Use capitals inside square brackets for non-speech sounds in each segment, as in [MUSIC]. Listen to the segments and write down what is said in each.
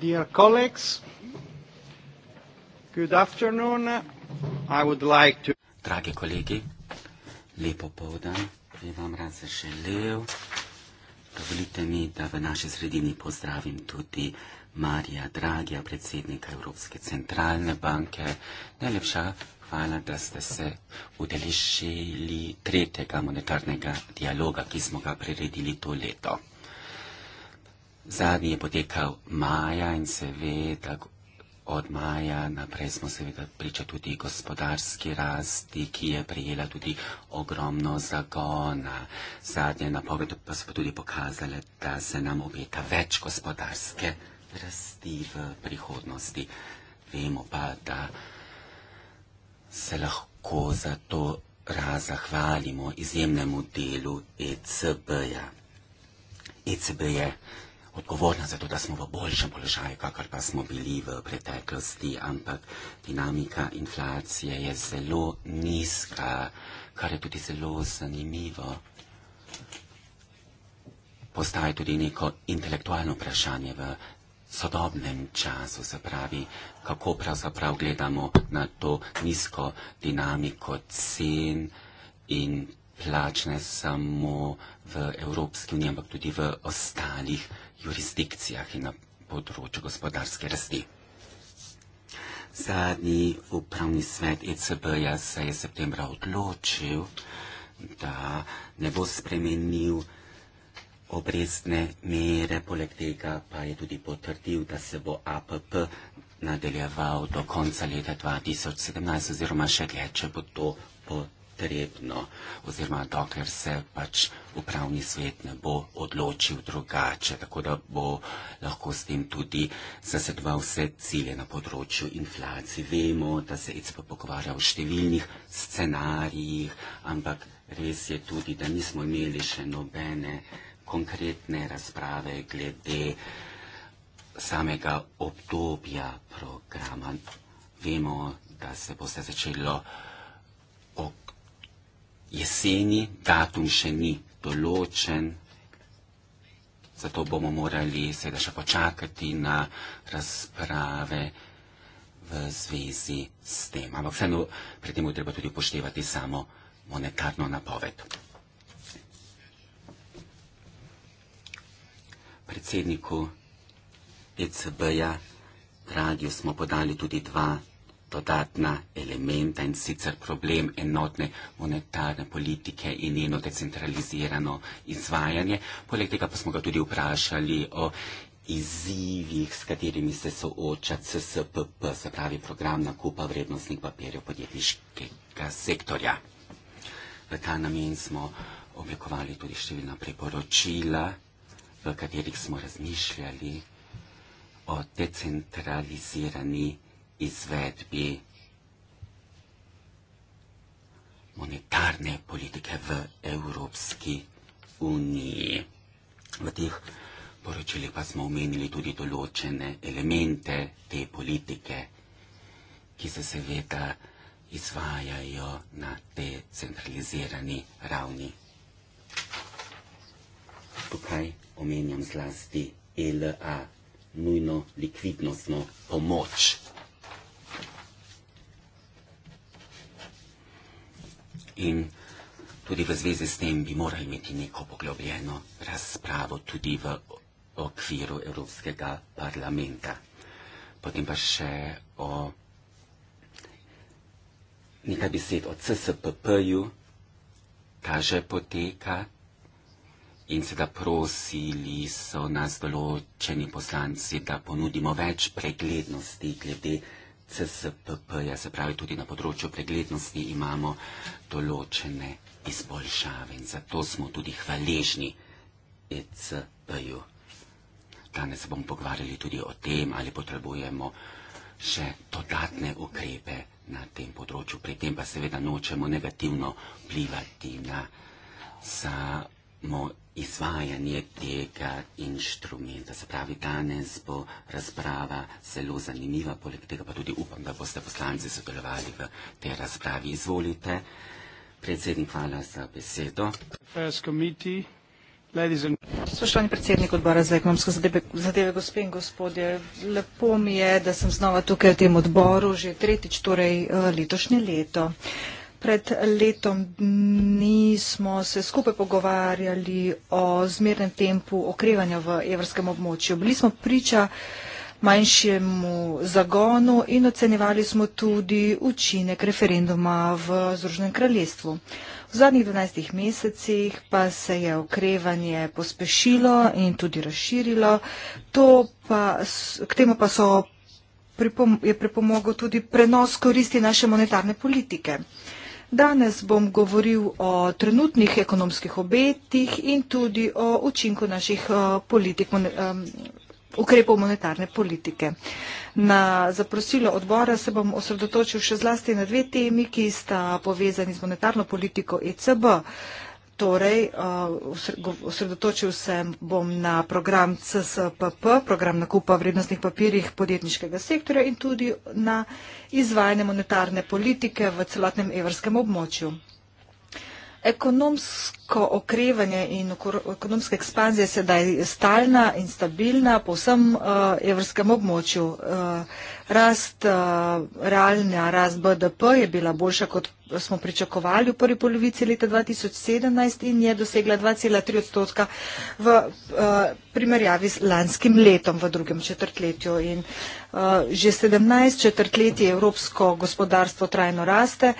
dear colleagues, good afternoon. I would like to. Dragi kolegi, lepo povdan, bi vam rad zaželel. Dovolite mi, da v naši sredini pozdravim tudi Marija Dragija, predsednika Evropske centralne banke. Najlepša hvala, da ste se udeležili tretjega monetarnega dialoga, ki smo ga priredili to leto. Zadnji je potekal maja in seveda od maja naprej smo seveda priča tudi gospodarski rasti, ki je prijela tudi ogromno zagona. Zadnje napovedi pa so tudi pokazale, da se nam obeta več gospodarske rasti v prihodnosti. Vemo pa, da se lahko za to razahvalimo izjemnemu delu ECB-ja. ECB je -ja. ECB -ja odgovorna za to, da smo v boljšem položaju, kakor pa smo bili v preteklosti, ampak dinamika inflacije je zelo nizka, kar je tudi zelo zanimivo. Postaje tudi neko intelektualno vprašanje v sodobnem času, se pravi, kako pravzaprav gledamo na to nizko dinamiko cen in plač ne samo v Evropski uniji, ampak tudi v ostalih jurisdikcijah in na področju gospodarske rasti. Zadnji upravni svet ECB-ja se je septembra odločil, da ne bo spremenil obrestne mere, poleg tega pa je tudi potrdil, da se bo APP nadaljeval do konca leta 2017 oziroma še dlje, če bo to potrdil potrebno, oziroma dokler se pač upravni svet ne bo odločil drugače, tako da bo lahko s tem tudi zasedoval vse cilje na področju inflacije. Vemo, da se ECB pogovarja o številnih scenarijih, ampak res je tudi, da nismo imeli še nobene konkretne razprave glede samega obdobja programa. Vemo, da se bo se začelo uh, jeseni datum še ni določen, zato bomo morali seveda še počakati na razprave v zvezi s tem. Ampak vseeno pri tem je treba tudi upoštevati samo monetarno napoved. Predsedniku ECB-ja radio smo podali tudi dva dodatna elementa in sicer problem enotne monetarne politike in njeno decentralizirano izvajanje. Poleg tega pa smo ga tudi vprašali o izzivih, s katerimi se sooča CSPP, se pravi program nakupa vrednostnih papirjev podjetniškega sektorja. V ta namen smo oblikovali tudi številna priporočila, v katerih smo razmišljali o decentralizirani izvajanje izvedbi monetarne politike v Evropski uniji. V teh poročilih pa smo omenili tudi določene elemente te politike, ki se seveda izvajajo na te centralizirani ravni. Tukaj omenjam zlasti ELA, nujno likvidnostno pomoč in tudi v zvezi s tem bi morali imeti neko poglobljeno razpravo tudi v okviru Evropskega parlamenta. Potem pa še o nekaj besed o CSPP-ju, ta že poteka in seveda prosili so nas določeni poslanci, da ponudimo več preglednosti glede tega, CSPP-ja, se pravi tudi na področju preglednosti, imamo določene izboljšave in zato smo tudi hvaležni ECP-ju. Danes bomo pogovarjali tudi o tem, ali potrebujemo še dodatne ukrepe na tem področju. Pri tem pa seveda nočemo negativno plivati na samo izvajanje tega inštrumenta. Se pravi, danes bo razprava zelo zanimiva, poleg tega pa tudi upam, da boste poslanci sodelovali v tej razpravi. Izvolite. Predsednik, hvala za besedo. Spoštovani predsednik odbora za ekonomsko zadeve, gospe in gospodje, lepo mi je, da sem znova tukaj v tem odboru, že tretjič, torej eh, letošnje leto. Uh, Pred letom dni smo se skupaj pogovarjali o zmernem tempu okrevanja v evrskem območju. Bili smo priča manjšemu zagonu in ocenjevali smo tudi učinek referenduma v Združenem kraljestvu. V zadnjih 12 mesecih pa se je okrevanje pospešilo in tudi razširilo. To pa, k temu pa so, je pripomogel tudi prenos koristi naše monetarne politike. Danes bom govoril o trenutnih ekonomskih obetih in tudi o učinku naših eh, politik, ukrepov monetarne politike. Na zaprosilo odbora se bom osredotočil še zlasti na dve temi, ki sta povezani z monetarno politiko ECB. Torej, eh, osredotočil se bom na program CSPP, program nakupa vrednostnih papirjih podjetniškega sektorja in tudi na izvajanje monetarne politike v celotnem evrskem območju. Ekonomsko okrevanje in ekonomska ekspanzija sedaj je stalna in stabilna po vsem eh, evrskem območju. Eh, Rast uh, realna, rast BDP je bila boljša, kot smo pričakovali v prvi polovici leta 2017 in je dosegla 2,3 odstotka v uh, primerjavi z lanskim letom v drugem četrtletju. In, uh, že 17 četrtletje evropsko gospodarstvo trajno raste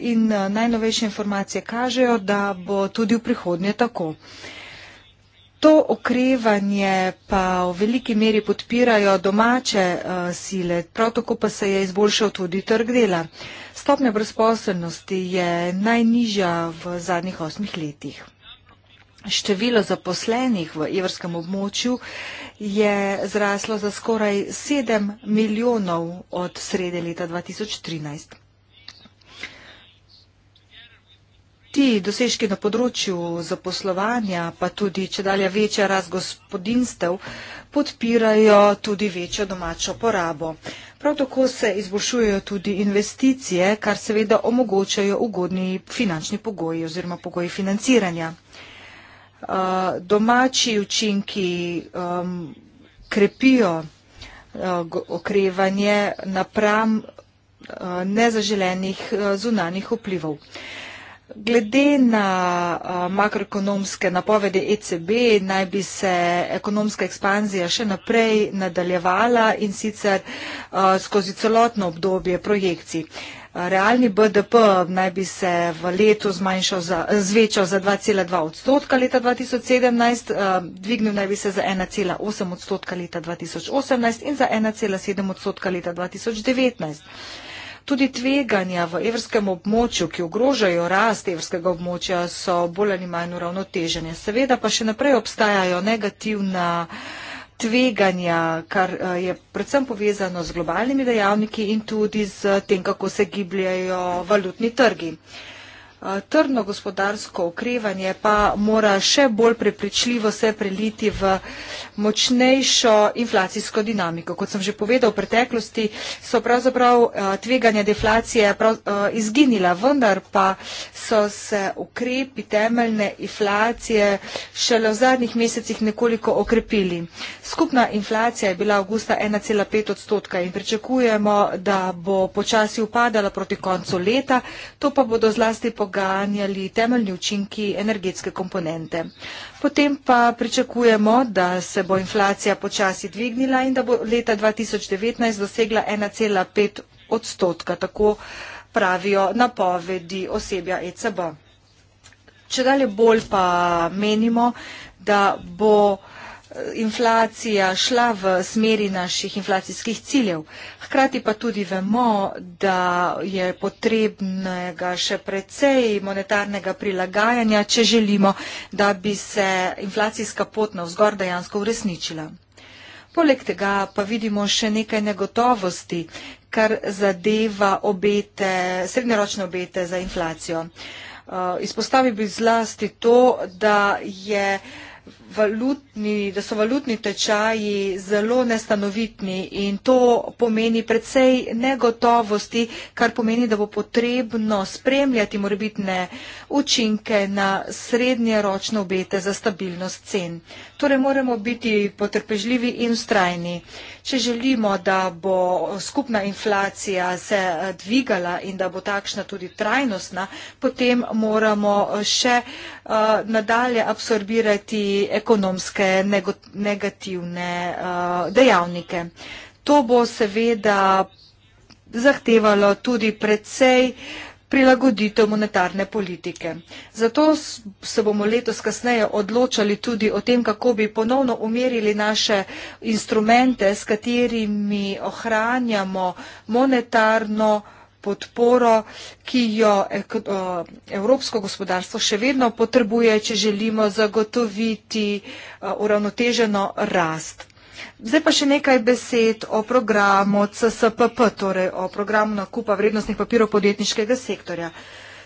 in uh, najnovejše informacije kažejo, da bo tudi v prihodnje tako. Uh, To okrevanje pa v veliki meri podpirajo domače uh, sile, prav tako pa se je izboljšal tudi trg dela. Stopnja brezposelnosti je najnižja v zadnjih osmih letih. Število zaposlenih v evrskem območju je zraslo za skoraj 7 milijonov od srede leta 2013. ti dosežki na področju zaposlovanja, pa tudi če dalje večja rast gospodinstev, podpirajo tudi večjo domačo porabo. Prav tako se izboljšujejo tudi investicije, kar seveda omogočajo ugodni finančni pogoji oziroma pogoji financiranja. Uh, domači učinki um, krepijo uh, okrevanje napram uh, nezaželenih zunanih vplivov. Glede na makroekonomske napovedi ECB naj bi se ekonomska ekspanzija še naprej nadaljevala in sicer skozi celotno obdobje projekcij. Realni BDP naj bi se v letu zmanjšal za, zvečal za 2,2 odstotka leta 2017, dvignil naj bi se za 1,8 odstotka leta 2018 in za 1,7 odstotka leta 2019. Tudi tveganja v evrskem območju, ki ogrožajo rast evrskega območja, so bolj ali manj uravnotežene. Seveda pa še naprej obstajajo negativna tveganja, kar eh, je predvsem povezano z globalnimi dejavniki in tudi z tem, kako se gibljajo valutni trgi. Eh, trdno gospodarsko okrevanje pa mora še bolj prepričljivo se preliti v močnejšo inflacijsko dinamiko. Kot sem že povedal, v preteklosti so pravzaprav eh, tveganja deflacije prav, eh, izginila, vendar pa so se ukrepi temeljne inflacije šele v zadnjih mesecih nekoliko okrepili. Skupna inflacija je bila avgusta 1,5 odstotka in pričakujemo, da bo počasi upadala proti koncu leta, to pa bodo zlasti pogajali poganjali temeljni učinki energetske komponente. Potem pa pričakujemo, da se bo inflacija počasi dvignila in da bo leta 2019 dosegla 1,5 odstotka, tako pravijo napovedi osebja ECB. Če dalje bolj pa menimo, da bo inflacija šla v smeri naših inflacijskih ciljev. Hkrati pa tudi vemo, da je potrebnega še precej monetarnega prilagajanja, če želimo, da bi se inflacijska pot na vzgor dejansko uresničila. Poleg tega pa vidimo še nekaj negotovosti, kar zadeva obete, srednjeročne obete za inflacijo. Uh, izpostavil bi zlasti to, da je valutni, da so valutni tečaji zelo nestanovitni in to pomeni predvsej negotovosti, kar pomeni, da bo potrebno spremljati morbitne učinke na srednjeročne obete za stabilnost cen. Torej moramo biti potrpežljivi in ustrajni. Če želimo, da bo skupna inflacija se eh, dvigala in da bo takšna tudi trajnostna, potem moramo še uh, nadalje absorbirati ekonomske negativne eh, dejavnike. To bo seveda zahtevalo tudi predvsej prilagoditev monetarne politike. Zato se bomo letos kasneje odločali tudi o tem, kako bi ponovno umerili naše instrumente, s katerimi ohranjamo monetarno politiko podporo, ki jo eh, eh, evropsko gospodarstvo še vedno potrebuje, če želimo zagotoviti eh, uravnoteženo rast. Zdaj pa še nekaj besed o programu CSPP, torej o programu nakupa vrednostnih papirov podjetniškega sektorja.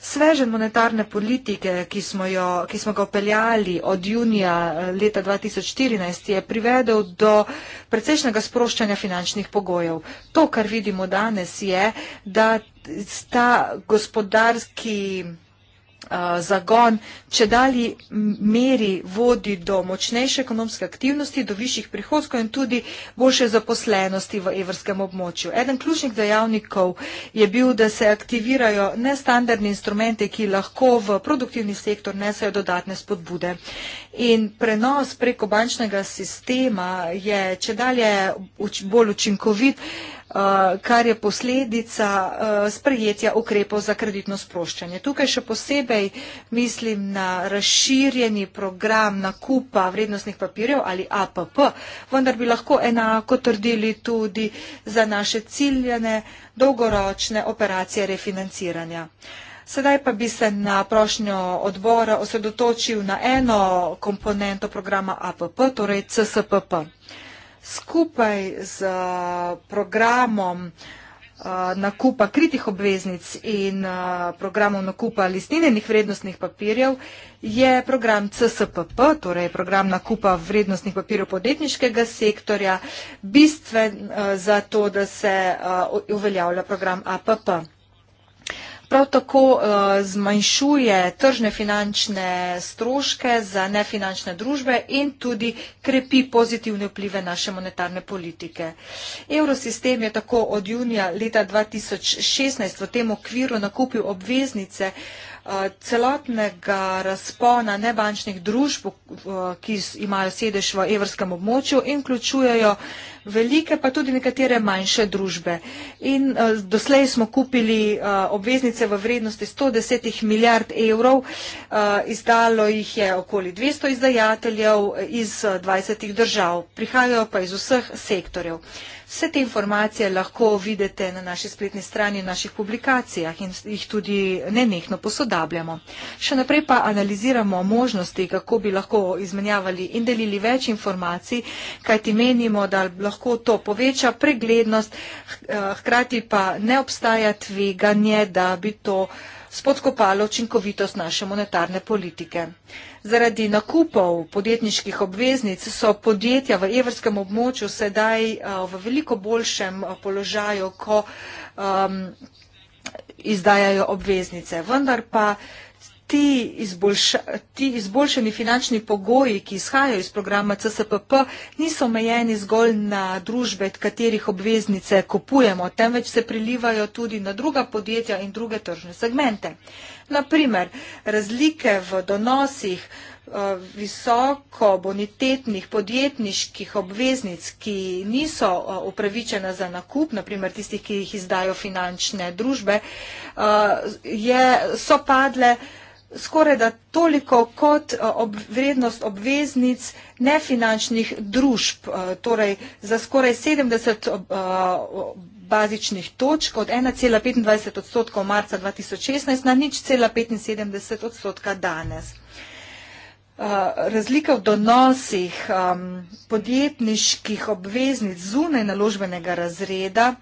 Svežen monetarne politike, ki smo, jo, ki smo ga upeljali od junija eh, leta 2014, je privedel do precejšnjega sproščanja finančnih pogojev. To, kar vidimo danes, je, da ta gospodarski Eh, zagon, če dalje meri vodi do močnejše ekonomske aktivnosti, do višjih prihodkov in tudi boljše zaposlenosti v evrskem območju. Eden ključnih dejavnikov je bil, da se aktivirajo nestandardni instrumente, ki lahko v produktivni sektor nesajo dodatne spodbude. In prenos preko bančnega sistema je če dalje uč, bolj učinkovit, uh, kar je posledica uh, sprejetja ukrepov za kreditno sproščanje. Tukaj še posebej mislim na razširjeni program nakupa vrednostnih papirjev ali APP, vendar bi lahko enako trdili tudi za naše ciljene dolgoročne operacije refinanciranja. Uh, Sedaj pa bi se na prošnjo odbora osredotočil na eno komponento programa APP, torej CSPP. Skupaj z eh, programom eh, nakupa kritih obveznic in eh, programov nakupa listinenih vrednostnih papirjev je program CSPP, torej program nakupa vrednostnih papirjev podjetniškega sektorja, bistven za to, da se uveljavlja program APP. Prav tako uh, zmanjšuje tržne finančne stroške za nefinančne družbe in tudi krepi pozitivne vplive naše monetarne politike. Eurosistem je tako od junija leta 2016 v tem okviru nakupil obveznice uh, Eh, celotnega razpona nebančnih družb, eh, ki imajo sedež v evrskem območju in vključujejo velike, pa tudi nekatere manjše družbe. In eh, doslej smo kupili obveznice v vrednosti 110 milijard evrov, izdalo jih je okoli 200 izdajateljev iz 20 držav, prihajajo pa iz vseh sektorjev. Vse te informacije lahko vidite na naši spletni strani, naših publikacijah in jih tudi nenehno posodabljamo. Še naprej pa analiziramo možnosti, kako bi lahko izmenjavali in delili več informacij, kajti menimo, da lahko to poveča preglednost, eh, hkrati pa ne obstaja tveganje, da bi to spodkopalo učinkovitost naše monetarne politike. Zaradi nakupov podjetniških obveznic so podjetja v evrskem območju sedaj v veliko boljšem položaju, ko izdajajo obveznice. Vendar pa ti, izboljša, ti izboljšeni finančni pogoji, ki izhajajo iz programa CSPP, niso omejeni zgolj na družbe, katerih obveznice kupujemo, temveč se prilivajo tudi na druga podjetja in druge tržne segmente. Naprimer, razlike v donosih eh, visoko bonitetnih podjetniških obveznic, ki niso eh, upravičena za nakup, naprimer tistih, ki jih izdajo finančne družbe, eh, je, so padle skoraj da toliko kot eh, ob vrednost obveznic nefinančnih družb, eh, torej za skoraj 70 eh, bazičnih točk od 1,25 odstotkov marca 2016 na 0,75 odstotka danes. Razlika v donosih ehm, podjetniških obveznic zunaj naložbenega razreda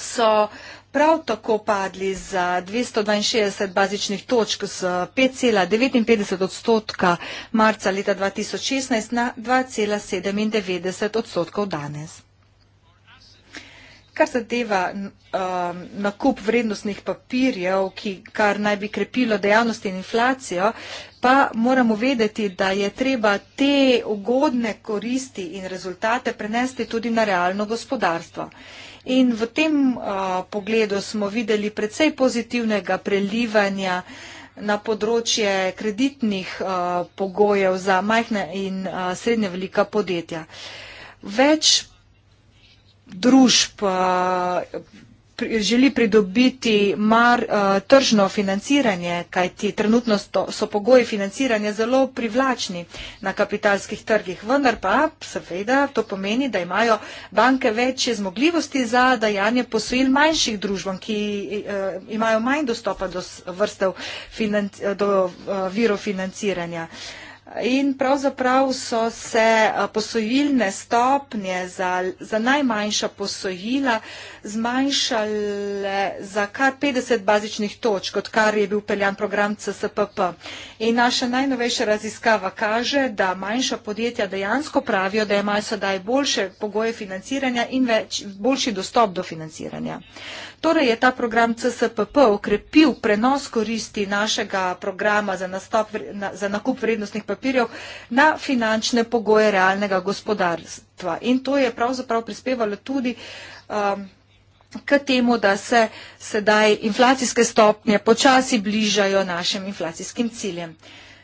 so prav tako padli za 262 bazičnih točk z 5,59 odstotka marca leta 2016 na 2,97 odstotkov danes. Kar zadeva uh, nakup vrednostnih papirjev, ki kar naj bi krepilo dejavnost in inflacijo, pa moramo vedeti, da je treba te ugodne koristi in rezultate prenesti tudi na realno gospodarstvo. Uh, In v tem a, pogledu smo videli precej pozitivnega prelivanja na področje kreditnih a, pogojev za majhne in a, srednje velika podjetja. Več družb. A, želi pridobiti mar eh, tržno financiranje, kajti trenutno so pogoji financiranja zelo privlačni na kapitalskih trgih, vendar pa seveda to pomeni, da imajo banke večje zmogljivosti za dajanje posojil manjših družbam, ki eh, imajo manj dostopa do vrstev do eh, virov financiranja. In pravzaprav so se eh, posojilne stopnje za, za najmanjša posojila zmanjšale za kar 50 bazičnih točk, odkar je bil peljan program CSPP. In naša najnovejša raziskava kaže, da manjša podjetja dejansko pravijo, da imajo sedaj boljše pogoje financiranja in več, boljši dostop do financiranja. Torej je ta program CSPP okrepil prenos koristi našega programa za, nastop, za nakup vrednostnih papirjev na finančne pogoje realnega gospodarstva. In to je pravzaprav prispevalo tudi. Um, k temu, da se sedaj inflacijske stopnje počasi bližajo našim inflacijskim ciljem.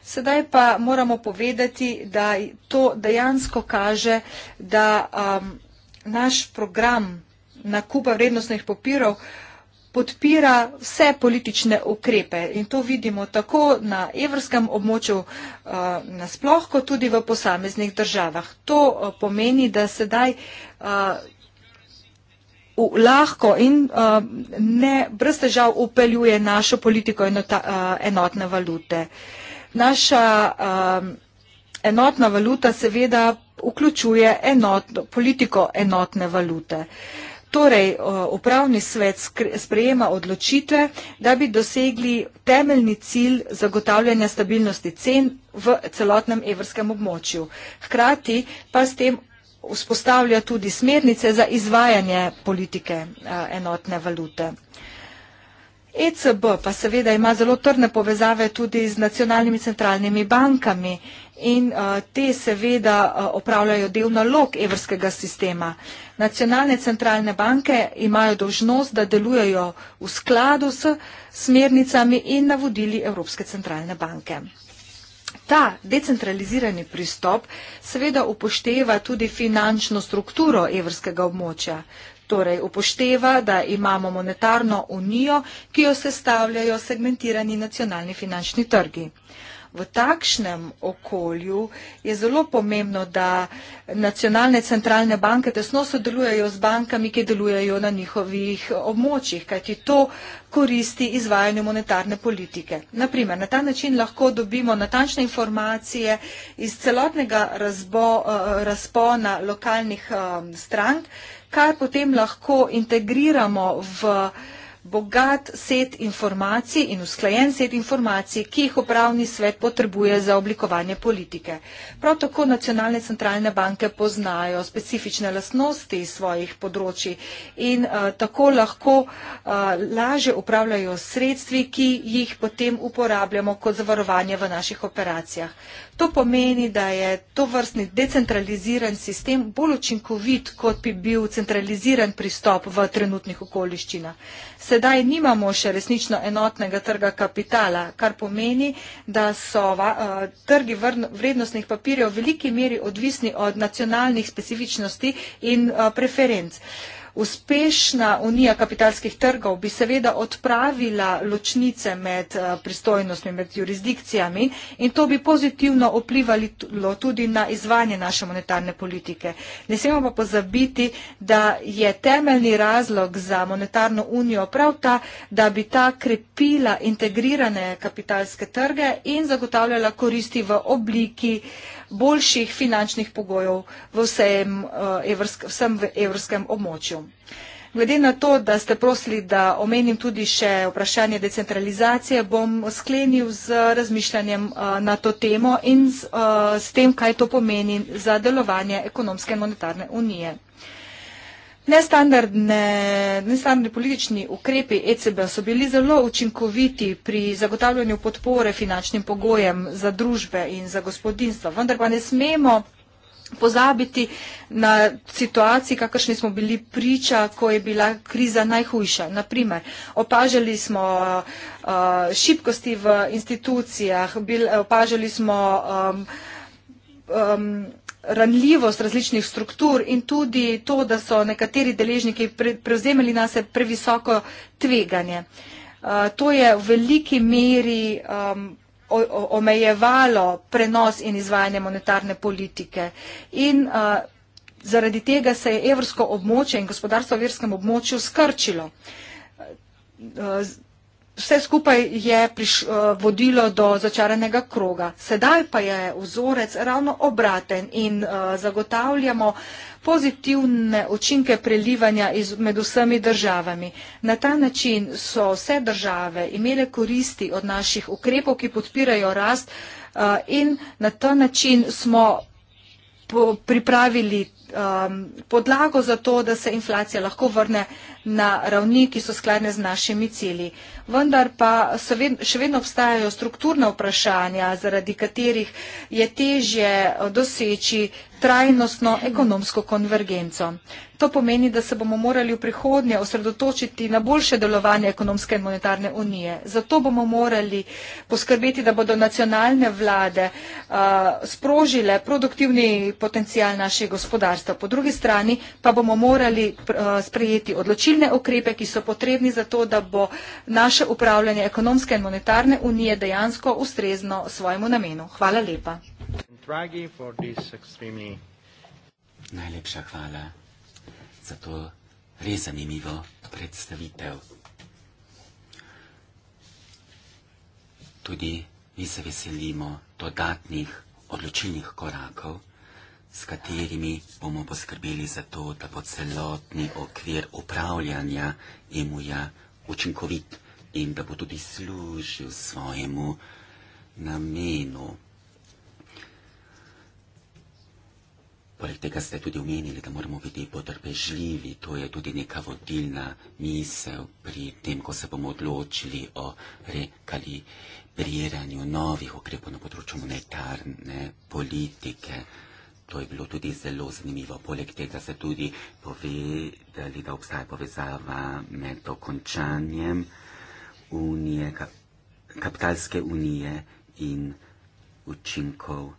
Sedaj pa moramo povedati, da to dejansko kaže, da um, naš program nakupa vrednostnih papirov podpira vse politične ukrepe in to vidimo tako na evrskem območju eh, nasploh, kot tudi v posameznih državah. To eh, pomeni, da sedaj eh, lahko in ne brez težav upeljuje našo politiko enotne valute. Naša enotna valuta seveda vključuje politiko enotne valute. Enotna valuta. Torej, upravni svet sprejema odločitve, da bi dosegli temeljni cilj zagotavljanja stabilnosti cen v celotnem evrskem območju. Hkrati pa s tem vzpostavlja tudi smernice za izvajanje politike enotne valute. ECB pa seveda ima zelo trne povezave tudi z nacionalnimi centralnimi bankami in uh, te seveda uh, opravljajo uh, del nalog evrskega sistema. Nacionalne centralne banke imajo dožnost, da delujejo v skladu s smernicami in navodili Evropske centralne banke. Ta decentralizirani pristop seveda upošteva tudi finančno strukturo evrskega območja. Torej upošteva, da imamo monetarno unijo, ki jo sestavljajo segmentirani nacionalni finančni trgi v takšnem okolju je zelo pomembno, da nacionalne centralne banke tesno sodelujejo z bankami, ki delujejo na njihovih območjih, kajti to koristi izvajanju monetarne politike. Naprimer, na ta način lahko dobimo natančne informacije iz celotnega razbo, eh, razpona lokalnih eh, strank, kar potem lahko integriramo v bogat set informacij in usklajen set informacij, ki jih upravni svet potrebuje za oblikovanje politike. Prav tako nacionalne centralne banke poznajo specifične lasnosti svojih področji in uh, tako lahko uh, eh, laže upravljajo sredstvi, ki jih potem uporabljamo kot zavarovanje v naših operacijah. To pomeni, da je to vrstni decentraliziran sistem bolj učinkovit, kot bi bil centraliziran pristop v trenutnih okoliščinah. Sedaj nimamo še resnično enotnega trga kapitala, kar pomeni, da so uh, trgi vrednostnih papirjev v veliki meri odvisni od nacionalnih specifičnosti in uh, preferenc. Uspešna unija kapitalskih trgov bi seveda odpravila ločnice med eh, pristojnostmi, med jurisdikcijami in to bi pozitivno vplivalo tudi na izvanje naše monetarne politike. Ne smemo pa pozabiti, da je temeljni razlog za monetarno unijo prav ta, da bi ta krepila integrirane kapitalske trge in zagotavljala koristi v obliki uh, boljših finančnih pogojev v vsem, eh, evrsk, vsem v evrskem območju. Glede na to, da ste prosili, da omenim tudi še vprašanje decentralizacije, bom sklenil z razmišljanjem eh, na to temo in s, eh, s tem, kaj to pomeni za delovanje ekonomske in monetarne unije. Nestandardni politični ukrepi ECB so bili zelo učinkoviti pri zagotavljanju podpore finančnim pogojem za družbe in za gospodinstvo, vendar pa ne smemo pozabiti na situaciji, kakršni smo bili priča, ko je bila kriza najhujša. Naprimer, opažali smo uh, šibkosti v institucijah, opažali smo um, um, ranljivost različnih struktur in tudi to, da so nekateri deležniki prevzemali na se previsoko tveganje. To je v veliki meri um, omejevalo prenos in izvajanje monetarne politike. In zaradi tega se je evrsko območje in gospodarstvo v evrskem območju skrčilo. Vse skupaj je priš, eh, vodilo do začaranega kroga. Sedaj pa je vzorec ravno obraten in uh, zagotavljamo pozitivne učinke prelivanja iz, med vsemi državami. Na ta način so vse države imele koristi od naših ukrepov, ki podpirajo rast uh, in na ta način smo po, pripravili um, podlago za to, da se inflacija lahko vrne na ravni, ki so skladne z našimi cilji. Vendar pa ved, še vedno obstajajo strukturna vprašanja, zaradi katerih je težje doseči trajnostno ekonomsko konvergenco. To pomeni, da se bomo morali v prihodnje osredotočiti na boljše delovanje ekonomske in monetarne unije. Zato bomo morali poskrbeti, da bodo nacionalne vlade uh, sprožile produktivni potencial naših gospodarstv mesto. Po drugi strani pa bomo morali eh, sprejeti odločilne ukrepe, ki so potrebni za to, da bo naše upravljanje ekonomske in monetarne unije dejansko ustrezno svojemu namenu. Hvala lepa. Najlepša hvala za to res zanimivo predstavitev. Tudi mi se veselimo dodatnih odločilnih korakov s katerimi bomo poskrbeli za to, da bo celotni okvir upravljanja emuja učinkovit in da bo tudi služil svojemu namenu. Poleg tega ste tudi omenili, da moramo biti potrpežljivi. To je tudi neka vodilna misel pri tem, ko se bomo odločili o rekalibriranju novih ukrepov na področju monetarne politike. To je bilo tudi zelo zanimivo. Poleg tega se tudi pove, da, li, da obstaja povezava med dokončanjem unije, kapitalske unije in učinkov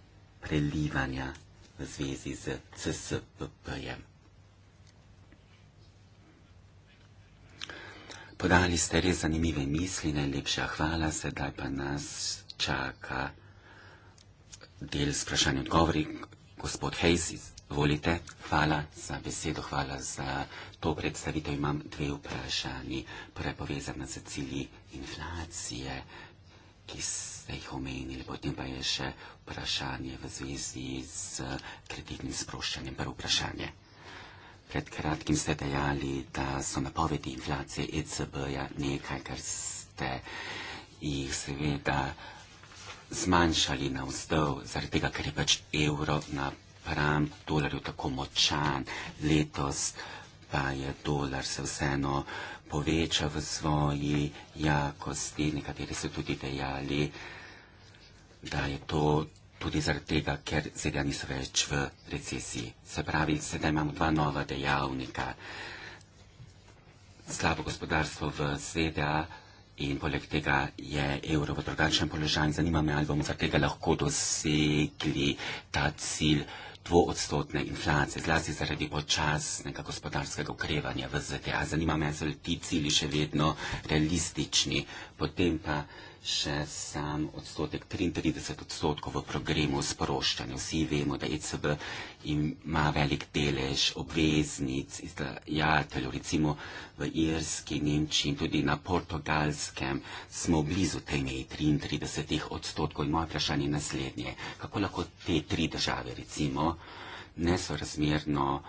prelivanja v zvezi z CSPP-jem. Podali ste res zanimive misli, najlepša hvala, sedaj pa nas čaka del sprašanja odgovori gospod Hejsi, volite, hvala za besedo, hvala za to predstavitev. Imam dve vprašanji. Prva je povezana z cilji inflacije, ki ste jih omenili, potem pa je še vprašanje v zvezi z kreditnim sproščanjem. Prvo vprašanje. Pred kratkim ste dejali, da so napovedi inflacije ECB-ja nekaj, kar ste jih seveda zmanjšali na vzdolj, zaradi tega, ker je pač evro na pram dolarju tako močan. Letos pa je dolar se vseeno poveča v svoji jakosti. Nekateri so tudi dejali, da je to tudi zaradi tega, ker ZDA niso več v recesiji. Se pravi, sedaj imamo dva nova dejavnika. Slabo gospodarstvo v ZDA, In poleg tega je evro v drugačnem položaju. Zanima me, ali bomo zaradi tega lahko dosegli ta cilj dvoodstotne inflacije, zlasti zaradi počasnega gospodarskega okrevanja v ZDA. Zanima me, ali so ti cilji še vedno realistični. Potem pa še sam odstotek 33 odstotkov v programu sproščanja. Vsi vemo, da ECB ima velik delež obveznic izdajateljev, recimo v Irski, Nemčiji in tudi na portugalskem smo blizu tej meji 33 odstotkov in moje vprašanje je naslednje. Kako lahko te tri države recimo nesorazmerno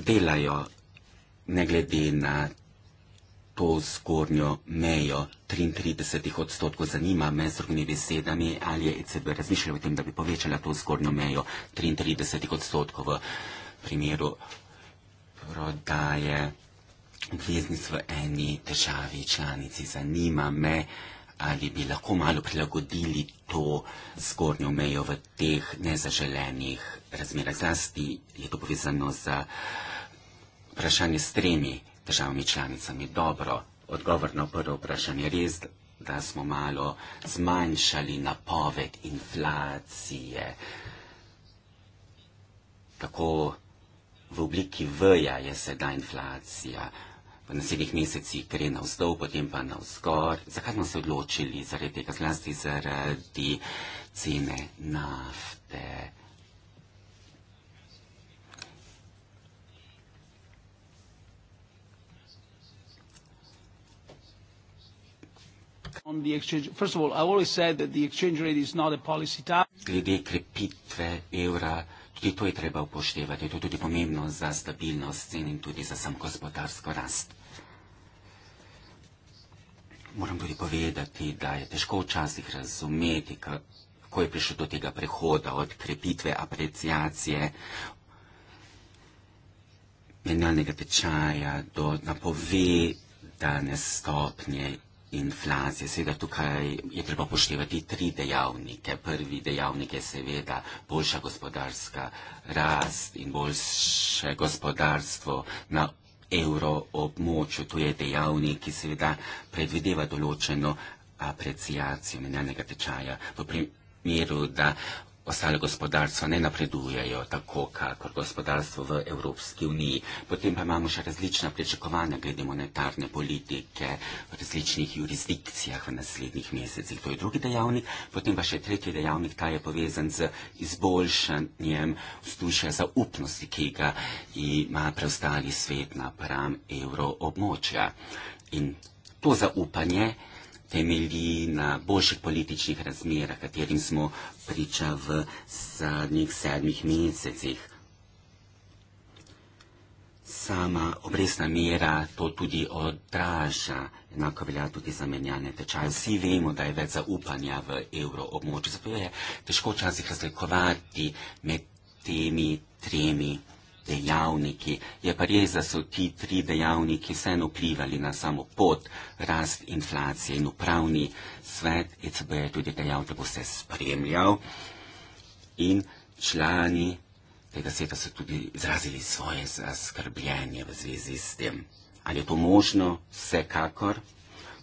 delajo ne glede na to zgornjo mejo 33 odstotkov. Zanima me z drugimi besedami, ali je ECB razmišljala o tem, da bi povečala to zgornjo mejo 33 odstotkov v primeru prodaje obveznic v eni državi članici. Zanima me, ali bi lahko malo prilagodili to zgornjo mejo v teh nezaželenih razmerah. Zlasti je to povezano z vprašanje s tremi državami članicami. Dobro, odgovor na prvo vprašanje. Res, da smo malo zmanjšali napoved inflacije. Tako v obliki V-ja je sedaj inflacija. V naslednjih mesecih gre na vzdolj, potem pa na vzgor. Zakaj smo se odločili? Zaradi tega zlasti zaradi cene nafte. on the exchange. First of all, I always said that the exchange rate is not a policy tab. Glede krepitve evra, tudi to je treba upoštevati. To je tudi pomembno za stabilnost cen in tudi za sam gospodarsko rast. Moram tudi povedati, da je težko včasih razumeti, kako je prišlo do tega prehoda od krepitve apreciacije menjalnega tečaja do napovedane stopnje inflacije. Seveda tukaj je treba poštevati tri dejavnike. Prvi dejavnik je seveda boljša gospodarska rast in boljše gospodarstvo na evro območju. To je dejavnik, ki seveda predvideva določeno apreciacijo menjalnega tečaja v primeru, da ostale gospodarstva ne napredujejo tako, kakor gospodarstvo v Evropski uniji. Potem pa imamo še različna pričakovanja glede monetarne politike v različnih jurisdikcijah v naslednjih mesecih. To je drugi dejavnik. Potem pa še tretji dejavnik, ta je povezan z izboljšanjem vzdušja zaupnosti, ki ga ima preostali svet na pram evroobmočja. In to zaupanje temelji na boljših političnih razmerah, katerim smo priča v zadnjih sedmih mesecih. Sama obresna mera to tudi odraža, enako velja tudi za menjane tečaje. Vsi vemo, da je več zaupanja v evro območju, zato je težko včasih razlikovati med temi tremi dejavniki. Je pa res, da so ti tri dejavniki vseeno vplivali na samo pot, rast inflacije in upravni svet. ECB je tudi dejal, da bo se spremljal in člani tega sveta so tudi izrazili svoje zaskrbljenje v zvezi s tem. Ali je to možno? Vsekakor.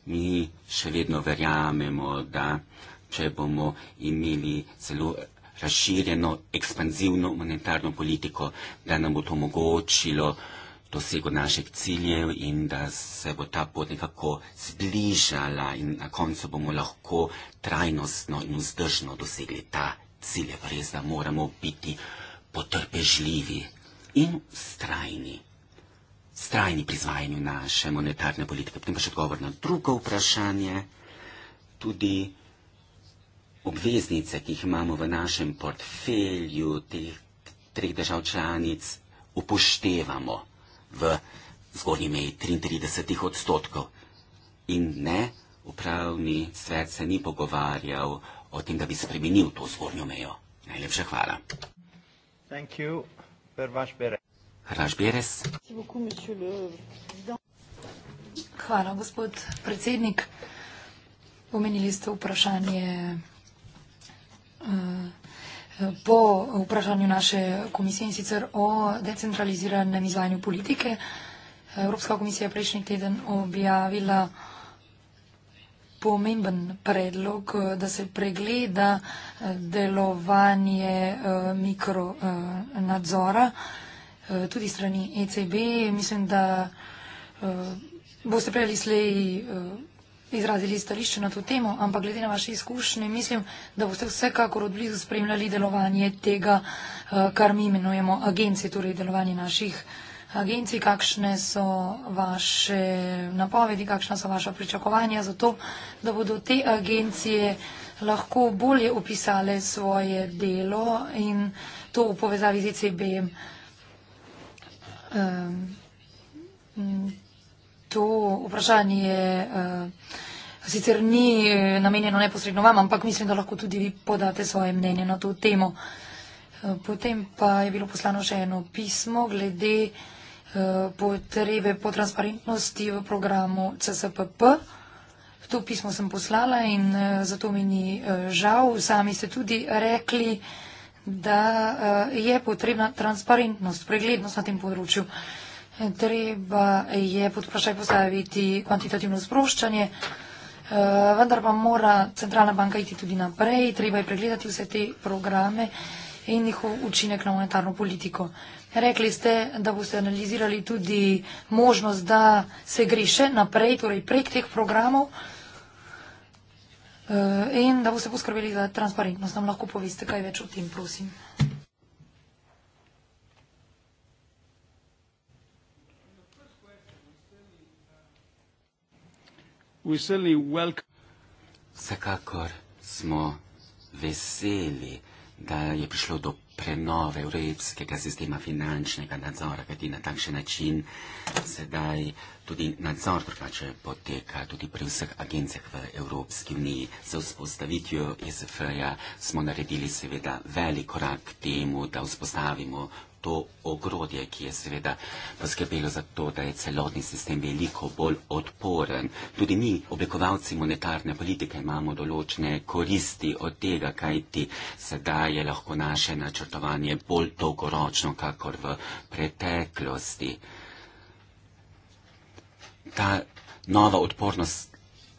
Mi še vedno verjamemo, da če bomo imeli celo razširjeno, ekspanzivno monetarno politiko, da nam bo to omogočilo dosego naših ciljev in da se bo ta pot nekako zbližala in na koncu bomo lahko trajnostno in vzdržno dosegli ta cilj. Res, da moramo biti potrpežljivi in strajni. Strajni pri izvajanju naše monetarne politike. Potem pa še odgovor na drugo vprašanje. Tudi obveznice, ki jih imamo v našem portfelju teh treh držav članic, upoštevamo v zgornji meji 33 odstotkov. In ne, upravni svet se ni pogovarjal o tem, da bi spremenil to zgornjo mejo. Najlepša hvala. Hvala, gospod predsednik. Pomenili ste vprašanje Eh, po vprašanju naše komisije in sicer o decentraliziranem izvajanju politike. Evropska komisija je prejšnji teden objavila pomemben predlog, eh, da se pregleda eh, delovanje mikronadzora tudi strani ECB. Mislim, da boste prejeli slej izrazili stališče na to temo, ampak glede na vaše izkušnje mislim, da boste vsekakor odblizu spremljali delovanje tega, eh, kar mi imenujemo agencije, torej delovanje naših agencij, kakšne so vaše napovedi, kakšna so vaša pričakovanja za to, da bodo te agencije lahko bolje opisale svoje delo in to v povezavi z ECB-jem. Eh, um, To vprašanje uh, sicer ni eh, namenjeno neposredno vam, ampak mislim, da lahko tudi vi podate svoje mnenje na to temo. Eh, potem pa je bilo poslano še eno pismo glede uh, potrebe po transparentnosti v programu CSPP. To pismo sem poslala in uh, zato mi ni uh, žal. Sami ste tudi rekli, da uh, je potrebna transparentnost, preglednost na tem področju. Uh, treba je pod vprašaj postaviti kvantitativno sproščanje, eh, vendar pa mora centralna banka iti tudi naprej, treba je pregledati vse te programe in njihov učinek na monetarno politiko. Rekli ste, da boste analizirali tudi možnost, da se gre še naprej, torej prek teh programov eh, in da boste poskrbeli za transparentnost. Nam lahko poveste kaj več o tem, prosim. Vsekakor smo veseli, da je prišlo do prenove evropskega sistema finančnega nadzora, kajti na takšen način sedaj tudi nadzor drugače poteka tudi pri vseh agencijah v Evropski uniji. Z vzpostavitvijo ISF-ja smo naredili seveda velik korak k temu, da vzpostavimo to ogrodje, ki je seveda poskrbelo za to, da je celotni sistem veliko bolj odporen. Tudi mi, oblikovalci monetarne politike, imamo določene koristi od tega, kajti sedaj je lahko naše načrtovanje bolj dolgoročno, kakor v preteklosti. Ta nova odpornost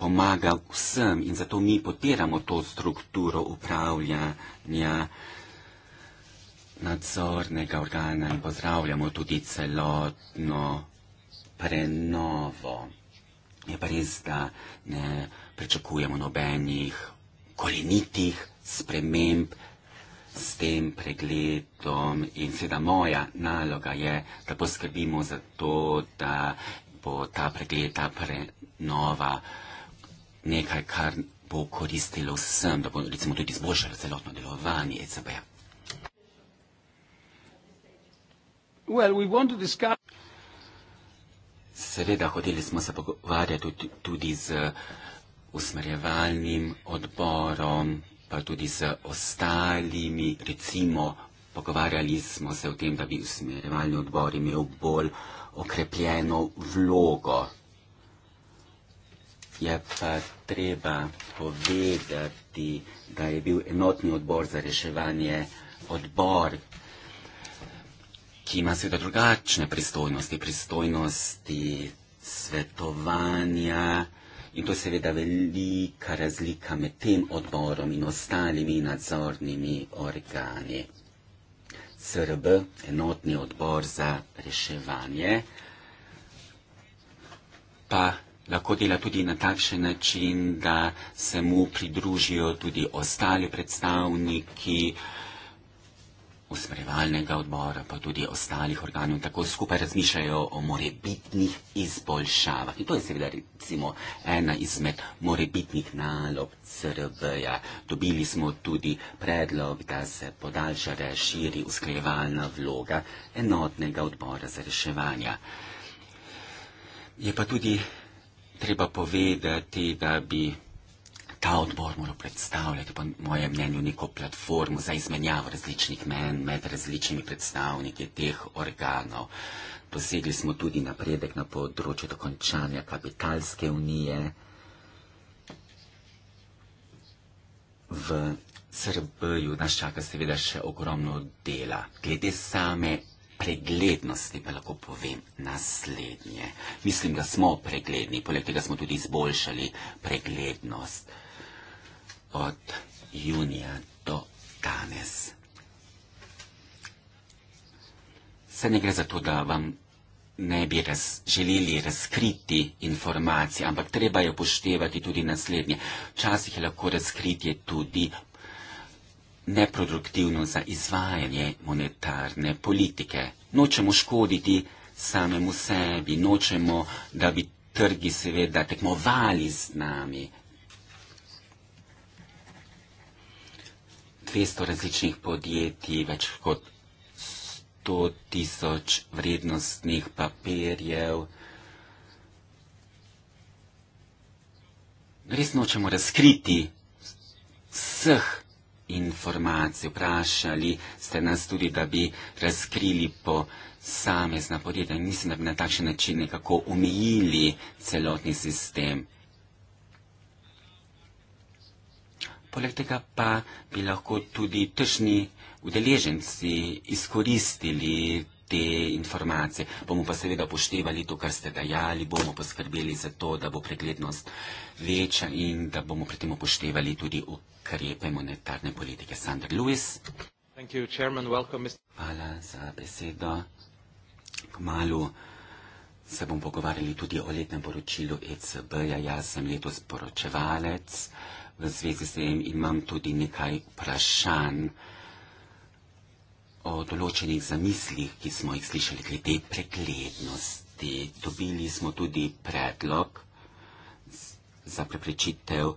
pomaga vsem in zato mi podpiramo to strukturo upravljanja nadzornega organa in pozdravljamo tudi celotno prenovo. Je pa res, da ne pričakujemo nobenih kolenitih sprememb s tem pregledom in seveda moja naloga je, da poskrbimo za to, da bo ta pregleda prenova nekaj, kar bo koristilo vsem, da bo recimo tudi izboljšalo celotno delovanje ECB. -ja. Seveda, hodili smo se pogovarjati tudi, tudi z usmerjevalnim odborom, pa tudi z ostalimi. Recimo, pogovarjali smo se o tem, da bi usmerjevalni odbor imel bolj okrepljeno vlogo. Je pa treba povedati, da je bil enotni odbor za reševanje odbor, ki ima seveda drugačne pristojnosti, pristojnosti svetovanja. In to je seveda velika razlika med tem odborom in ostalimi nadzornimi organi. CRB, enotni odbor za reševanje, pa lahko dela tudi na takšen način, da se mu pridružijo tudi ostali predstavniki uh, usmerjevalnega odbora, pa tudi ostalih organov, tako skupaj razmišljajo o morebitnih izboljšavah. In to je seveda recimo ena izmed morebitnih nalog CRV-ja. Dobili smo tudi predlog, da se podaljša reširi usklejevalna vloga enotnega odbora za reševanje. Je pa tudi treba povedati, da bi ta odbor mora predstavljati, po mojem mnenju, neko platformo za izmenjavo različnih men med različnimi predstavniki teh organov. Posegli smo tudi napredek na področju dokončanja kapitalske unije v Srbiji. Nas čaka seveda še ogromno dela. Glede same preglednosti pa lahko povem naslednje. Mislim, da smo pregledni, poleg tega smo tudi izboljšali preglednost od junija do danes. Saj ne gre za to, da vam ne bi raz, želeli razkriti informacije, ampak treba je upoštevati tudi naslednje. Včasih je lahko razkritje tudi neproduktivno za izvajanje monetarne politike. Nočemo škoditi samemu sebi, nočemo, da bi trgi seveda tekmovali z nami, 200 različnih podjetij, več kot 100 tisoč vrednostnih papirjev. Res nočemo razkriti vseh informacij. Vprašali ste nas tudi, da bi razkrili po samezna podjetja in mislim, da bi na takšen način nekako omejili celotni sistem. poleg tega pa bi lahko tudi tršni udeleženci izkoristili te informacije. Bomo pa seveda poštevali to, kar ste dajali, bomo poskrbeli za to, da bo preglednost večja in da bomo pri tem upoštevali tudi ukrepe monetarne politike. Sandr Lewis. Hvala za besedo. Kmalu se bom pogovarjali tudi o letnem poročilu ECB-ja. Jaz sem letos poročevalec v zvezi z tem imam tudi nekaj vprašanj o določenih zamislih, ki smo jih slišali glede preglednosti. Dobili smo tudi predlog za preprečitev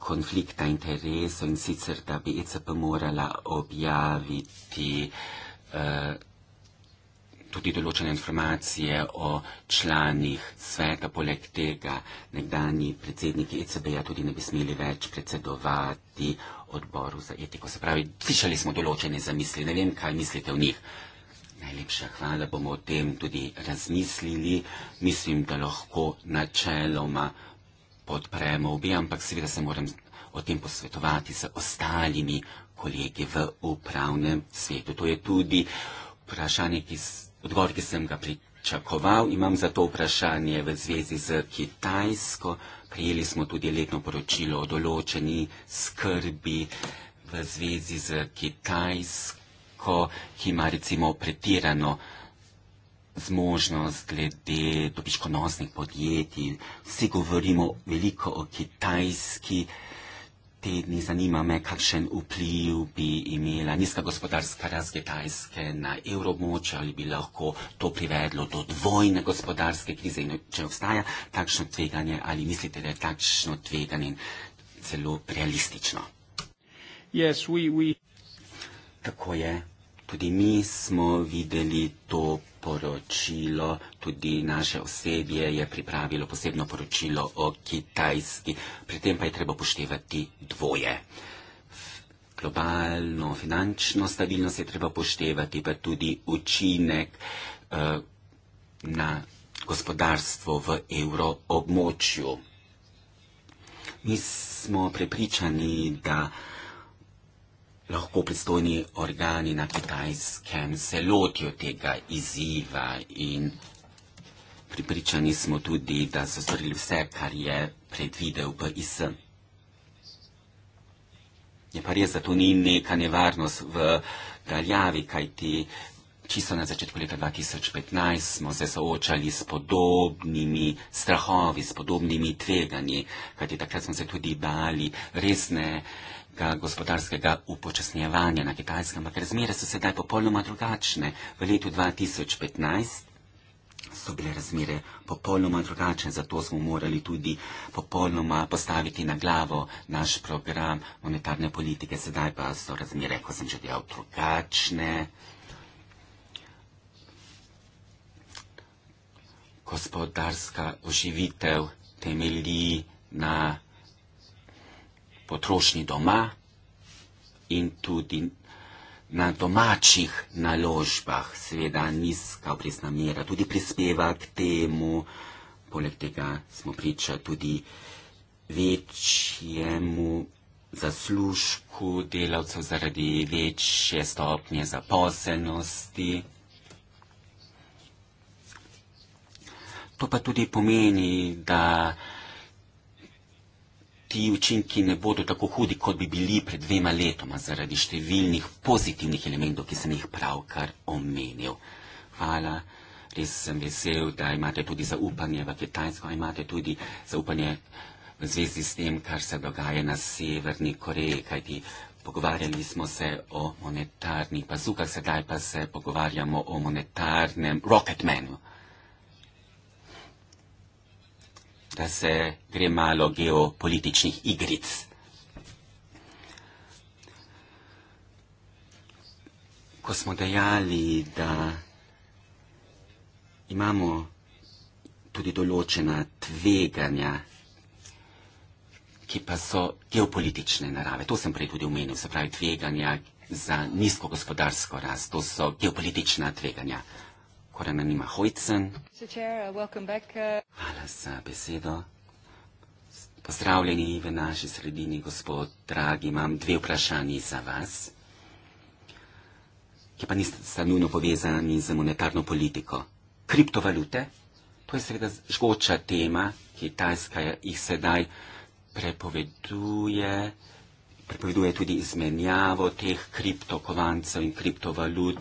konflikta interesov in sicer, da bi ECP morala objaviti uh, tudi določene informacije o članih sveta. Poleg tega nekdani predsedniki ECB-ja tudi ne bi smeli več predsedovati odboru za etiko. Se pravi, slišali smo določene zamisli, ne vem, kaj mislite o njih. Najlepša hvala, bomo o tem tudi razmislili. Mislim, da lahko načeloma podpremo obi, ampak seveda se moram o tem posvetovati z ostalimi kolegi v upravnem svetu. To je tudi vprašanje, ki odgovor, ki sem ga pričakoval. Imam za to vprašanje v zvezi z Kitajsko. Prijeli smo tudi letno poročilo o določeni skrbi v zvezi z Kitajsko, ki ima recimo pretirano zmožnost glede dobičkonosnih podjetij. Vsi govorimo veliko o kitajski tedni, zanima me, kakšen vpliv bi imela nizka gospodarska rast Kitajske na evromoče, ali bi lahko to privedlo do dvojne gospodarske krize in če obstaja takšno tveganje, ali mislite, da je takšno tveganje celo realistično? Yes, we, we. Tako je. Tudi mi smo videli to poročilo, tudi naše osebje je pripravilo posebno poročilo o Kitajski, pri tem pa je treba upoštevati dvoje. Globalno finančno stabilnost je treba upoštevati, pa tudi učinek eh, na gospodarstvo v evroobmočju. Mi smo prepričani, da eh, lahko pristojni organi na kitajskem se lotijo tega izziva in pripričani smo tudi, da so storili vse, kar je predvidel PIS. Je pa res, da to ni neka nevarnost v daljavi, kajti čisto na začetku leta 2015 smo se soočali s podobnimi strahovi, s podobnimi tveganji, kajti takrat smo se tudi bali resne tega gospodarskega upočasnjevanja na kitajskem, ampak razmere so sedaj popolnoma drugačne. V letu 2015 so bile razmere popolnoma drugačne, zato smo morali tudi popolnoma postaviti na glavo naš program monetarne politike. Sedaj pa so razmere, kot sem že dejal, drugačne. Gospodarska oživitev temelji na potrošnji doma in tudi na domačih naložbah, seveda nizka obrestna mera, tudi prispeva k temu, poleg tega smo priča tudi večjemu zaslužku delavcev zaradi večje stopnje zaposlenosti. To pa tudi pomeni, da ti učinki ne bodo tako hudi, kot bi bili pred dvema letoma, zaradi številnih pozitivnih elementov, ki sem jih pravkar omenil. Hvala, res sem vesel, da imate tudi zaupanje v Kitajsko, imate tudi zaupanje v zvezi s tem, kar se dogaja na Severni Koreji, kajti pogovarjali smo se o monetarnih bazukah, sedaj pa se pogovarjamo o monetarnem Rocketmanu. da se gre malo geopolitičnih igric. Ko smo dejali, da imamo tudi določena tveganja, ki pa so geopolitične narave. To sem prej tudi omenil, se pravi tveganja za nizko gospodarsko rast. To so geopolitična tveganja. Korena Nima Hojcen. Uh, uh. Hvala za besedo. Pozdravljeni v naši sredini, gospod Dragi. Imam dve vprašanji za vas, ki pa nista nujno povezani z monetarno politiko. Kriptovalute, to je seveda žgoča tema, Kitajska jih sedaj prepoveduje. Prepoveduje tudi izmenjavo teh kriptokovancev in kriptovalut.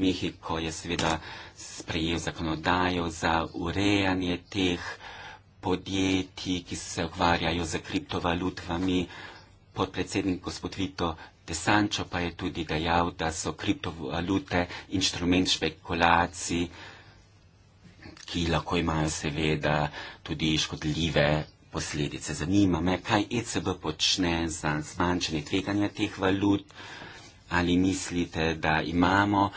Mihi, ko je seveda sprejel zakonodajo za urejanje teh podjetij, ki se ukvarjajo z kriptovalutvami. Podpredsednik gospod Vito Desančo pa je tudi dejal, da so kriptovalute inštrument špekulacij, ki lahko imajo seveda tudi škodljive posledice. Zanima me, kaj ECB počne za zmanjšanje tveganja teh valut. Ali mislite, da imamo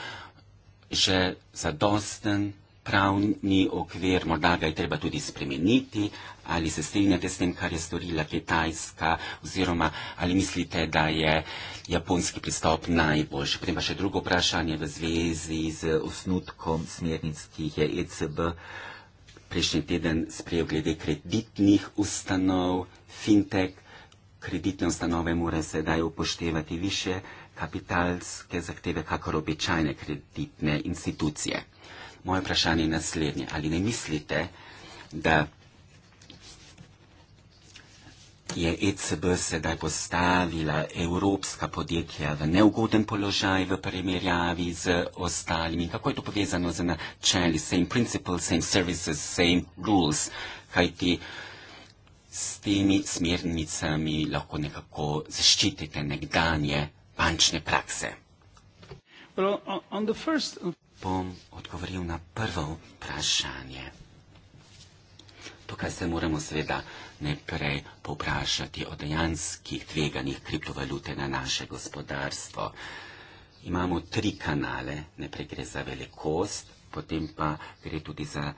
že zadosten pravni okvir, morda ga je treba tudi spremeniti, ali se strinjate s tem, kar je storila Kitajska, oziroma ali mislite, da je japonski pristop najboljši. Prema še drugo vprašanje v zvezi z osnutkom smernic, ki je ECB prejšnji teden sprejel glede kreditnih ustanov, fintech, kreditne ustanove morajo sedaj upoštevati više kapitalske zahteve, kakor običajne kreditne institucije. Moje vprašanje je naslednje. Ali ne mislite, da je ECB sedaj postavila evropska podjetja v neugoden položaj v primerjavi z ostalimi? Kako je to povezano z načeli same principles, same services, same rules? Kajti s temi smernicami lahko nekako zaščitite nekdanje bančne prakse. Bom odgovoril na prvo vprašanje. Tukaj se moramo seveda najprej povprašati o dejanskih tveganih kriptovalute na naše gospodarstvo. Imamo tri kanale, najprej gre za velikost, potem pa gre tudi za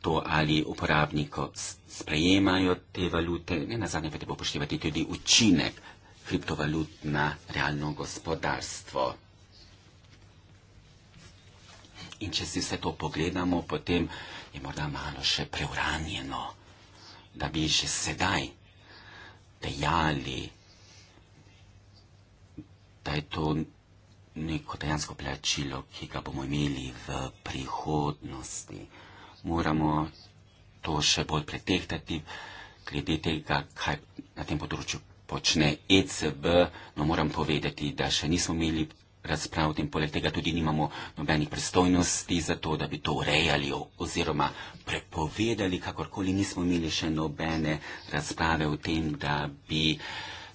to, ali uporabniki sprejemajo te valute, ne nazadnje pa te bo upoštevati tudi učinek kriptovalut na realno gospodarstvo. In če si vse to pogledamo, potem je morda malo še preuranjeno, da bi že sedaj dejali, da je to neko dejansko plačilo, ki ga bomo imeli v prihodnosti. Moramo to še bolj pretehtati, glede tega, kaj na tem področju počne ECB, no moram povedati, da še nismo imeli razprav in poleg tega tudi nimamo nobenih pristojnosti za to, da bi to urejali oziroma prepovedali, kakorkoli nismo imeli še nobene razprave o tem, da bi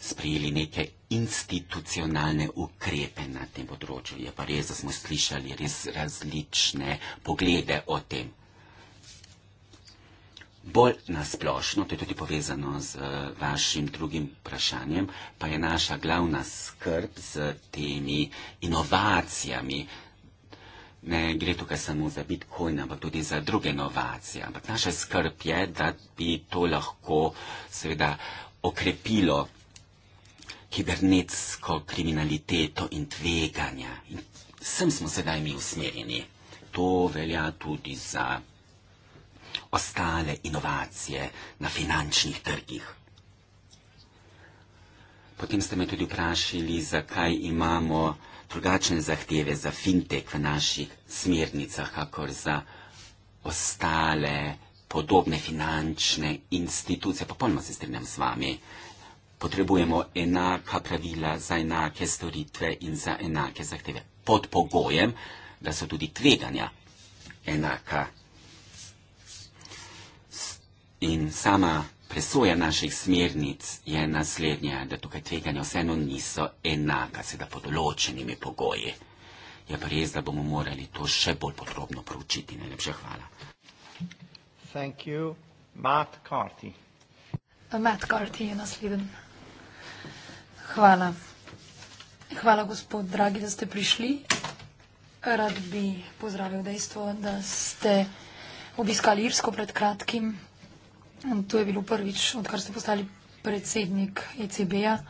sprejeli neke institucionalne ukrepe na tem področju. Je pa res, da smo slišali res različne poglede o tem. Bolj nasplošno, to je tudi povezano z eh, vašim drugim vprašanjem, pa je naša glavna skrb z temi inovacijami. Ne gre tukaj samo za Bitcoin, ampak tudi za druge inovacije. Ampak naša skrb je, da bi to lahko seveda okrepilo kibernetsko kriminaliteto in tveganja. In sem smo sedaj mi usmerjeni. To velja tudi za ostale inovacije na finančnih trgih. Potem ste me tudi vprašali, zakaj imamo drugačne zahteve za fintech v naših smernicah, kakor za ostale podobne finančne institucije. Popolnoma se strinjam z vami. Potrebujemo enaka pravila za enake storitve in za enake zahteve. Pod pogojem, da so tudi tveganja enaka. In sama presoja naših smernic je naslednja, da tukaj tveganja vseeno niso enaka, seveda pod določenimi pogoji. Je pa res, da bomo morali to še bolj podrobno proučiti. Najlepša hvala. Thank you. Matt Carty. Matt Carty je nasleden. Hvala. Hvala, gospod Dragi, da ste prišli. Rad bi pozdravil dejstvo, da ste obiskali Irsko pred kratkim To je bilo prvič, odkar ste postali predsednik ECB-ja. Eh,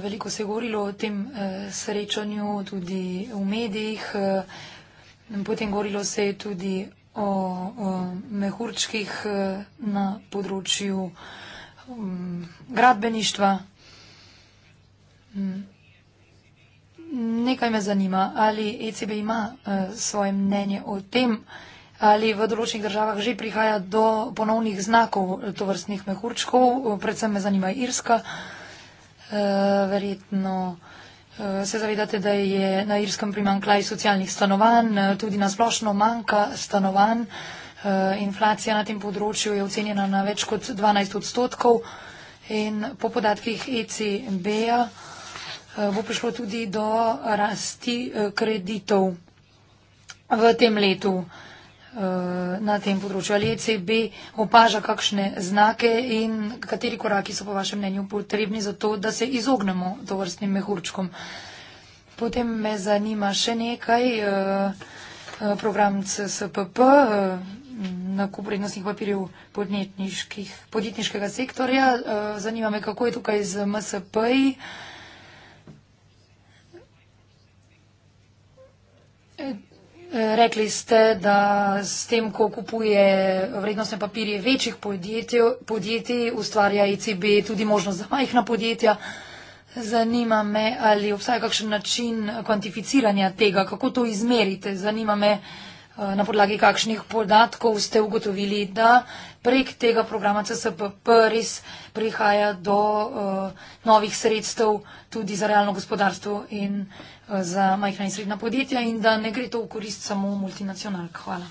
veliko se je govorilo o tem eh, srečanju tudi v medijih. Eh, potem govorilo se je tudi o mehurčkih na področju mm, gradbeništva. Mm. Nekaj me zanima, ali ECB ima svoje mnenje o tem, ali v določenih državah že prihaja do ponovnih znakov tovrstnih mehurčkov. Predvsem me zanima Irska. Eh, verjetno eh, se zavedate, da je na Irskem primankljaj socialnih stanovanj, eh, tudi nasplošno manjka stanovanj. Inflacija na tem področju je ocenjena na več kot 12 odstotkov in po podatkih ECB-ja bo prišlo tudi do rasti kreditov v tem letu. Eh, na tem področju? Ali ECB opaža kakšne znake in kateri koraki so po vašem mnenju potrebni za to, da se izognemo tovrstnim mehurčkom? Potem me zanima še nekaj. Eh, eh, program CSPP, nakup prednostnih papirjev podjetniškega sektorja. Zanima me, kako je tukaj z MSP-ji. E, Rekli ste, da s tem, ko kupuje vrednostne papirje večjih podjetij, podjetij ustvarja ICB e tudi možnost za majhna podjetja. Zanima me, ali obstaja kakšen način kvantificiranja tega, kako to izmerite. Zanima me, eh, na podlagi kakšnih podatkov ste ugotovili, da prek tega programa CSPP res prihaja do uh, novih sredstev tudi za realno gospodarstvo in za majhna in srednja podjetja in da ne gre to v korist samo multinacionalk. Hvala.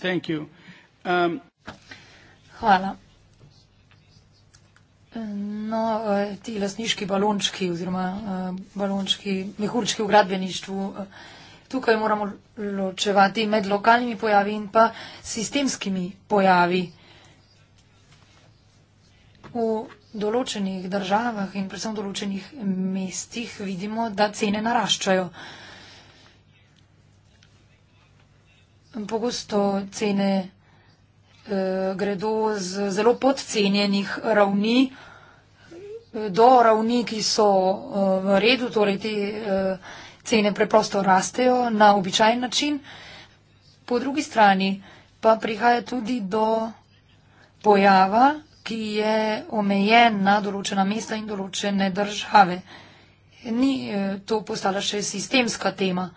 Thank you. Um... Hvala. No, ti lastniški balončki oziroma eh, balončki, mehurčki v gradbeništvu, eh, tukaj moramo ločevati med lokalnimi pojavi in pa sistemskimi pojavi. V določenih državah in predvsem v določenih mestih vidimo, da cene naraščajo. Pogosto cene eh, gredo z zelo podcenjenih ravni eh, do ravni, ki so eh, v redu, torej te eh, cene preprosto rastejo na običajen način. Po drugi strani pa prihaja tudi do pojava ki je omejen na določena mesta in določene države. Ni eh, to postala še sistemska tema.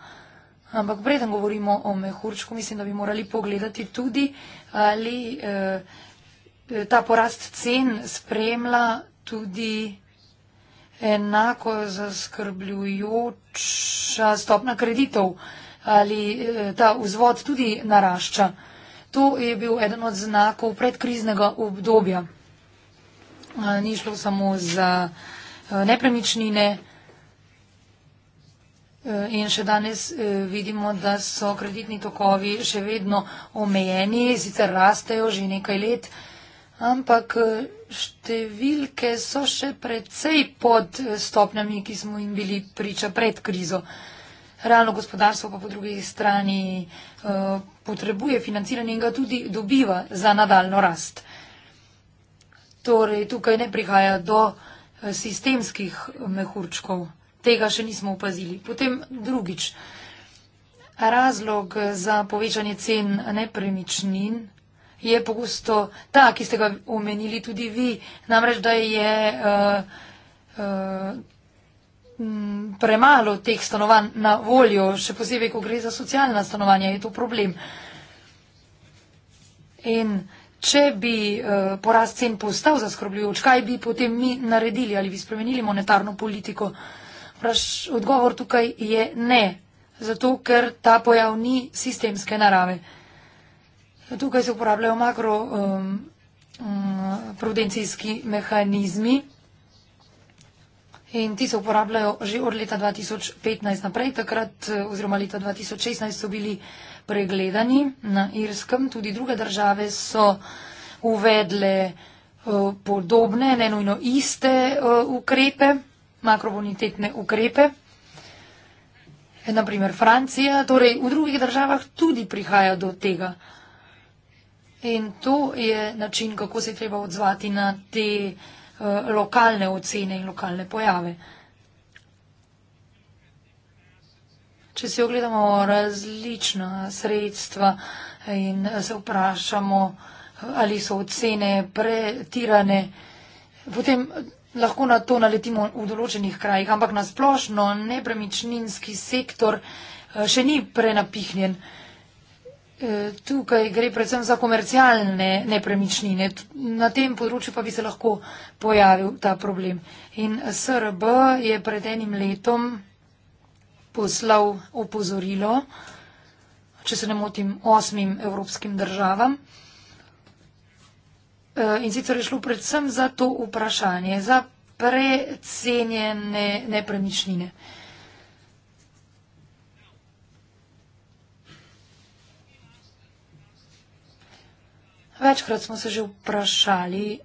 Ampak preden govorimo o mehurčku, mislim, da bi morali pogledati tudi, ali eh, ta porast cen spremlja tudi enako zaskrbljujoča stopna kreditov, ali eh, ta vzvod tudi narašča. To je bil eden od znakov predkriznega obdobja ni šlo samo za e, nepremičnine. E, in še danes e, vidimo, da so kreditni tokovi še vedno omejeni, sicer rastejo že nekaj let, ampak številke so še precej pod stopnjami, ki smo jim bili priča pred krizo. Realno gospodarstvo pa po drugi strani potrebuje financiranje in ga tudi dobiva za nadaljno rast. Torej, tukaj ne prihaja do eh, sistemskih eh, mehurčkov. Tega še nismo upazili. Potem drugič. Razlog eh, za povečanje cen nepremičnin je pogosto ta, ki ste ga omenili tudi vi, namreč, da je uh, uh, premalo teh stanovanj na voljo, še posebej, ko gre za socialna stanovanja, je to problem. In uh, Če bi uh, porast cen postal zaskrbljujoč, kaj bi potem mi naredili ali bi spremenili monetarno politiko? Praš, odgovor tukaj je ne, zato ker ta pojav ni sistemske narave. Tukaj se uporabljajo makroprudencijski um, um, mehanizmi in ti se uporabljajo že od leta 2015 naprej, takrat eh, oziroma leta 2016 so bili pregledani na Irskem. Tudi druge države so uvedle eh, podobne, ne nujno iste eh, ukrepe, makrobonitetne ukrepe. Eh, Naprimer Francija, torej v drugih državah tudi prihaja do tega. In to je način, kako se treba odzvati na te uh, lokalne ocene in lokalne pojave. Če si ogledamo različna sredstva in se vprašamo, ali so ocene pretirane, potem lahko na to naletimo v določenih krajih, ampak na splošno nepremičninski sektor eh, še ni prenapihnjen. Eh, tukaj gre predvsem za komercialne nepremičnine. Na tem področju pa bi se lahko pojavil ta problem. In SRB je pred enim letom poslal opozorilo, če se ne motim, osmim evropskim državam. E, in sicer je šlo predvsem za to vprašanje, za precenjene nepremičnine. Večkrat smo se že vprašali,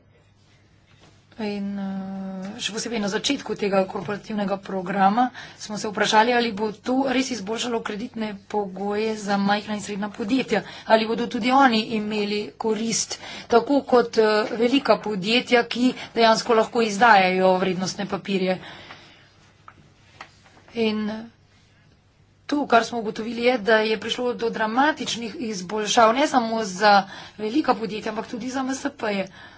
In eh, še posebej na začetku tega korporativnega programa smo se vprašali, ali bo to res izboljšalo kreditne pogoje za majhna in srednja podjetja, ali bodo tudi oni imeli korist, tako kot eh, velika podjetja, ki dejansko lahko izdajajo vrednostne papirje. In to, kar smo ugotovili, je, da je prišlo do dramatičnih izboljšav ne samo za velika podjetja, ampak tudi za MSP-je. -e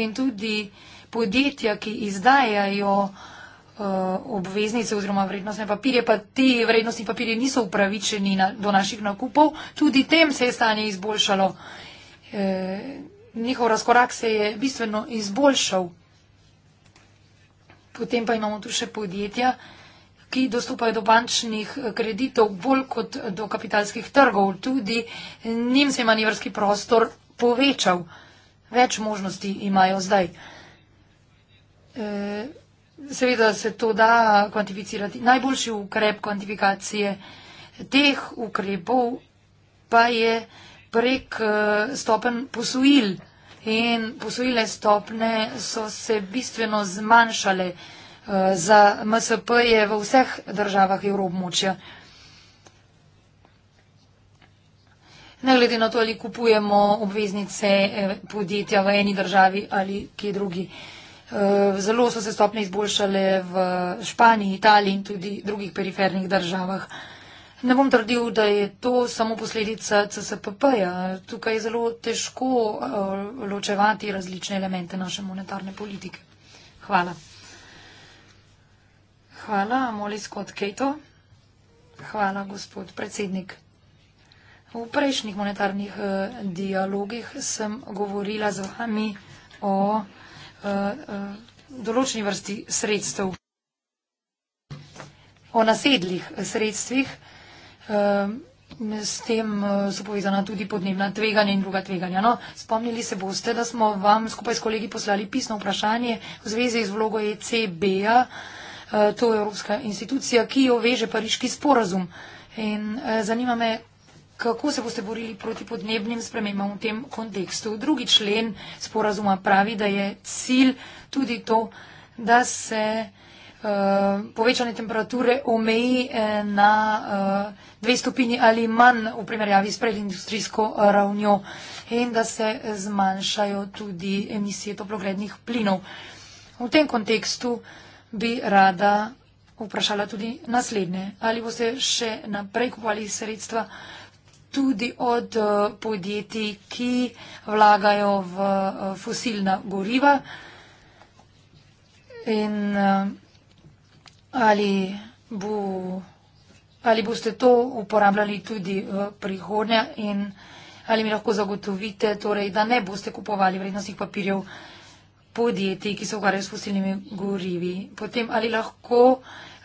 in tudi podjetja, ki izdajajo eh, obveznice oziroma vrednostne papirje, pa te vrednostne papirje niso upravičeni na, do naših nakupov, tudi tem se je stanje izboljšalo. E, njihov razkorak se je bistveno izboljšal. Potem pa imamo tu še podjetja, ki dostopajo do bančnih kreditov bolj kot do kapitalskih trgov. Tudi njim se je manjvrski prostor povečal več možnosti imajo zdaj. E, seveda se to da kvantificirati. Najboljši ukrep kvantifikacije teh ukrepov pa je prek e, stopen posojil. In posojile stopne so se bistveno zmanjšale e, za MSP-je v vseh državah Evropmočja. ne glede na to, ali kupujemo obveznice eh, podjetja v eni državi ali kje drugi. Eh, zelo so se stopne izboljšale v Španiji, Italiji in tudi drugih perifernih državah. Ne bom trdil, da je to samo posledica CSPP-ja. Tukaj je zelo težko eh, ločevati različne elemente naše monetarne politike. Hvala. Hvala, Molly Scott Cato. Hvala, gospod predsednik. V prejšnjih monetarnih eh, dialogih sem govorila z vami o eh, eh, določeni vrsti sredstev, o nasedlih sredstvih, s tem so povezana tudi podnebna tveganja in druga tveganja. No, spomnili se boste, da smo vam skupaj s kolegi poslali pisno vprašanje v zvezi z vlogo ECB-a, to je Evropska institucija, ki jo veže pariški sporazum. In zanima me, kako se boste borili proti podnebnim spremembam v tem kontekstu. Drugi člen sporazuma pravi, da je cilj tudi to, da se uh, povečanje temperature omeji eh, na uh, dve stopini ali manj v primerjavi s predindustrijsko ravnjo in da se zmanjšajo tudi emisije toplogrednih plinov. V tem kontekstu bi rada vprašala tudi naslednje. Ali boste še naprej kupovali sredstva? tudi od eh, podjetij, ki vlagajo v eh, fosilna goriva. In eh, ali, bo, ali boste to uporabljali tudi v prihodnje in ali mi lahko zagotovite, torej, da ne boste kupovali vrednostnih papirjev podjetij, ki se ukvarjajo s fosilnimi gorivi. Potem ali lahko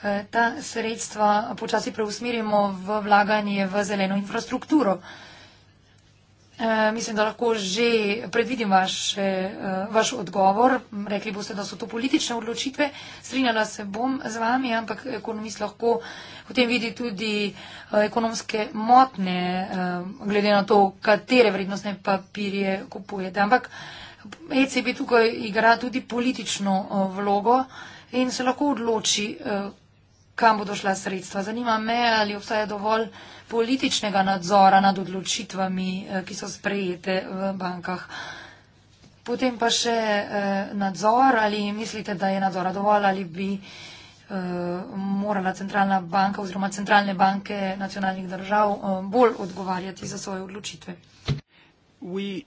Eh, ta sredstva počasi preusmerimo v vlaganje v zeleno infrastrukturo. Eh, mislim, da lahko že predvidim vaše, eh, vaš odgovor. Rekli boste, da so to politične odločitve. Strinjala se bom z vami, ampak ekonomist lahko potem vidi tudi ekonomske motne, glede na to, katere vrednostne papirje kupujete. Ampak ECB tukaj igra tudi politično vlogo in se lahko odloči, kam bodo šla sredstva. Zanima me, ali obstaja dovolj političnega nadzora nad odločitvami, eh, ki so sprejete v bankah. Potem pa še eh, nadzor, ali mislite, da je nadzora dovolj, ali bi eh, morala centralna banka oziroma centralne banke nacionalnih držav bolj odgovarjati za svoje odločitve. We,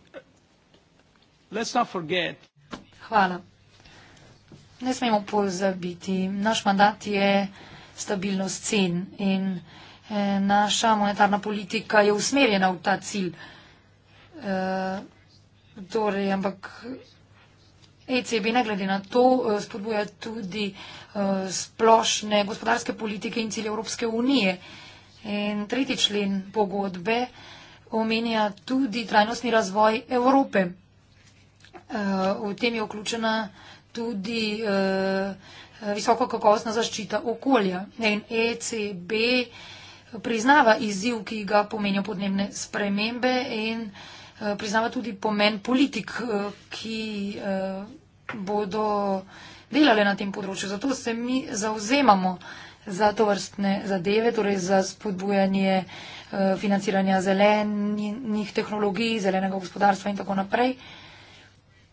Hvala. Ne smemo pozabiti. Naš mandat je stabilnost cen in eh, naša monetarna politika je usmerjena v ta cilj. Eh, torej, ampak ECB ne glede na to eh, spodbuja tudi splošne gospodarske politike in cilje Evropske unije. In tretji člen pogodbe omenja tudi trajnostni razvoj Evrope. V tem je vključena tudi Eh, visoko kakovostna zaščita okolja. In ECB priznava izziv, ki ga pomenijo podnebne spremembe in eh, priznava tudi pomen politik, eh, ki bodo delale na tem področju. Zato se mi zauzemamo za to vrstne zadeve, torej za spodbujanje financiranja zelenih tehnologij, zelenega gospodarstva in tako naprej.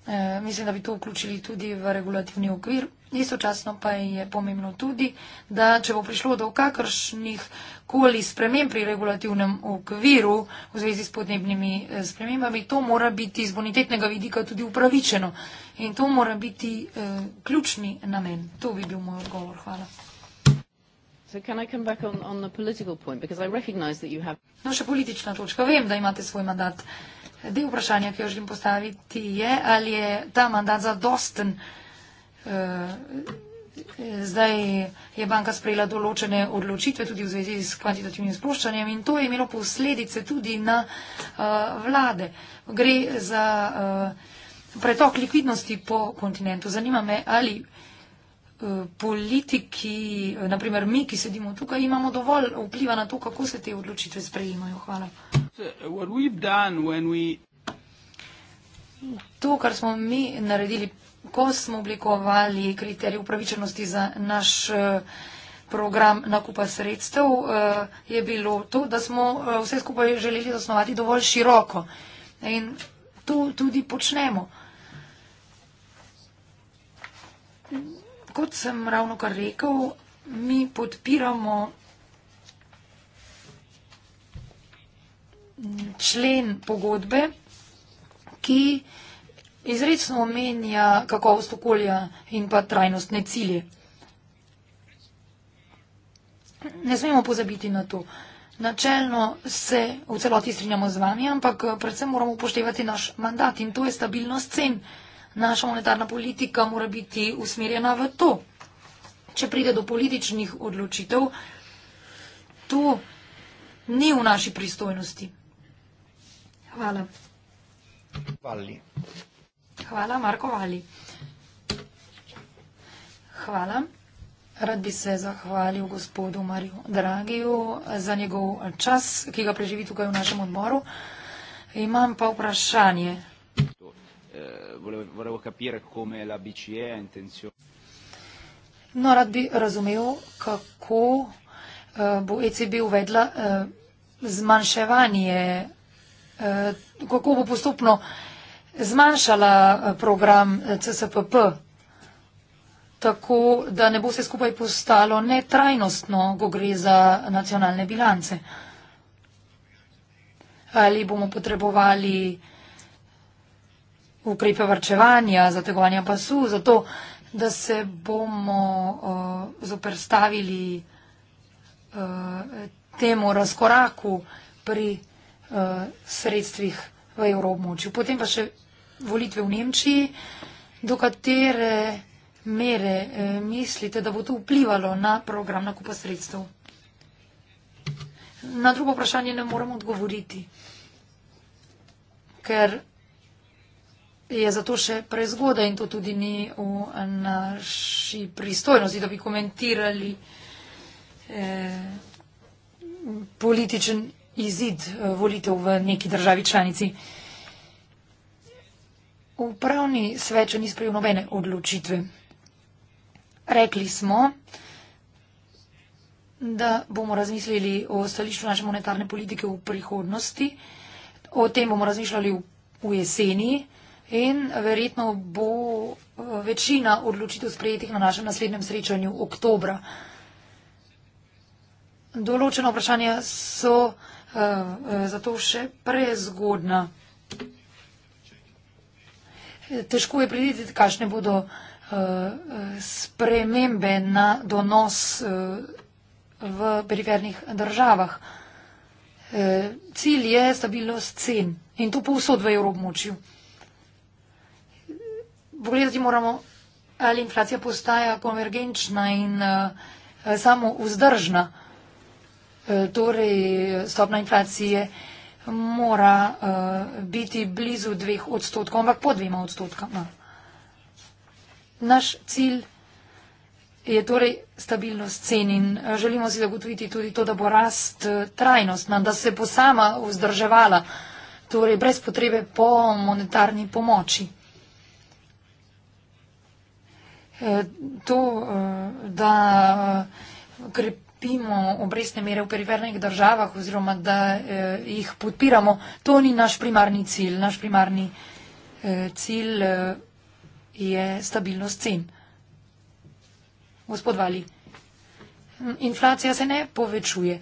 Eh, mislim, da bi to vključili tudi v regulativni okvir. Istočasno pa je pomembno tudi, da če bo prišlo do kakršnih koli sprememb pri regulativnem okviru v zvezi s podnebnimi eh, spremembami, to mora biti iz bonitetnega vidika tudi upravičeno. In to mora biti eh, ključni namen. To bi bil moj odgovor. Hvala. No, še politična točka. Vem, da imate svoj mandat. Del vprašanja, ki jo želim postaviti, je, ali je ta mandat zadosten. Eh, zdaj je banka sprejela določene odločitve tudi v zvezi s kvantitativnim sproščanjem in to je imelo posledice tudi na eh, vlade. Gre za eh, pretok likvidnosti po kontinentu. Zanima me, ali politiki, naprimer mi, ki sedimo tukaj, imamo dovolj vpliva na to, kako se te odločitve sprejemajo. Hvala. Uh, to, kar smo mi naredili, ko smo oblikovali kriterij upravičenosti za naš uh, program nakupa sredstev, uh, je bilo to, da smo vse skupaj želeli zasnovati dovolj široko. In to tudi počnemo. Kot sem ravno kar rekel, mi podpiramo člen pogodbe, ki izredno omenja kakovost okolja in pa trajnostne cilje. Ne smemo pozabiti na to. Načelno se v celoti strinjamo z vami, ampak predvsem moramo upoštevati naš mandat in to je stabilnost cen. Naša monetarna politika mora biti usmerjena v to. Če pride do političnih odločitev, to ni v naši pristojnosti. Hvala. Vali. Hvala, Marko Vali. Hvala. Rad bi se zahvalil gospodu Marju Dragiju za njegov čas, ki ga preživi tukaj v našem odboru. Imam pa vprašanje. E no, rad bi razumel, kako eh, bo ECB uvedla eh, zmanjševanje Eh, kako bo postopno zmanjšala eh, program eh, CSPP, tako da ne bo vse skupaj postalo netrajnostno, ko gre za nacionalne bilance. Ali bomo potrebovali ukrepe varčevanja, zategovanja pasu, zato da se bomo uh, zoprstavili uh, temu razkoraku pri Eh, sredstvih v evroobmočju. Potem pa še volitve v Nemčiji. Do katere mere e, mislite, da bo to vplivalo na program nakupa sredstev? Na drugo vprašanje ne moremo odgovoriti, ker je zato še prezgodaj in to tudi ni v naši pristojnosti, da bi komentirali e, političen izid eh, volitev v neki državi članici. Upravni svet še ni sprejel nobene odločitve. Rekli smo, da bomo razmislili o stališču naše monetarne politike v prihodnosti, o tem bomo razmišljali v jeseni in verjetno bo eh, večina odločitev sprejetih na našem naslednjem srečanju oktobra. Določena vprašanja so Eh, eh, zato še prezgodna. Eh, težko je predvideti, kakšne bodo spremembe na donos v perifernih državah. Cilj je stabilnost cen in to povsod v evrobmočju. Pogledati moramo, ali inflacija postaja konvergenčna in uh, samo vzdržna. Uh, E, torej stopna inflacije mora e, biti blizu dveh odstotkov, ampak po dvema odstotkama. Naš cilj je torej stabilnost cen in e, želimo si zagotoviti tudi to, da bo rast trajnostna, da se bo sama vzdrževala, torej brez potrebe po monetarni pomoči. To, da krepimo krepimo obrestne mere v perifernih državah oziroma da eh, jih podpiramo, to ni naš primarni cilj. Naš primarni eh, cilj eh, je stabilnost cen. Gospod Vali, hm, inflacija se ne povečuje.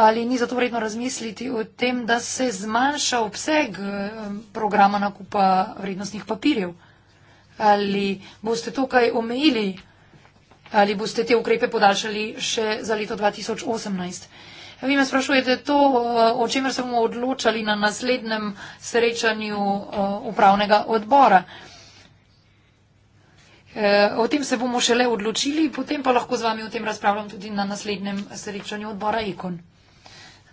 Ali ni zato vredno razmisliti o tem, da se zmanjša obseg eh, programa nakupa vrednostnih papirjev? Ali boste tukaj omejili? Ali boste te ukrepe podaljšali še za leto 2018? Vi me sprašujete to, o čemer se bomo odločali na naslednjem srečanju eh, upravnega odbora. Eh, o tem se bomo šele odločili, potem pa lahko z vami o tem razpravljam tudi na naslednjem srečanju odbora Ekon.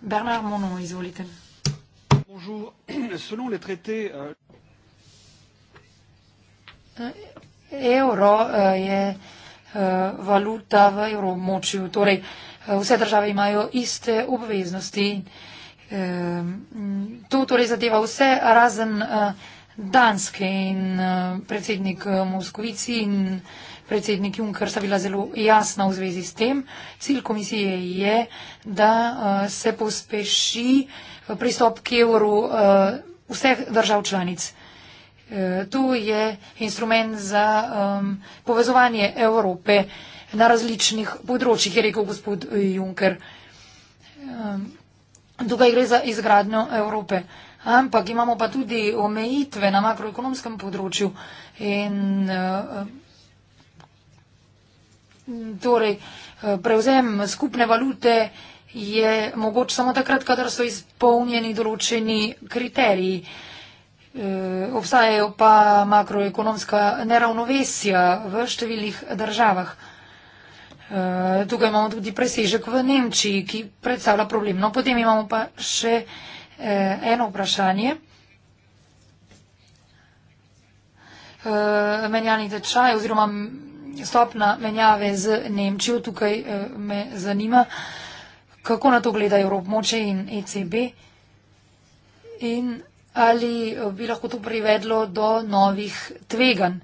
Bernard Mono, izvolite. [CLEARS THROAT] Euro eh, je. Eh, valuta v evromočju. Torej, eh, vse države imajo iste obveznosti. Eh, to torej zadeva vse razen Danske in predsednik Moskovici in predsednik Juncker sta bila zelo jasna v zvezi s tem. Cilj komisije je, da se pospeši pristop k evru vseh držav članic. Eh, tu je instrument za um, povezovanje Evrope na različnih področjih, je rekel gospod Juncker. Um, tukaj gre za izgradnjo Evrope. Ampak imamo pa tudi omejitve na makroekonomskem področju. In, uh, torej, eh, prevzem skupne valute je mogoče samo takrat, kadar so izpolnjeni določeni kriteriji. Uh, Eh, obstajajo pa makroekonomska neravnovesja v številnih državah. Eh, tukaj imamo tudi presežek v Nemčiji, ki predstavlja problem. No, potem imamo pa še eh, eno vprašanje. Menjalni tečaj oziroma stopna menjave z Nemčijo, tukaj me zanima, kako na to gledajo Evropmoče in ECB. In ali eh, bi lahko to privedlo do novih tveganj.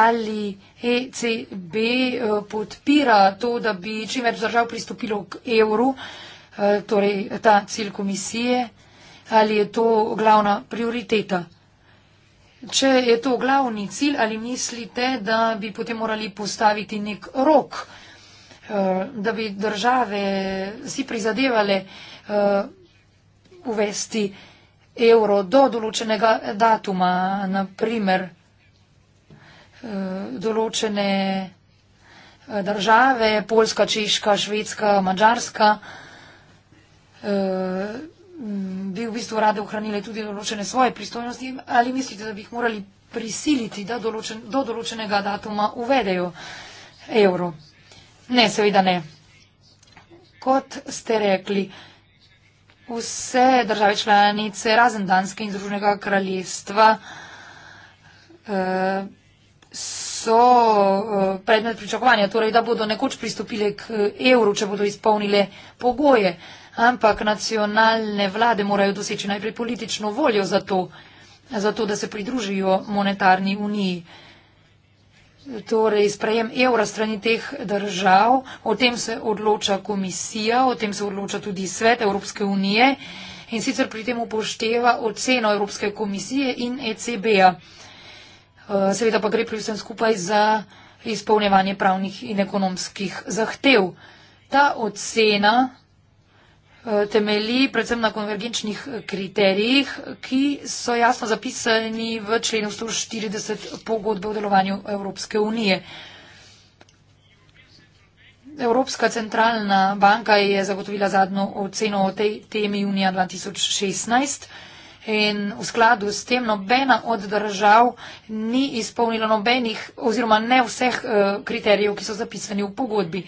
Ali ECB eh, podpira to, da bi čim več držav pristopilo k evru, eh, torej ta cilj komisije, ali je to glavna prioriteta? Če je to glavni cilj, ali mislite, da bi potem morali postaviti nek rok, da bi države si prizadevale uvesti evro do določenega datuma, naprimer eh, določene eh, države, Poljska, Češka, Švedska, Mačarska, eh, bi v bistvu rade ohranile tudi določene svoje pristojnosti ali mislite, da bi jih morali prisiliti, da določen, do določenega datuma uvedejo evro? Ne, seveda ne. Kot ste rekli, vse države članice, razen Danske in Združnega kraljestva, eh, so eh, predmet pričakovanja, torej da bodo nekoč pristopile k eh, evru, če bodo izpolnile pogoje. Ampak nacionalne vlade morajo doseči najprej politično voljo za to, za to da se pridružijo monetarni uniji torej sprejem evra strani teh držav, o tem se odloča komisija, o tem se odloča tudi svet Evropske unije in sicer pri tem upošteva oceno Evropske komisije in ECB-a. Eh, seveda pa gre pri vsem skupaj za izpolnjevanje pravnih in ekonomskih zahtev. Ta ocena Eh, temelji predvsem na konvergenčnih eh, kriterijih, ki so jasno zapisani v členu 140 pogodbe o delovanju Evropske unije. Evropska centralna banka je zagotovila zadnjo oceno o tej temi junija 2016 in v skladu s tem nobena od držav ni izpolnila nobenih oziroma ne vseh eh, kriterijev, ki so zapisani v pogodbi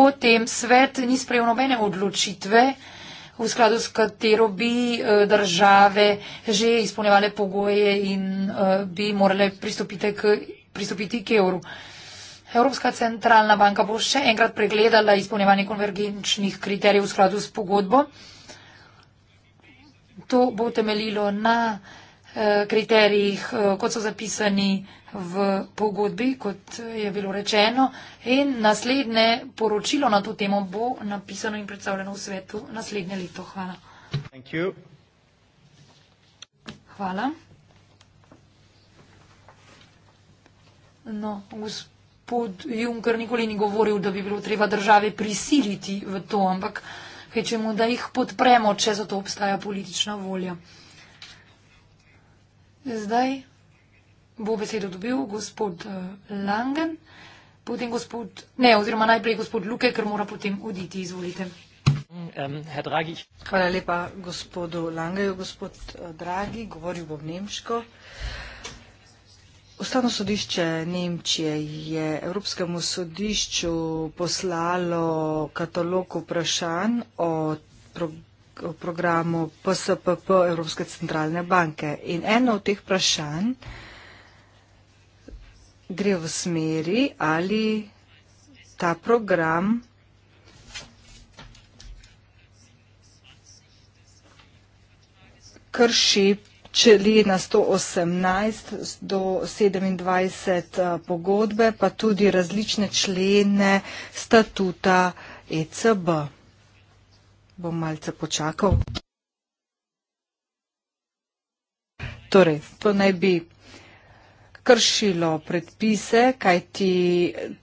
potem svet ni sprejel nobene odločitve, v skladu s katero bi eh, države že izpolnevale pogoje in eh, bi morale pristopiti k, pristopiti k evru. Evropska centralna banka bo še enkrat pregledala izpolnevanje konvergenčnih kriterijev v skladu s pogodbo. To bo temeljilo na eh, kriterijih, kot so zapisani v pogodbi, kot je bilo rečeno, in naslednje poročilo na to temo bo napisano in predstavljeno v svetu naslednje leto. Hvala. Hvala. No, gospod Juncker nikoli ni govoril, da bi bilo treba države prisiliti v to, ampak hečemo, da jih podpremo, če za to obstaja politična volja. Zdaj bo besedo dobil gospod eh, Langen, potem gospod, ne, oziroma najprej gospod Luke, ker mora potem oditi, izvolite. Mm, Hvala lepa gospodu Langeju, gospod eh, Dragi, govoril bom nemško. Ustavno sodišče Nemčije je Evropskemu sodišču poslalo katalog vprašanj o, pro, o programu PSPP Evropske centralne banke. In eno od teh vprašanj gre v smeri ali ta program krši čeli na 118 do 27 eh, pogodbe, pa tudi različne člene statuta ECB. Bom malce počakal. Torej, to naj bi kršilo predpise, kaj ti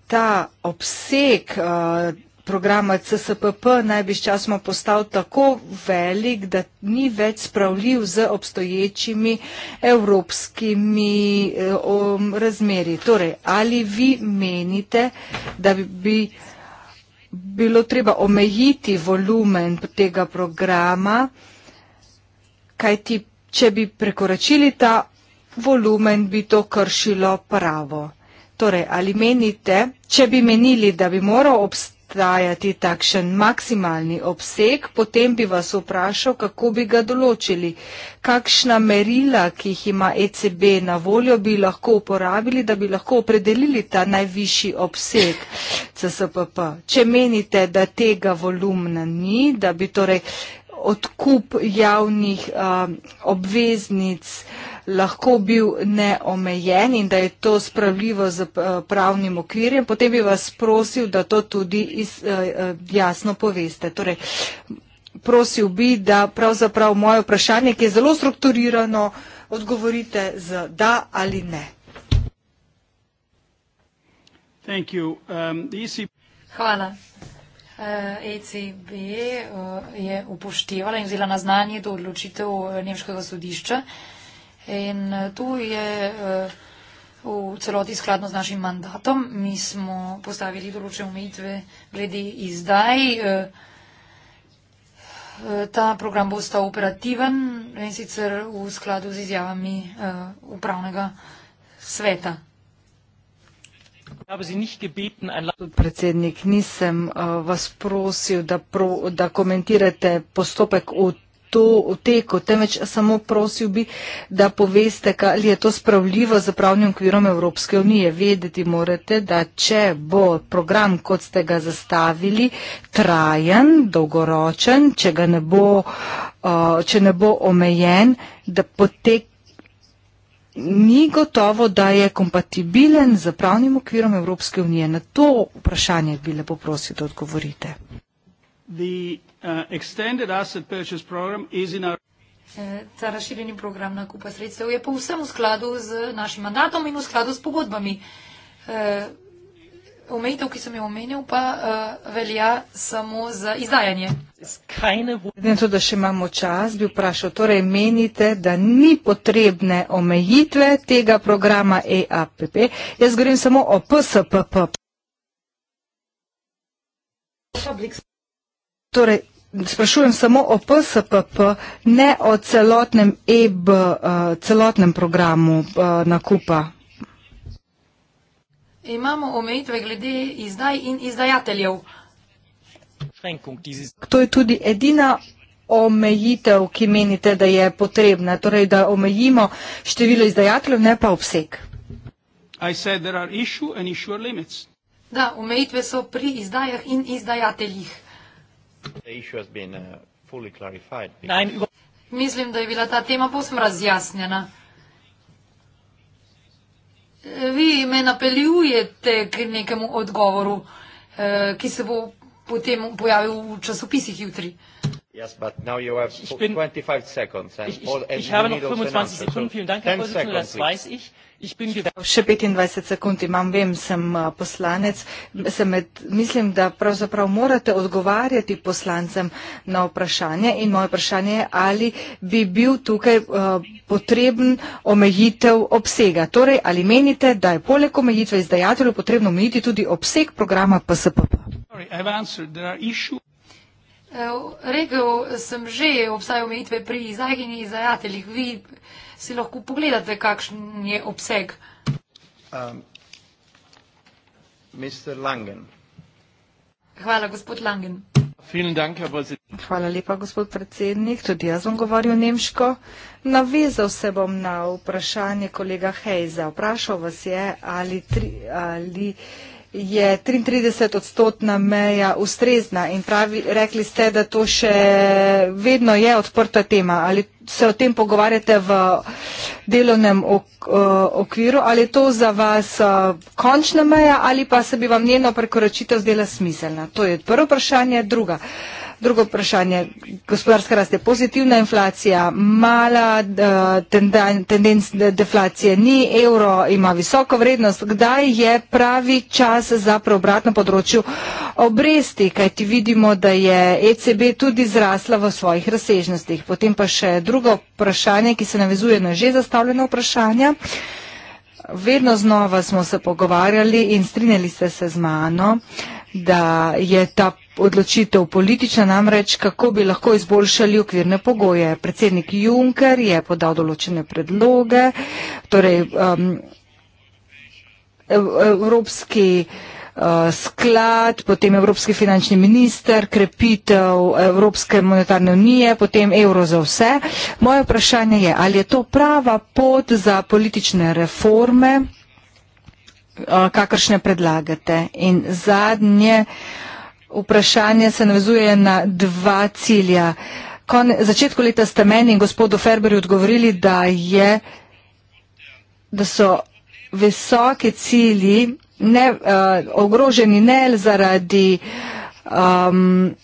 ta obseg eh, programa CSPP naj bi sčasoma postal tako velik, da ni več spravljiv z obstoječimi evropskimi eh, razmeri. Torej, ali vi menite, da bi bilo treba omejiti volumen tega programa, kaj ti, če bi prekoračili ta volumen bi to kršilo pravo. Torej, ali menite, če bi menili, da bi moral obstajati takšen maksimalni obseg, potem bi vas vprašal, kako bi ga določili. Kakšna merila, ki jih ima ECB na voljo, bi lahko uporabili, da bi lahko opredelili ta najvišji obseg CSPP. Če menite, da tega volumna ni, da bi torej odkup javnih uh, obveznic uh, lahko bil neomejen in da je to spravljivo z eh, pravnim okvirjem, potem bi vas prosil, da to tudi eh, eh, jasno poveste. Torej, prosil bi, da pravzaprav moje vprašanje, ki je zelo strukturirano, odgovorite z da ali ne. Um, e Hvala. Uh, ECB uh, je upoštevala in vzela na znanje to odločitev uh, Nemškega sodišča. In eh, to je eh, v celoti skladno z našim mandatom. Mi smo postavili določene omejitve glede izdaj. Eh, ta program bo ostal operativen in sicer v skladu z izjavami upravnega sveta. Predsednik, nisem vas prosil, da, pro, da komentirate postopek v to teko, temveč samo prosil bi, da poveste, ali je to spravljivo za pravnim okvirom Evropske unije. Vedeti morate, da če bo program, kot ste ga zastavili, trajen, dolgoročen, če ga ne bo, uh, če ne bo omejen, da potek. Ni gotovo, da je kompatibilen z pravnim okvirom Evropske unije. Na to vprašanje bi lepo prosil, da odgovorite. The... Uh, extended asset purchase program is in our e, Ta razširjeni program nakupa sredstev je povsem v skladu z našim mandatom in v skladu s pogodbami. E, omejitev, ki sem jo omenil, pa e, velja samo za izdajanje. Zdaj, da še imamo čas, bi vprašal, torej menite, da ni potrebne omejitve tega programa EAPP? Jaz govorim samo o PSPP. Torej, sprašujem samo o PSPP, ne o celotnem EB, eh, celotnem programu eh, nakupa. Imamo omejitve glede izdaj in izdajateljev. To je tudi edina omejitev, ki menite, da je potrebna, torej da omejimo število izdajateljev, ne pa obseg. Da, omejitve so pri izdajah in izdajateljih. Uh, Mislim, da je bila ta tema posem razjasnjena. Vi me napeljujete k nekemu odgovoru, eh, ki se bo potem pojavil v časopisih jutri. Yes, but now you have 25 seconds. And ich, ich, ich habe noch 25 Sekunden. Vielen Dank, Herr Vorsitzender. Das weiß ich. Še 25 sekund imam, vem, sem poslanec. Sem med, mislim, da pravzaprav morate odgovarjati poslancem na vprašanje in moje vprašanje je, ali bi bil tukaj uh, potreben omejitev obsega. Torej, ali menite, da je poleg omejitve izdajatelju potrebno omejiti tudi obseg programa PSPP? Eh, Rekel sem že, obstajajo omejitve pri izdajanju in izdajateljih. Vi si lahko pogledate, kakšen je obseg. Um, Langen. Hvala, gospod Langen. Hvala lepa, gospod predsednik. Tudi jaz bom govoril nemško. Navezal se bom na vprašanje kolega Hejza. Vprašal vas je, ali, tri, ali je 33 odstotna meja ustrezna in pravi, rekli ste, da to še vedno je odprta tema. Ali se o tem pogovarjate v delovnem eh, okviru, ali je to za vas eh, končna meja ali pa se bi vam njeno prekoračitev zdela smiselna? To je prvo vprašanje. Druga. Uh, Drugo vprašanje. Gospodarska rast je pozitivna, inflacija mala, eh, tendenc deflacije ni, evro ima visoko vrednost. Kdaj je pravi čas za preobrat na področju obresti, kajti vidimo, da je ECB tudi zrasla v svojih razsežnostih. Potem pa še drugo vprašanje, ki se navezuje na že zastavljeno vprašanje. Vedno znova smo se pogovarjali in strinjali ste se z mano, da je ta odločitev politična namreč, kako bi lahko izboljšali okvirne pogoje. Predsednik Juncker je podal določene predloge, torej um, Evropski uh, sklad, potem Evropski finančni minister, krepitev Evropske monetarne unije, potem evro za vse. Moje vprašanje je, ali je to prava pot za politične reforme, uh, kakršne predlagate. In zadnje. Uh, vprašanje se navezuje na dva cilja. Kon, začetku leta ste meni in gospodu Ferberju odgovorili, da, je, da so visoki cilji ne, uh, ogroženi ne zaradi um,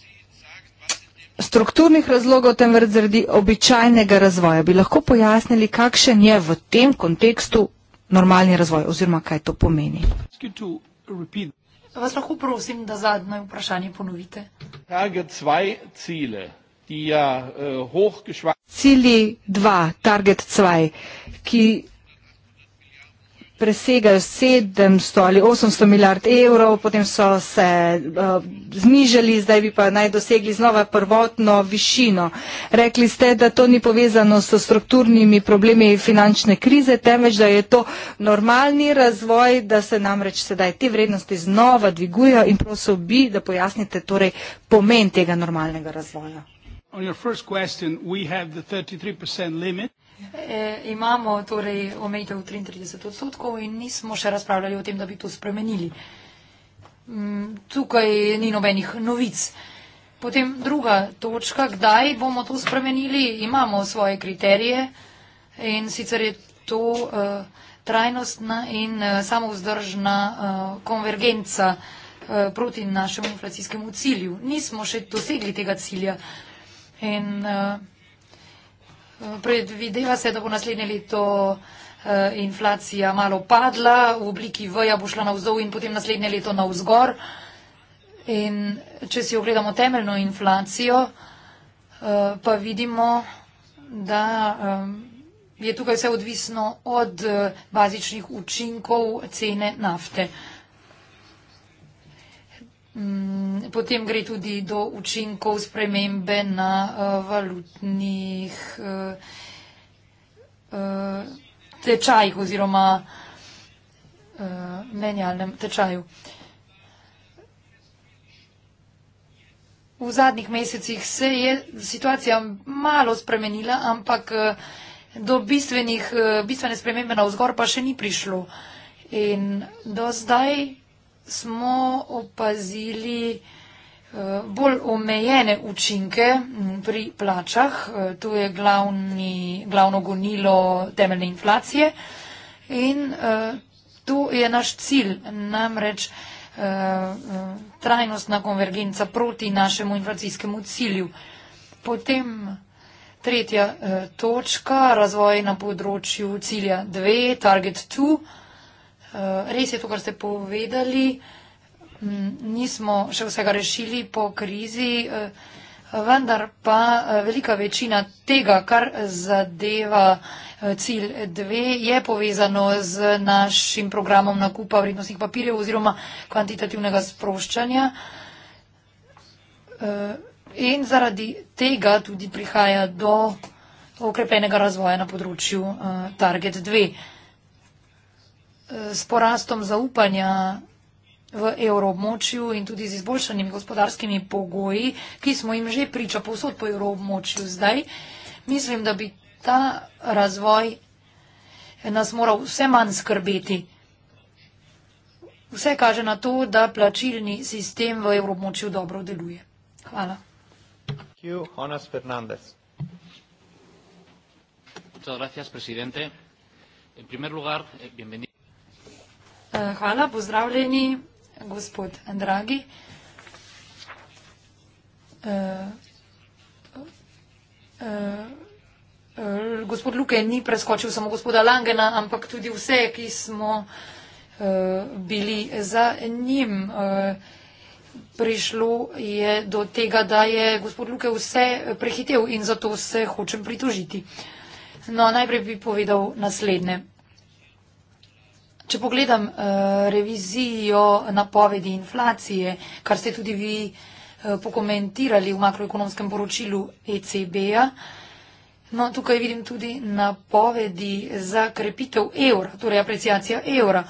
strukturnih razlogov, temveč zaradi običajnega razvoja. Bi lahko pojasnili, kakšen je v tem kontekstu normalni razvoj oziroma kaj to pomeni? Vas lahko prosim, da zadnje vprašanje ponovite. Ja, äh, Cilj dva, target cvaj, ki presegajo 700 ali 800 milijard evrov, potem so se uh, znižali, zdaj bi pa naj dosegli znova prvotno višino. Rekli ste, da to ni povezano s strukturnimi problemi finančne krize, temveč da je to normalni razvoj, da se namreč sedaj te vrednosti znova dvigujejo in prosil bi, da pojasnite torej pomen tega normalnega razvoja. On your first question, we have the 33% limit. E, imamo torej omejitev 33 odstotkov in nismo še razpravljali o tem, da bi to spremenili. Mm, tukaj ni nobenih novic. Potem druga točka, kdaj bomo to spremenili, imamo svoje kriterije in sicer je to uh, trajnostna in uh, samovzdržna uh, konvergenca uh, proti našemu inflacijskemu cilju. Nismo še dosegli tega cilja. In, uh, Predvideva se, da bo naslednje leto eh, inflacija malo padla, v obliki V bo šla navzdol in potem naslednje leto navzgor. In če si ogledamo temeljno inflacijo, eh, pa vidimo, da eh, je tukaj vse odvisno od bazičnih učinkov cene nafte. Mm, potem gre tudi do učinkov spremembe na eh, valutnih eh, eh, tečajih oziroma menjalnem tečaju. V zadnjih mesecih se je situacija malo spremenila, ampak do bistvene spremembe na vzgor pa še ni prišlo. In do zdaj smo opazili eh, bolj omejene učinke mm, pri plačah. Eh, to je glavni, glavno gonilo temeljne inflacije in eh, to je naš cilj, namreč trajnostna konvergenca proti našemu inflacijskemu cilju. Potem tretja točka, razvoj na področju cilja 2, target 2. Eh, res je to, kar ste povedali. Mm, nismo še vsega rešili po krizi, eh, vendar pa eh, velika večina tega, kar zadeva cilj 2, je povezano z našim programom nakupa vrednostnih papirjev oziroma kvantitativnega sproščanja. In zaradi tega tudi prihaja do okrepenega razvoja na področju Target 2. Eh, s porastom zaupanja v evroobmočju in tudi z izboljšanimi gospodarskimi pogoji, ki smo jim že priča povsod po evroobmočju zdaj, mislim, da bi ta razvoj nas moral vse manj skrbeti. Vse kaže na to, da plačilni sistem v evroobmočju dobro deluje. Hvala. Hvala, predsednik. Eh, hvala, pozdravljeni, gospod Dragi. Eh, eh, gospod Luke ni preskočil samo gospoda Langena, ampak tudi vse, ki smo bili za njim. Prišlo je do tega, da je gospod Luke vse prehitev in zato se hočem pritožiti. No, najprej bi povedal naslednje. Če pogledam eh, revizijo napovedi inflacije, kar ste tudi vi eh, pokomentirali v makroekonomskem poročilu ECB-a, no, tukaj vidim tudi napovedi za krepitev evra, torej apreciacija evra.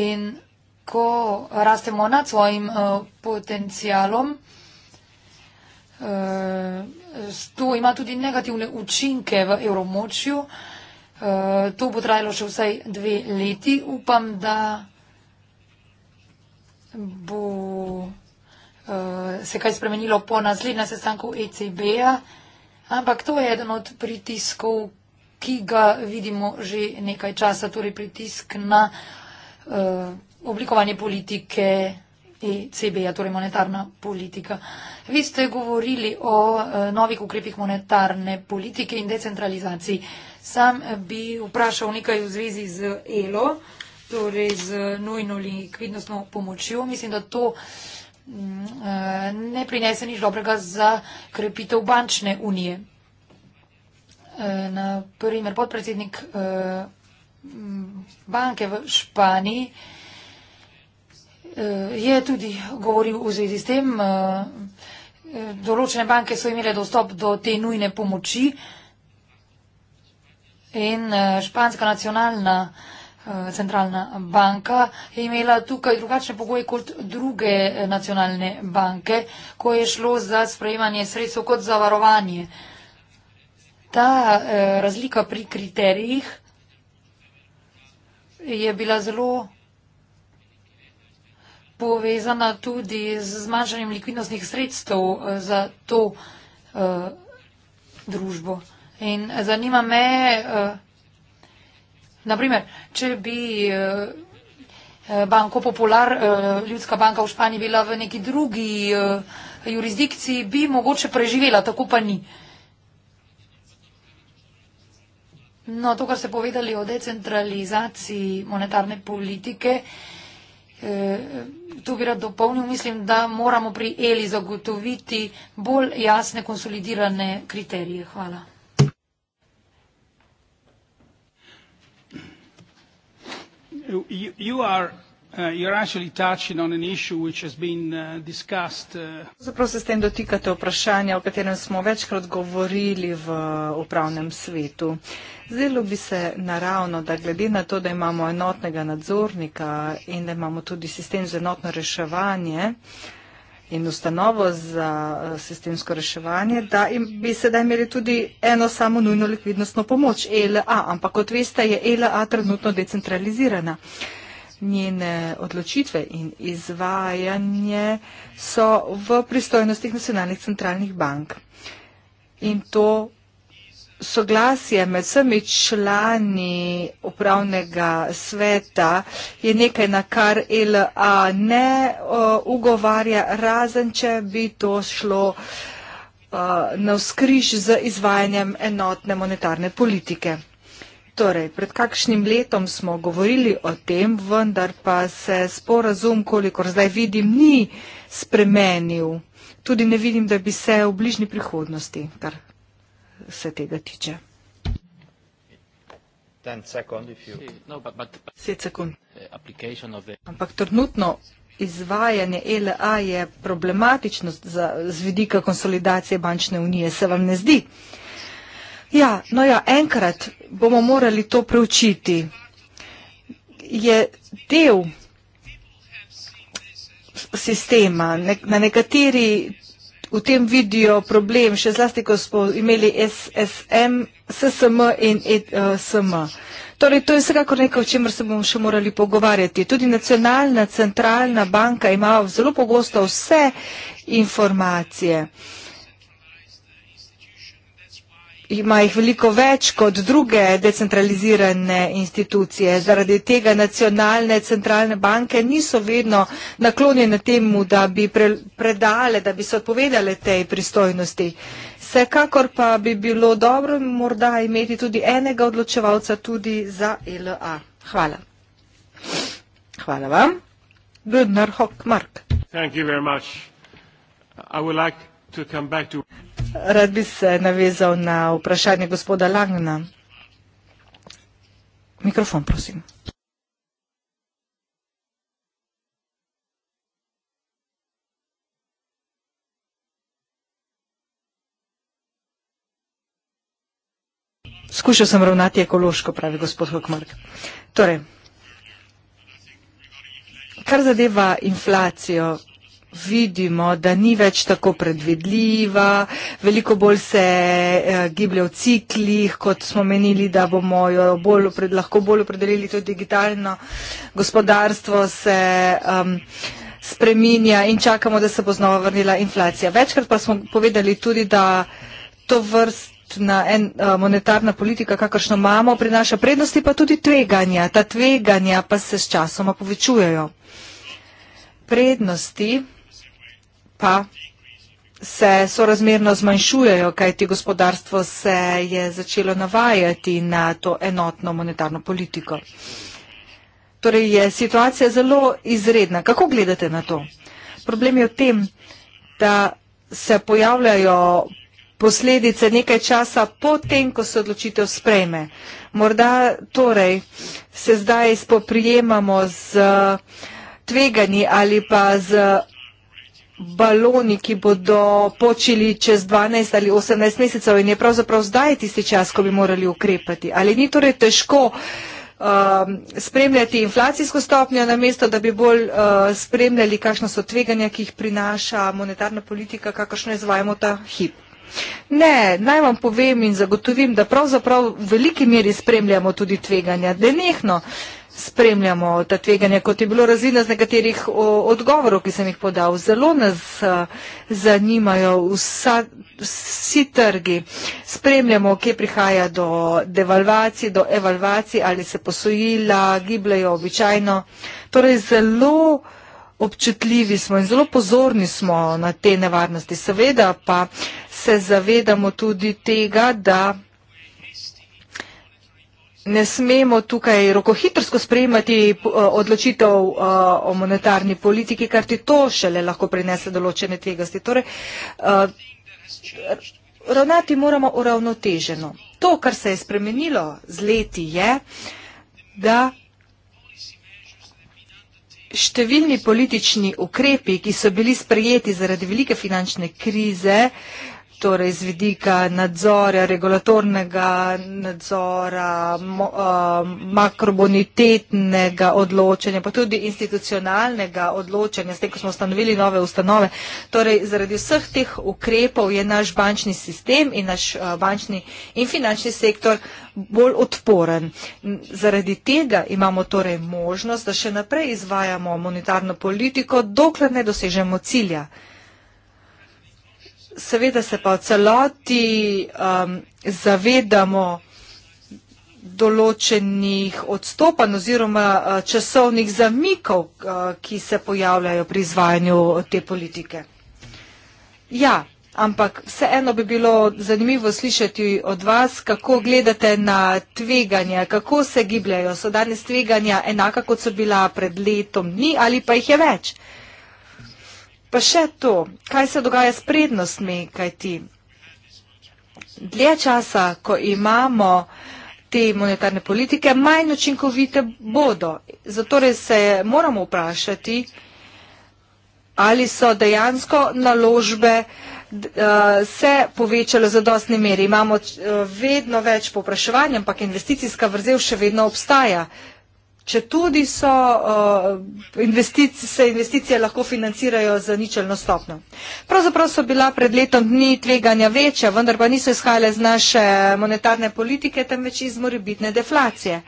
In ko rastemo nad svojim eh, potencialom, to ima tudi negativne učinke v evromočju. Eh, to bo trajalo še vsaj dve leti. Upam, da bo eh, se kaj spremenilo po naslednjem sestanku ECB-a, ampak to je eden od pritiskov, ki ga vidimo že nekaj časa, torej pritisk na uh, oblikovanje politike ECB-ja, torej monetarna politika. Vi ste govorili o e, novih ukrepih monetarne politike in decentralizaciji. Sam e, bi vprašal nekaj v zvezi z ELO, torej z nujno likvidnostno pomočjo. Mislim, da to mm, e, ne prinese nič dobrega za krepitev bančne unije. Na primer, podpredsednik banke v Španiji je tudi govoril v zvezi s tem. Eh, določene banke so imele dostop do te nujne pomoči in eh, Španska nacionalna eh, centralna banka je imela tukaj drugačne pogoje kot druge nacionalne banke, ko je šlo za sprejemanje sredstev kot zavarovanje. Ta razlika pri kriterijih je bila zelo povezana tudi z zmanjšanjem likvidnostnih sredstev eh, za to uh, družbo. In zanima me, uh, eh, naprimer, če bi uh, Banko Popular, uh, ljudska banka v Španiji, bila v neki drugi uh, jurisdikciji, bi mogoče preživela, tako pa ni. No, to, kar ste povedali o decentralizaciji monetarne politike, uh, Eh, tu bi rad dopolnil, mislim, da moramo pri Eli zagotoviti bolj jasne, konsolidirane kriterije. Hvala. You, you are... Uh, you're actually touching on an issue which has been uh, discussed. Uh, Zapravo se s tem dotikate vprašanja, o katerem smo večkrat govorili v upravnem svetu. Zdelo bi se naravno, da glede na to, da imamo enotnega nadzornika in da imamo tudi sistem za enotno reševanje in ustanovo za uh, sistemsko reševanje, da bi sedaj imeli tudi eno samo nujno likvidnostno pomoč, ELA, ampak kot veste, je ELA trenutno decentralizirana njene odločitve in izvajanje so v pristojnostih nacionalnih centralnih bank. In to soglasje med vsemi člani upravnega sveta je nekaj, na kar LA ne uh, ugovarja, razen če bi to šlo uh, na vzkriž z izvajanjem enotne monetarne politike. Torej, pred kakšnim letom smo govorili o tem, vendar pa se sporazum, kolikor zdaj vidim, ni spremenil. Tudi ne vidim, da bi se v bližnji prihodnosti, kar se tega tiče. No, eh, Ampak trenutno izvajanje LA je problematično z vidika konsolidacije bančne unije. Se vam ne zdi? Ja, no ja, enkrat bomo morali to preučiti. Je del sistema. Na nekateri v tem vidijo problem, še zlasti, ko smo imeli SSM, SSM in e SM. Torej, to je vsekakor nekaj, o čemer se bomo še morali pogovarjati. Tudi nacionalna centralna banka ima zelo pogosto vse informacije. Uh, ima jih veliko več kot druge decentralizirane institucije. Zaradi tega nacionalne centralne banke niso vedno naklonjene temu, da bi predale, da bi se odpovedale tej pristojnosti. Vsekakor pa bi bilo dobro morda imeti tudi enega odločevalca tudi za LA. Hvala. Hvala vam. Gudnar Hockmark. Thank you very much. I would like Rad bi se navezal na vprašanje gospoda Langna. Mikrofon, prosim. Skušal sem ravnati ekološko, pravi gospod Hokmark. Torej, kar zadeva inflacijo, vidimo, da ni več tako predvidljiva, veliko bolj se eh, giblje v ciklih, kot smo menili, da bomo jo bolj upred, lahko bolj opredelili, tudi digitalno gospodarstvo se um, spreminja in čakamo, da se bo znova vrnila inflacija. Večkrat pa smo povedali tudi, da to vrst na en, eh, monetarna politika, kakršno imamo, prinaša prednosti, pa tudi tveganja. Ta tveganja pa se s časoma povečujejo. Prednosti pa se sorazmerno zmanjšujejo, kajti gospodarstvo se je začelo navajati na to enotno monetarno politiko. Torej je situacija zelo izredna. Kako gledate na to? Problem je v tem, da se pojavljajo posledice nekaj časa potem, ko se odločitev sprejme. Morda torej se zdaj spoprijemamo z tveganji ali pa z baloni, ki bodo počeli čez 12 ali 18 mesecev in je pravzaprav zdaj tisti čas, ko bi morali ukrepati. Ali ni torej težko um, spremljati inflacijsko stopnjo, namesto da bi bolj uh, spremljali, kakšno so tveganja, ki jih prinaša monetarna politika, kakšno izvajamo ta hip? Ne, naj vam povem in zagotovim, da pravzaprav v veliki meri spremljamo tudi tveganja. Denehno. Uh, spremljamo ta tveganja, kot je bilo razvidno z nekaterih odgovorov, ki sem jih podal. Zelo nas zanimajo vsa, vsi trgi. Spremljamo, kje prihaja do devalvacij, do evalvacij, ali se posojila, gibljajo običajno. Torej zelo občutljivi smo in zelo pozorni smo na te nevarnosti. Seveda pa se zavedamo tudi tega, da ne smemo tukaj rokohitrsko sprejemati eh, odločitev eh, o monetarni politiki, kar ti to šele lahko prinese določene tvegosti. Torej, eh, ravnati moramo uravnoteženo. To, kar se je spremenilo z leti, je, da številni politični ukrepi, ki so bili sprejeti zaradi velike finančne krize, torej z vidika nadzora, regulatornega nadzora, mo, uh, makrobonitetnega odločanja, pa tudi institucionalnega odločanja, s tem, ko smo ustanovili nove ustanove. Torej, zaradi vseh teh ukrepov je naš bančni sistem in naš uh, bančni in finančni sektor bolj odporen. Zaradi tega imamo torej možnost, da še naprej izvajamo monetarno politiko, dokler ne dosežemo cilja. Seveda se pa v celoti um, zavedamo določenih odstopanj oziroma uh, časovnih zamikov, uh, ki se pojavljajo pri izvajanju te politike. Ja, ampak vseeno bi bilo zanimivo slišati od vas, kako gledate na tveganja, kako se gibljajo. So danes tveganja enaka, kot so bila pred letom dni ali pa jih je več? Pa še to, kaj se dogaja s prednostmi, kaj ti dlje časa, ko imamo te monetarne politike, manj učinkovite bodo. Zatorej se moramo vprašati, ali so dejansko naložbe eh, se povečale za dostni meri. Imamo eh, vedno več popraševanja, ampak investicijska vrzel še vedno obstaja. Če tudi so, eh, se investicije lahko financirajo z ničelno stopno. Pravzaprav so bila pred letom dni tveganja večja, vendar pa niso izhajale z naše monetarne politike, temveč iz moribitne deflacije.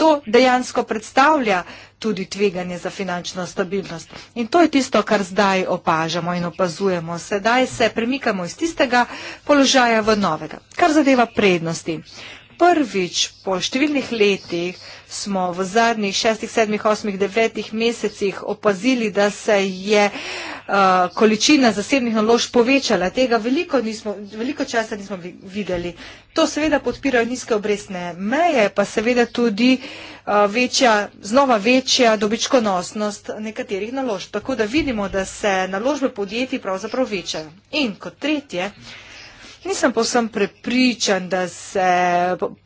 To dejansko predstavlja tudi tveganje za finančno stabilnost. In to je tisto, kar zdaj opažamo in opazujemo. Sedaj se premikamo iz tistega položaja v novega. Kar zadeva prednosti prvič po številnih letih smo v zadnjih šestih, sedmih, osmih, devetih mesecih opazili, da se je uh, količina zasebnih nalož povečala. Tega veliko, nismo, veliko časa nismo videli. To seveda podpirajo nizke obrestne meje, pa seveda tudi uh, večja, znova večja dobičkonosnost nekaterih nalož. Tako da vidimo, da se naložbe podjetij pravzaprav večajo. In kot tretje, nisem posem prepričan, da se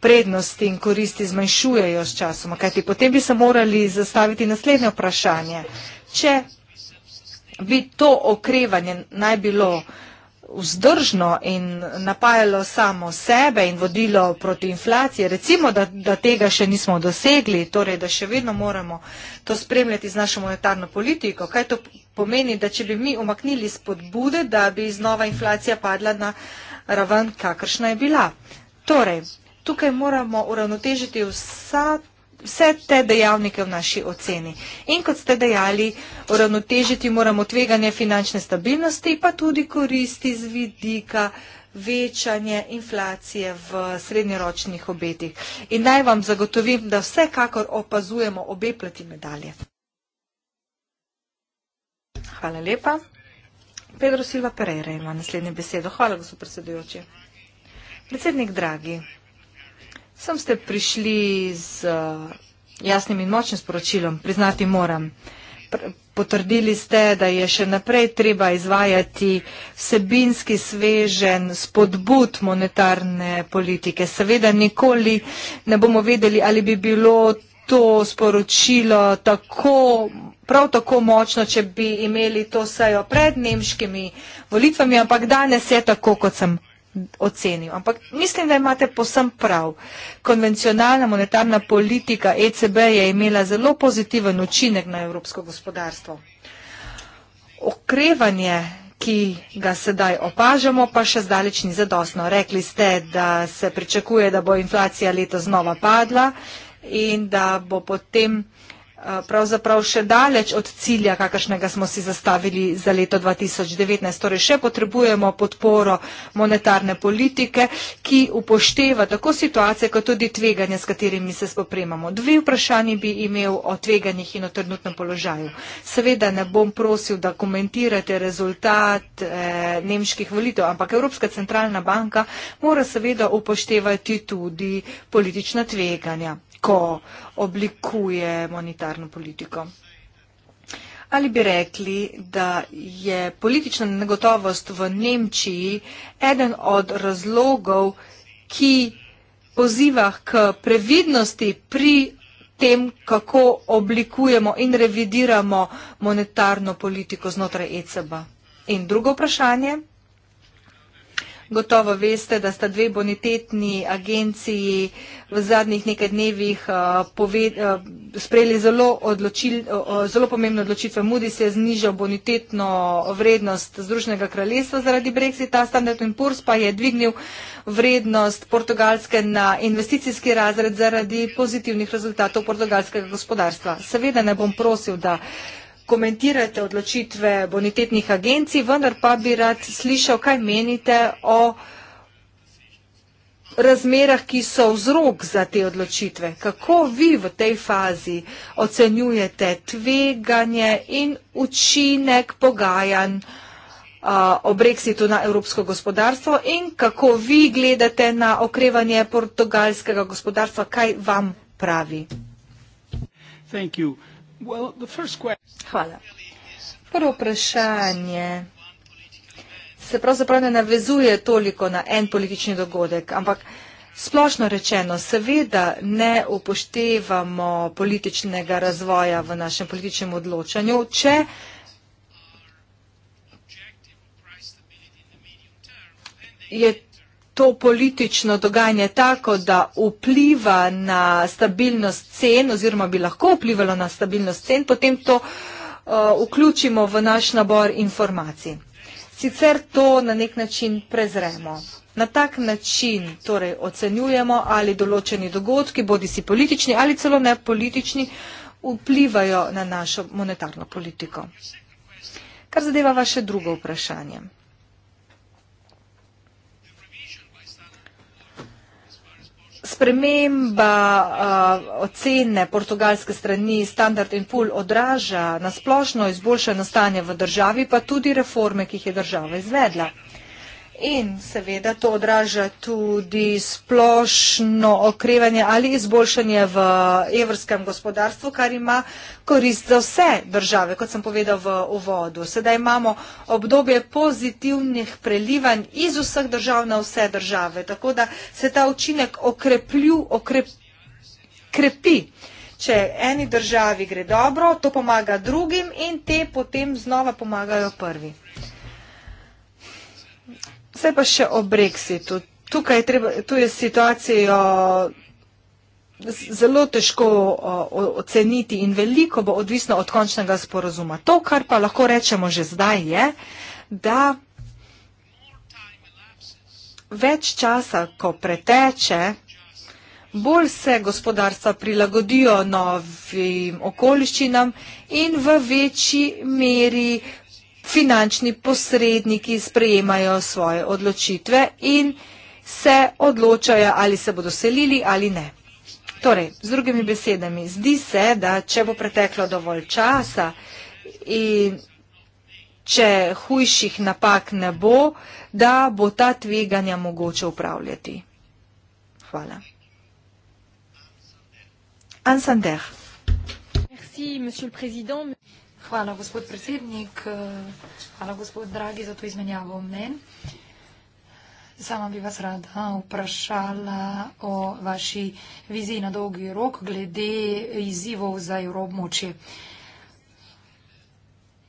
prednosti in koristi zmanjšujejo s časom, kajti potem bi se morali zastaviti naslednje vprašanje. Če bi to okrevanje naj bilo vzdržno in napajalo samo sebe in vodilo proti inflaciji, recimo, da, da tega še nismo dosegli, torej, da še vedno moramo to spremljati z našo monetarno politiko, kaj to pomeni, da če bi mi umaknili spodbude, da bi znova inflacija padla na raven, kakršna je bila. Torej, tukaj moramo uravnotežiti vsa, vse te dejavnike v naši oceni. In kot ste dejali, uravnotežiti moramo tveganje finančne stabilnosti, pa tudi koristi z vidika večanje inflacije v srednjeročnih obetih. In naj vam zagotovim, da vsekakor opazujemo obe plati medalje. Hvala lepa. Pedro Silva Pereira ima naslednje besedo. Hvala, gospod predsedujoči. Predsednik Dragi, sem ste prišli z eh, jasnim in močnim sporočilom, priznati moram. Potrdili ste, da je še naprej treba izvajati vsebinski svežen spodbud monetarne politike. Seveda nikoli ne bomo vedeli, ali bi bilo to sporočilo tako prav tako močno, če bi imeli to sejo pred nemškimi volitvami, ampak danes je tako, kot sem ocenil. Ampak mislim, da imate posem prav. Konvencionalna monetarna politika ECB je imela zelo pozitiven učinek na evropsko gospodarstvo. Okrevanje, ki ga sedaj opažamo, pa še zdaleč ni zadostno. Rekli ste, da se pričakuje, da bo inflacija leto znova padla in da bo potem pravzaprav še daleč od cilja, kakršnega smo si zastavili za leto 2019. Torej še potrebujemo podporo monetarne politike, ki upošteva tako situacije, kot tudi tveganja, s katerimi se spopremamo. Dve vprašanji bi imel o tveganjih in o trenutnem položaju. Seveda ne bom prosil, da komentirate rezultat eh, nemških volitev, ampak Evropska centralna banka mora seveda upoštevati tudi politična tveganja dejansko oblikuje monetarno politiko. Ali bi rekli, da je politična negotovost v Nemčiji eden od razlogov, ki poziva k previdnosti pri tem, kako oblikujemo in revidiramo monetarno politiko znotraj ECB? In drugo vprašanje. Gotovo veste, da sta dve bonitetni agenciji v zadnjih nekaj dnevih eh, eh, sprejeli zelo, eh, zelo pomembno odločitve. Mudi se je znižal bonitetno vrednost Združenega kraljestva zaradi Brexita, Standard Poor's pa je dvignil vrednost portugalske na investicijski razred zaradi pozitivnih rezultatov portugalskega gospodarstva. Seveda ne bom prosil, da komentirate odločitve bonitetnih agencij, vendar pa bi rad slišal, kaj menite o razmerah, ki so vzrok za te odločitve. Kako vi v tej fazi ocenjujete tveganje in učinek pogajanj uh, o brexitu na evropsko gospodarstvo in kako vi gledate na okrevanje portugalskega gospodarstva, kaj vam pravi? Thank you. Hvala. Prvo vprašanje se pravzaprav ne navezuje toliko na en politični dogodek, ampak splošno rečeno, seveda ne upoštevamo političnega razvoja v našem političnem odločanju, če je to to politično dogajanje tako, da vpliva na stabilnost cen oziroma bi lahko vplivalo na stabilnost cen, potem to uh, vključimo v naš nabor informacij. Sicer to na nek način prezremo. Na tak način torej ocenjujemo, ali določeni dogodki, bodi si politični ali celo ne politični, vplivajo na našo monetarno politiko. Kar zadeva vaše drugo vprašanje. sprememba uh, ocene portugalske strani standard in pull odraža na splošno izboljšanje stanja v državi, pa tudi reforme, ki jih je država izvedla. In seveda to odraža tudi splošno okrevanje ali izboljšanje v evrskem gospodarstvu, kar ima korist za vse države, kot sem povedal v uvodu. Sedaj imamo obdobje pozitivnih prelivanj iz vseh držav na vse države, tako da se ta učinek okreplju, okrep, krepi. Če eni državi gre dobro, to pomaga drugim in te potem znova pomagajo prvi. Zdaj pa še o Brexitu. Tukaj treba, tu je situacijo zelo težko o, oceniti in veliko bo odvisno od končnega sporozuma. To, kar pa lahko rečemo že zdaj, je, da več časa, ko preteče, bolj se gospodarstva prilagodijo novim okoliščinam in v večji meri finančni posredniki sprejemajo svoje odločitve in se odločajo, ali se bodo selili ali ne. Torej, z drugimi besedami, zdi se, da če bo preteklo dovolj časa in če hujših napak ne bo, da bo ta tveganja mogoče upravljati. Hvala. Ansander. Merci, Hvala, gospod predsednik. Hvala, gospod Dragi, za to izmenjavo mnen. Sama bi vas rada vprašala o vaši viziji na dolgi rok glede izzivov za evroobmočje.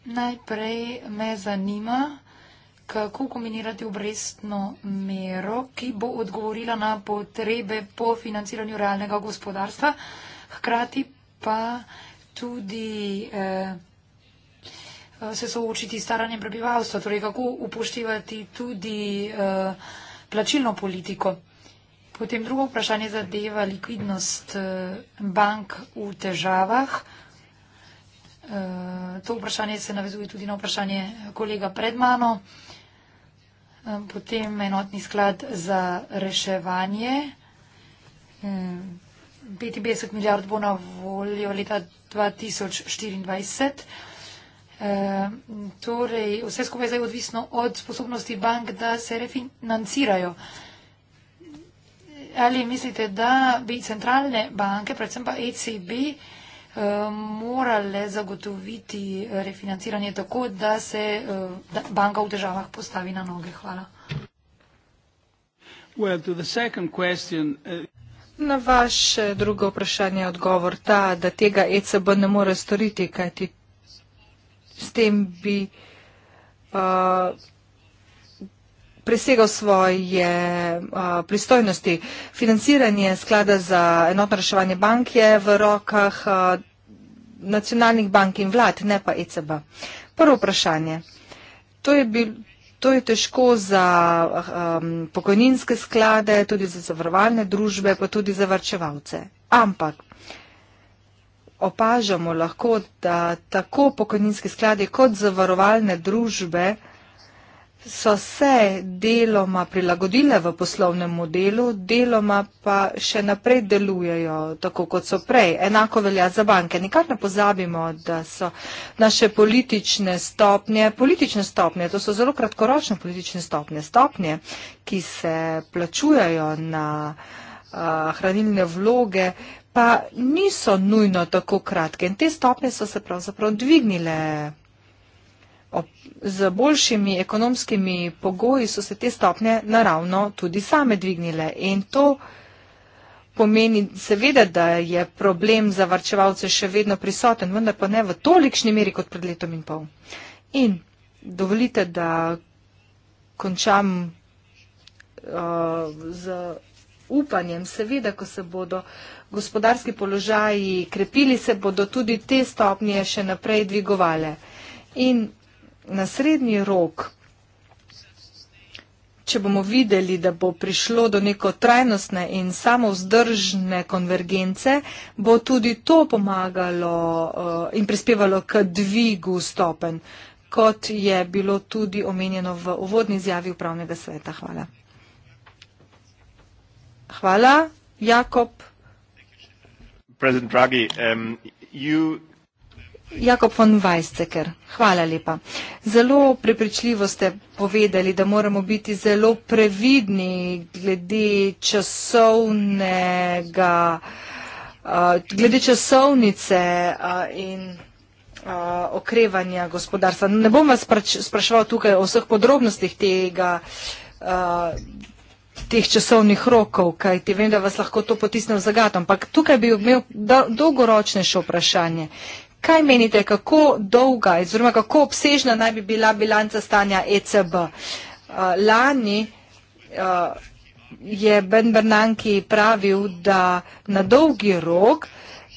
Najprej me zanima, kako kombinirati obrestno mero, ki bo odgovorila na potrebe po financiranju realnega gospodarstva, hkrati pa tudi eh, Eh, se soočiti s staranjem prebivalstva, torej kako upoštevati tudi eh, plačilno politiko. Potem drugo vprašanje zadeva likvidnost eh, bank v težavah. To vprašanje se navezuje tudi na vprašanje kolega pred mano. Potem enotni sklad za reševanje. 55 milijard bo na voljo leta 2024. Eh, torej, vse skupaj zdaj odvisno od sposobnosti bank, da se refinancirajo. Ali mislite, da bi centralne banke, predvsem pa ECB, eh, morale zagotoviti refinanciranje tako, da se eh, banka v državah postavi na noge? Hvala. Well, to the second question, uh... Na vaše drugo vprašanje je odgovor ta, da tega ECB ne more storiti, kajti s tem bi uh, presegal svoje uh, pristojnosti. Financiranje sklada za enotno reševanje bank je v rokah uh, nacionalnih bank in vlad, ne pa ECB. Prvo vprašanje. To je, bil, to je težko za um, pokojninske sklade, tudi za zavarovalne družbe, pa tudi za vrčevalce. Ampak opažamo lahko, da tako pokojninski skladi kot zavarovalne družbe so se deloma prilagodile v poslovnem modelu, deloma pa še naprej delujejo tako, kot so prej. Enako velja za banke. Nikar ne pozabimo, da so naše politične stopnje, politične stopnje, to so zelo kratkoročne politične stopnje, stopnje, ki se plačujajo na uh, hranilne vloge, uh, pa niso nujno tako kratke in te stopnje so se pravzaprav dvignile. Ob, z boljšimi ekonomskimi pogoji so se te stopnje naravno tudi same dvignile in to pomeni seveda, da je problem za varčevalce še vedno prisoten, vendar pa ne v tolikšni meri kot pred letom in pol. In dovolite, da končam uh, z upanjem, seveda, ko se bodo uh, gospodarski položaji krepili, se bodo tudi te stopnje še naprej dvigovale. In na srednji rok, če bomo videli, da bo prišlo do neko trajnostne in samozdržne konvergence, bo tudi to pomagalo eh, in prispevalo k dvigu stopen, kot je bilo tudi omenjeno v uvodni izjavi upravnega sveta. Hvala. Hvala, Jakob. President Draghi, um, you... Jakob von Weizsäcker, hvala lepa. Zelo prepričljivo ste povedali, da moramo biti zelo previdni glede časovnega, uh, glede časovnice uh, in uh, okrevanja gospodarstva. Ne bom vas spraševal tukaj o vseh podrobnostih tega. Uh, teh časovnih rokov, kajti vem, da vas lahko to potisne v zagato, ampak tukaj bi imel dolgoročnejše vprašanje. Kaj menite, kako dolga, oziroma kako obsežna naj bi bila bilanca stanja ECB? Uh, lani uh, je Ben Bernanke pravil, da na dolgi rok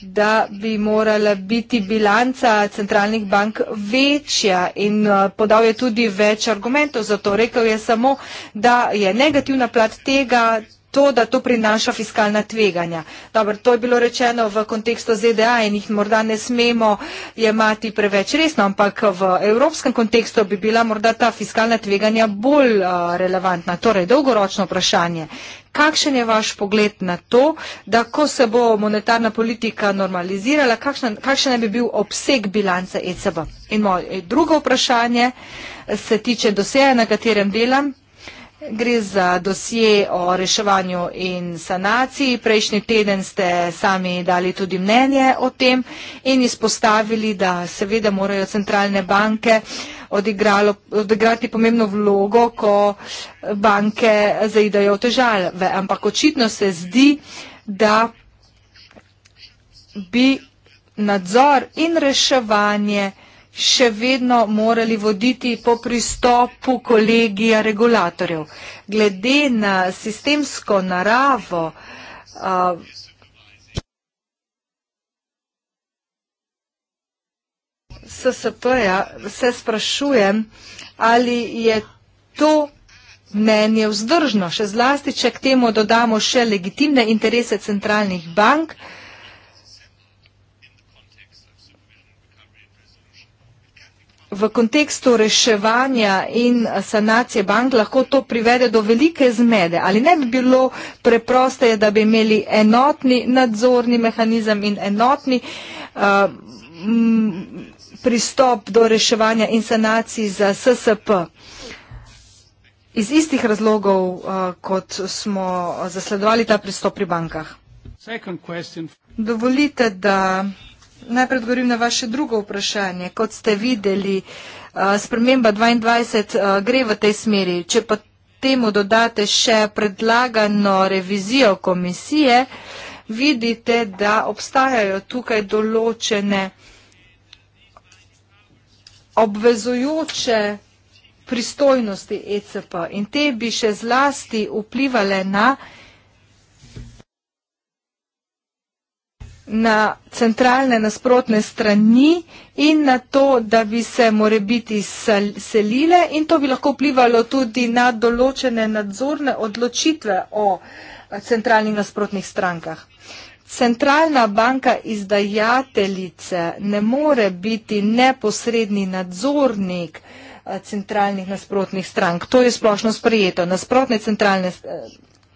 da bi morala biti bilanca centralnih bank večja in eh, podal je tudi več argumentov za to. Rekel je samo, da je negativna plat tega to, da to prinaša fiskalna tveganja. Dobro, to je bilo rečeno v kontekstu ZDA in jih morda ne smemo jemati preveč resno, ampak v evropskem kontekstu bi bila morda ta fiskalna tveganja bolj uh, relevantna. Torej, dolgoročno vprašanje. Kakšen je vaš pogled na to, da ko se bo monetarna politika normalizirala, kakšen naj bi bil obseg bilance ECB? In moje drugo vprašanje se tiče doseja, na katerem delam. Gre za dosje o reševanju in sanaciji. Prejšnji teden ste sami dali tudi mnenje o tem in izpostavili, da seveda morajo centralne banke odigralo, odigrati pomembno vlogo, ko banke zaidajo v težave. Ampak očitno se zdi, da bi nadzor in reševanje eh, še vedno morali voditi po pristopu kolegija regulatorjev. Glede na sistemsko naravo uh, SSP-ja se sprašujem, ali je to mnenje vzdržno. Še zlasti, če k temu dodamo še legitimne interese centralnih bank, v kontekstu reševanja in sanacije bank lahko to privede do velike zmede? Ali ne bi bilo preprosteje, da bi imeli enotni nadzorni mehanizem in enotni uh, m, pristop do reševanja in sanacij za SSP? Iz istih razlogov, uh, kot smo zasledovali ta pristop pri bankah. Dovolite, da najprej odgovorim na vaše drugo vprašanje. Kot ste videli, eh, sprememba 22 eh, gre v tej smeri. Če pa temu dodate še predlagano revizijo komisije, vidite, da obstajajo tukaj določene obvezujoče pristojnosti ECP in te bi še zlasti vplivale na revizijo komisije. na centralne nasprotne strani in na to, da bi se more biti selile in to bi lahko vplivalo tudi na določene nadzorne odločitve o eh, centralnih nasprotnih strankah. Centralna banka izdajateljice ne more biti neposredni nadzornik eh, centralnih nasprotnih strank. To je splošno sprejeto. Nasprotne centralne eh,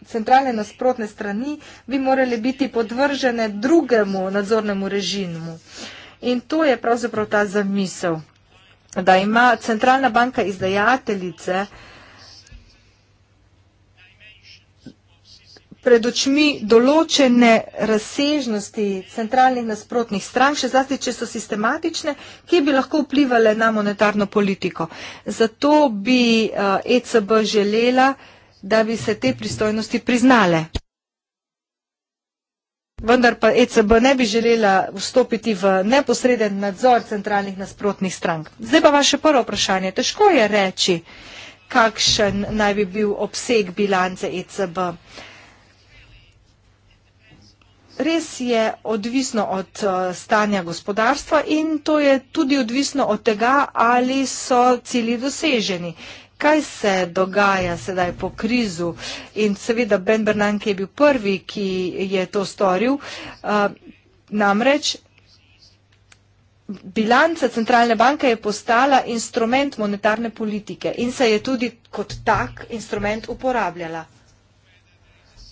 centralne nasprotne strani bi morali biti podvržene drugemu nadzornemu režimu. In to je pravzaprav ta zamisel, da ima centralna banka izdajateljice pred očmi določene razsežnosti centralnih nasprotnih strank, še zlasti, če so sistematične, ki bi lahko vplivali na monetarno politiko. Zato bi ECB eh, e želela, da bi se te pristojnosti priznale. Vendar pa ECB ne bi želela vstopiti v neposreden nadzor centralnih nasprotnih strank. Zdaj pa vaše prvo vprašanje. Težko je reči, kakšen naj bi bil obseg bilance ECB. Res je odvisno od eh, stanja gospodarstva in to je tudi odvisno od tega, ali so cili doseženi kaj se dogaja sedaj po krizu in seveda Ben Bernanke je bil prvi, ki je to storil, uh, namreč bilanca centralne banke je postala instrument monetarne politike in se je tudi kot tak instrument uporabljala.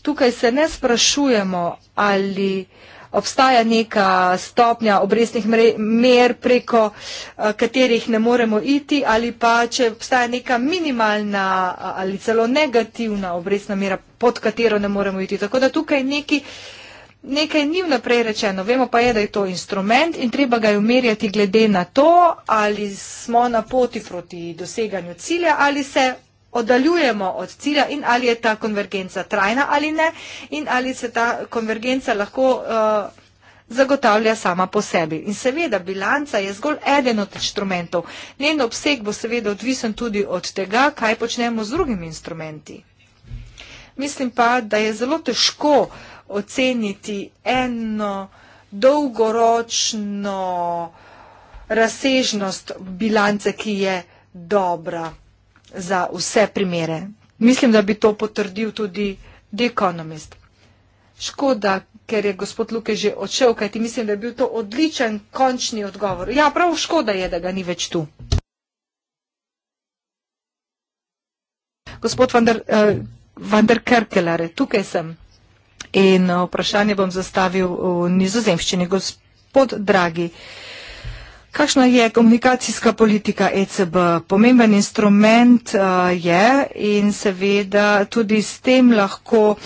Tukaj se ne sprašujemo, ali uh, obstaja neka stopnja obrestnih mer, preko eh, katerih ne moremo iti, ali pa če obstaja neka minimalna eh, ali celo negativna obrestna mera, pod katero ne moremo iti. Tako da tukaj neki, nekaj ni vnaprej rečeno. Vemo pa je, da je to instrument in treba ga umerjati glede na to, ali smo na poti proti doseganju cilja ali se oddaljujemo od cilja in ali je ta konvergenca trajna ali ne in ali se ta konvergenca lahko uh, zagotavlja sama po sebi. In seveda bilanca je zgolj eden od inštrumentov. Njen obseg bo seveda odvisen tudi od tega, kaj počnemo z drugimi instrumenti. Mislim pa, da je zelo težko oceniti eno dolgoročno razsežnost bilance, ki je dobra za vse primere. Mislim, da bi to potrdil tudi The Economist. Škoda, ker je gospod Luke že odšel, kajti mislim, da je bil to odličen končni odgovor. Ja, prav škoda je, da ga ni več tu. Gospod Vander uh, eh, Kerkeler, tukaj sem in eh, vprašanje bom zastavil v nizozemščini. Gospod Dragi. Uh, Kakšna je komunikacijska politika ECB? Pomemben instrument uh, je in seveda tudi s tem lahko uh,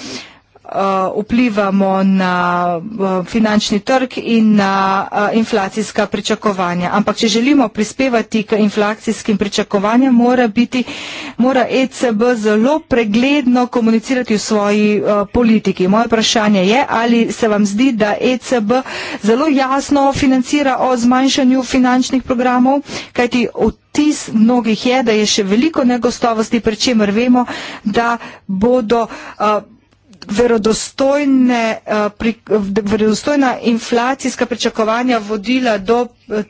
Uh, vplivamo na uh, finančni trg in na uh, inflacijska pričakovanja. Ampak, če želimo prispevati k inflacijskim pričakovanjem, mora, biti, mora ECB zelo pregledno komunicirati v svoji politiki. Moje vprašanje je, ali se vam zdi, da ECB zelo jasno financira o zmanjšanju finančnih programov, kajti vtis mnogih je, da je še veliko negostovosti, pri čemer vemo, da bodo. Uh, verodostojne, eh, pri, verodostojna inflacijska pričakovanja vodila do eh,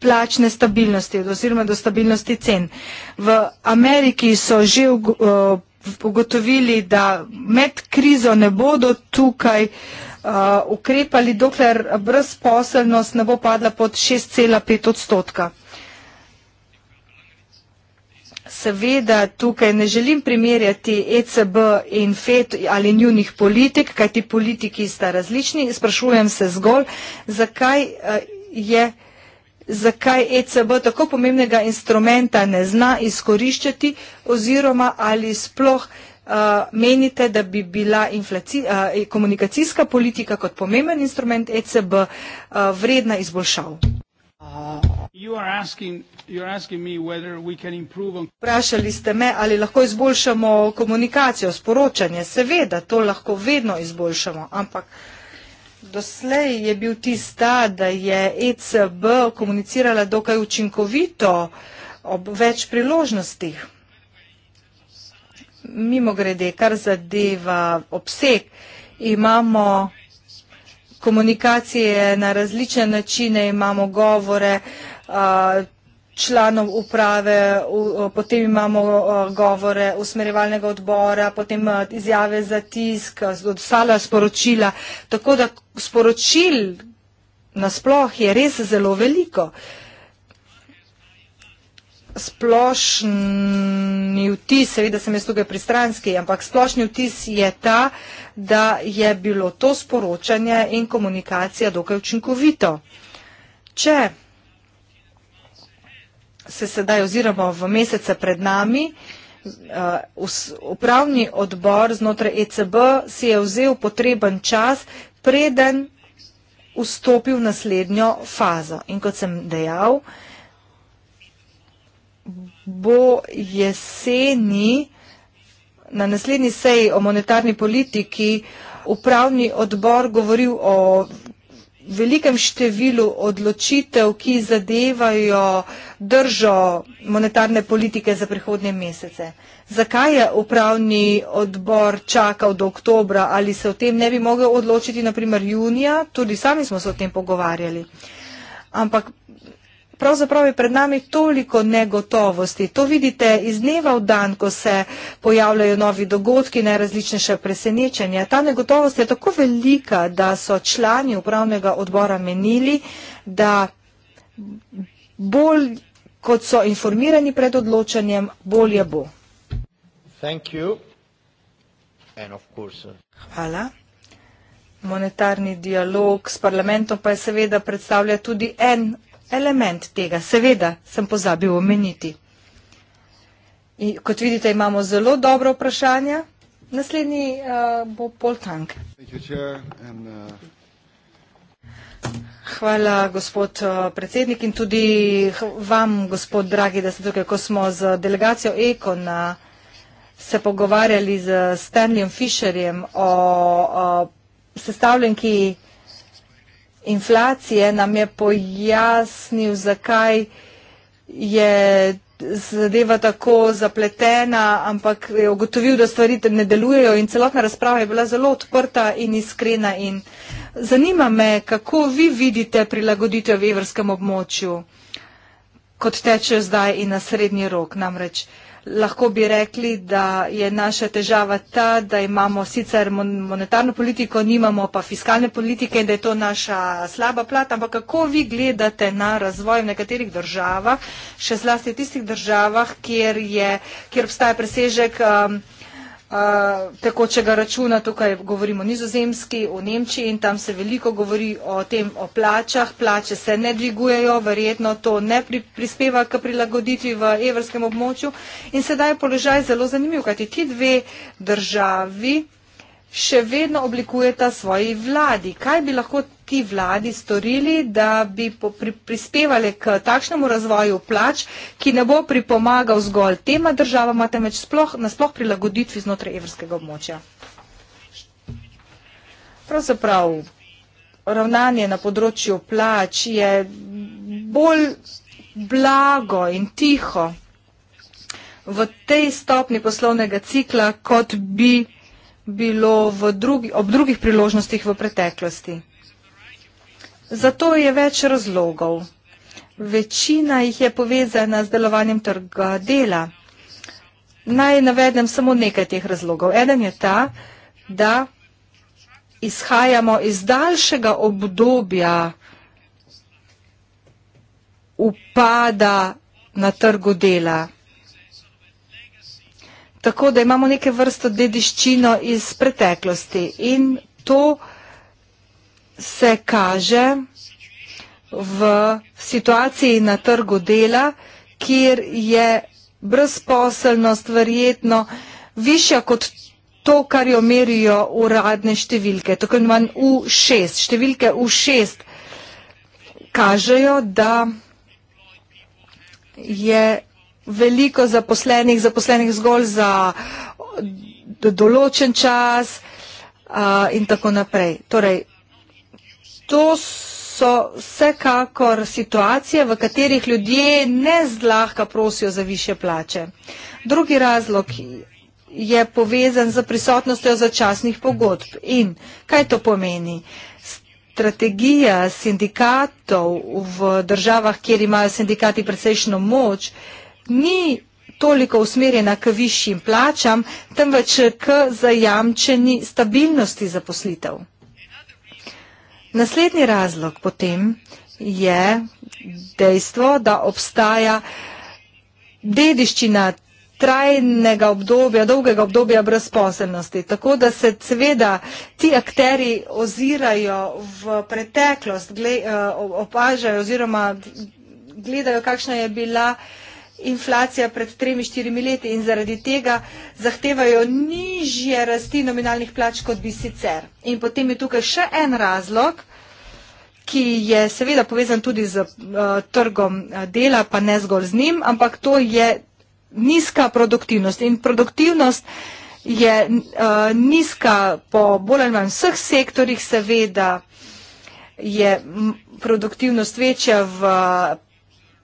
plačne stabilnosti oziroma do stabilnosti cen. V Ameriki so že eh, ugotovili, da med krizo ne bodo tukaj ukrepali, dokler brezposelnost ne bo padla pod 6,5 odstotka. Seveda tukaj ne želim primerjati ECB in FED ali njunih politik, kaj ti politiki sta različni. Sprašujem se zgolj, zakaj eh, je zakaj ECB tako pomembnega instrumenta ne zna izkoriščati oziroma ali sploh uh, menite, da bi bila uh, komunikacijska politika kot pomemben instrument ECB uh, vredna izboljšav. Vprašali ste me, ali lahko izboljšamo komunikacijo, sporočanje. Seveda, to lahko vedno izboljšamo, ampak doslej je bil tista, da je ECB komunicirala dokaj učinkovito ob več priložnostih. Mimo grede, kar zadeva obseg, imamo komunikacije na različne načine, imamo govore članov uprave, potem imamo govore usmerjevalnega odbora, potem izjave za tisk, odstala sporočila, tako da sporočil nasploh je res zelo veliko splošni vtis, seveda sem jaz tukaj pristranski, ampak splošni vtis je ta, da je bilo to sporočanje in komunikacija dokaj učinkovito. Če se sedaj oziramo v mesece pred nami, uh, upravni odbor znotraj ECB si je vzel potreben čas, preden vstopil v naslednjo fazo. In kot sem dejal, bo jeseni na naslednji seji o monetarni politiki upravni odbor govoril o velikem številu odločitev, ki zadevajo držo monetarne politike za prihodnje mesece. Zakaj je upravni odbor čakal do oktobra ali se o tem ne bi mogel odločiti, naprimer junija, tudi sami smo se o tem pogovarjali. Ampak pravzaprav je pred nami toliko negotovosti. To vidite iz dneva v dan, ko se pojavljajo novi dogodki, najrazličnejše presenečenja. Ta negotovost je tako velika, da so člani upravnega odbora menili, da bolj kot so informirani pred odločanjem, bolje bo. Uh, Hvala. Monetarni dialog s parlamentom pa je seveda predstavlja tudi en element tega, seveda sem pozabil omeniti. In kot vidite, imamo zelo dobro vprašanje. Naslednji uh, bo Pol Tank. Hvala, gospod eh, predsednik in tudi vam, gospod Dragi, da ste tukaj, ko smo z delegacijo ECO na se pogovarjali z Stanleyom Fisherjem o, o sestavljenki inflacije, nam je pojasnil, zakaj je zadeva tako zapletena, ampak je ugotovil, da stvari ne delujejo in celotna razprava je bila zelo odprta in iskrena. In zanima me, kako vi vidite prilagoditev v evrskem območju, kot teče zdaj in na srednji rok. Namreč uh, lahko bi rekli, da je naša težava ta, da imamo sicer monetarno politiko, nimamo pa fiskalne politike in da je to naša slaba plat, ampak kako vi gledate na razvoj v nekaterih državah, še zlasti v tistih državah, kjer, je, kjer obstaja presežek um, tekočega računa, tukaj govorimo o nizozemski, o Nemčiji in tam se veliko govori o tem, o plačah, plače se ne dvigujejo, verjetno to ne pri, prispeva k prilagoditvi v evrskem območju in sedaj je položaj zelo zanimiv, kajti ti dve državi še vedno oblikujeta svoji vladi. Kaj bi lahko ti vladi storili, da bi prispevali k takšnemu razvoju plač, ki ne bo pripomagal zgolj tema državama, temveč nasploh prilagoditvi znotraj evrskega območja. Pravzaprav, ravnanje na področju plač je bolj blago in tiho v tej stopni poslovnega cikla, kot bi bilo ob drugih priložnostih v preteklosti. Zato je več razlogov. Večina jih je povezana z delovanjem trga dela. Naj navedem samo nekaj teh razlogov. Eden je ta, da izhajamo iz daljšega obdobja upada na trgu dela. Tako da imamo neke vrste dediščino iz preteklosti in to, da imamo neke vrste dediščino iz preteklosti se kaže v situaciji na trgu dela, kjer je brezposelnost verjetno višja kot to, kar jo merijo uradne številke, tako imenovan U6. Številke U6 kažejo, da je veliko zaposlenih, zaposlenih zgolj za določen čas uh, in tako naprej. Torej, to so vsekakor situacije, v katerih ljudje ne zlahka prosijo za više plače. Drugi razlog je povezan z prisotnostjo začasnih pogodb. In kaj to pomeni? Strategija sindikatov v državah, kjer imajo sindikati precejšno moč, ni toliko usmerjena k višjim plačam, temveč k zajamčeni stabilnosti zaposlitev. Naslednji razlog potem je dejstvo, da obstaja dediščina trajnega obdobja, dolgega obdobja brezposelnosti. Tako da se seveda ti akteri ozirajo v preteklost, gled, eh, opažajo oziroma gledajo, kakšna je bila uh, inflacija pred tremi, štirimi leti in zaradi tega zahtevajo nižje rasti nominalnih plač, kot bi sicer. In potem je tukaj še en razlog, ki je seveda povezan tudi z uh, trgom eh, dela, pa ne zgolj z njim, ampak to je nizka produktivnost. In produktivnost je uh, nizka po bolj ali manj vseh sektorjih, seveda je produktivnost večja v. Uh,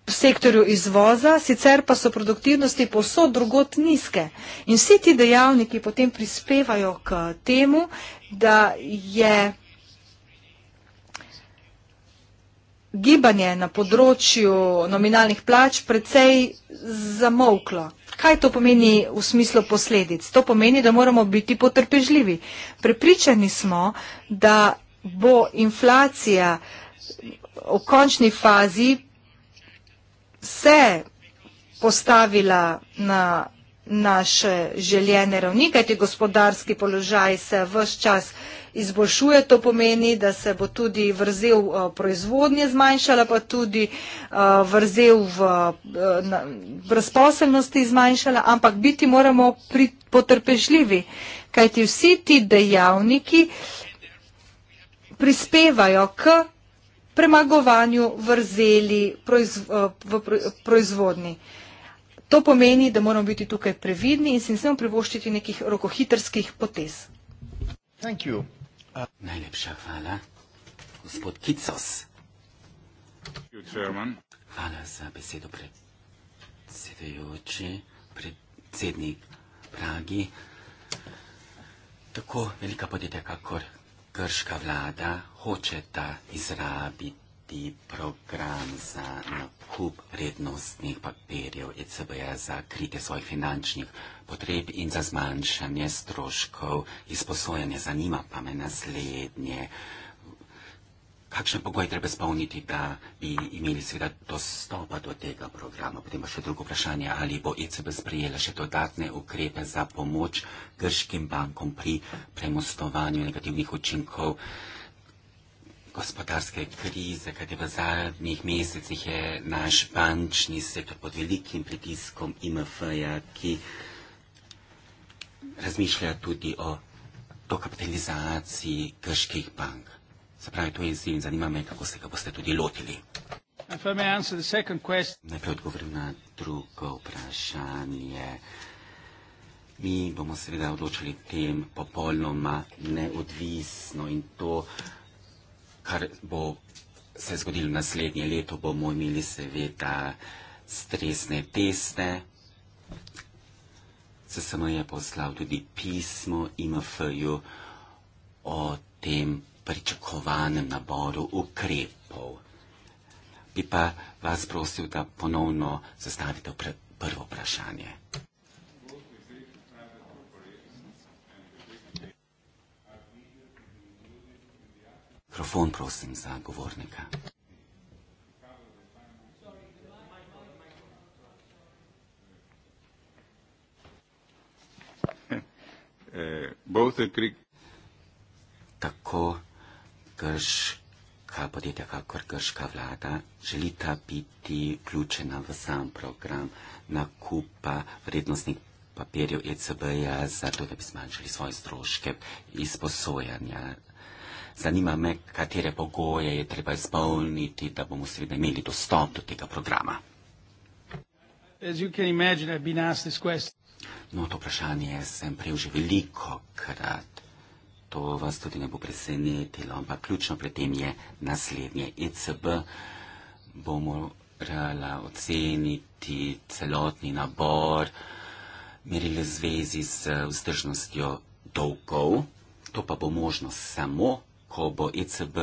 v sektorju izvoza, sicer pa so produktivnosti posod drugot nizke. In vsi ti dejavniki potem prispevajo k temu, da je gibanje na področju nominalnih plač precej zamovklo. Kaj to pomeni v smislu posledic? To pomeni, da moramo biti potrpežljivi. Prepričani smo, da bo inflacija v končni fazi se postavila na naše željene ravni, kajti gospodarski položaj se vse čas izboljšuje, to pomeni, da se bo tudi vrzel eh, proizvodnje zmanjšala, pa tudi eh, vrzel v eh, brezposelnosti zmanjšala, ampak biti moramo potrpežljivi, kajti vsi ti dejavniki prispevajo k premagovanju vrzeli eh, v proizvodni. To pomeni, da moramo biti tukaj previdni in si ne smemo privoščiti nekih rokohitrskih potez. Uh, Najlepša hvala, gospod Kicos. Hvala za besedo predsedujoči, predsednik Pragi. Tako velika podjetja, kakor grška vlada hoče da izrabiti program za nakup vrednostnih papirjev ECB-ja za kritje svojih finančnih potreb in za zmanjšanje stroškov izposojanja. Zanima pa me naslednje kakšne pogoje treba spolniti, da bi imeli seveda dostopa do tega programa. Potem pa še drugo vprašanje, ali bo ECB sprejela še dodatne ukrepe za pomoč grškim bankom pri premostovanju negativnih učinkov gospodarske krize, kajte v zadnjih mesecih je naš bančni sektor pod velikim pritiskom IMF-ja, ki razmišlja tudi o dokapitalizaciji grških bank. Se pravi, to je izziv, zanima me, kako se ga boste tudi lotili. Najprej odgovorim na drugo vprašanje. Mi bomo seveda odločili tem popolnoma neodvisno in to, kar bo se zgodilo naslednje leto, bomo imeli seveda stresne teste. CSM je poslal tudi pismo IMF-ju o tem pričakovanem naboru ukrepov. Bi pa vas prosil, da ponovno zastavite pr prvo vprašanje. Mikrofon, prosim, za govornika. [LAUGHS] Eh, Tako grška podjetja, kakor grška vlada, želita biti vključena v sam program nakupa vrednostnih papirjev ECB-ja, zato da bi zmanjšali svoje stroške izposojanja. Zanima me, katere pogoje je treba izpolniti, da bomo seveda imeli dostop do tega programa. Imagine, no, to vprašanje sem prejel že veliko krat. To vas tudi ne bo presenetilo, ampak ključno pri tem je naslednje. ECB bo morala oceniti celotni nabor meril v zvezi z vzdržnostjo dolgov. To pa bo možno samo, ko bo ECB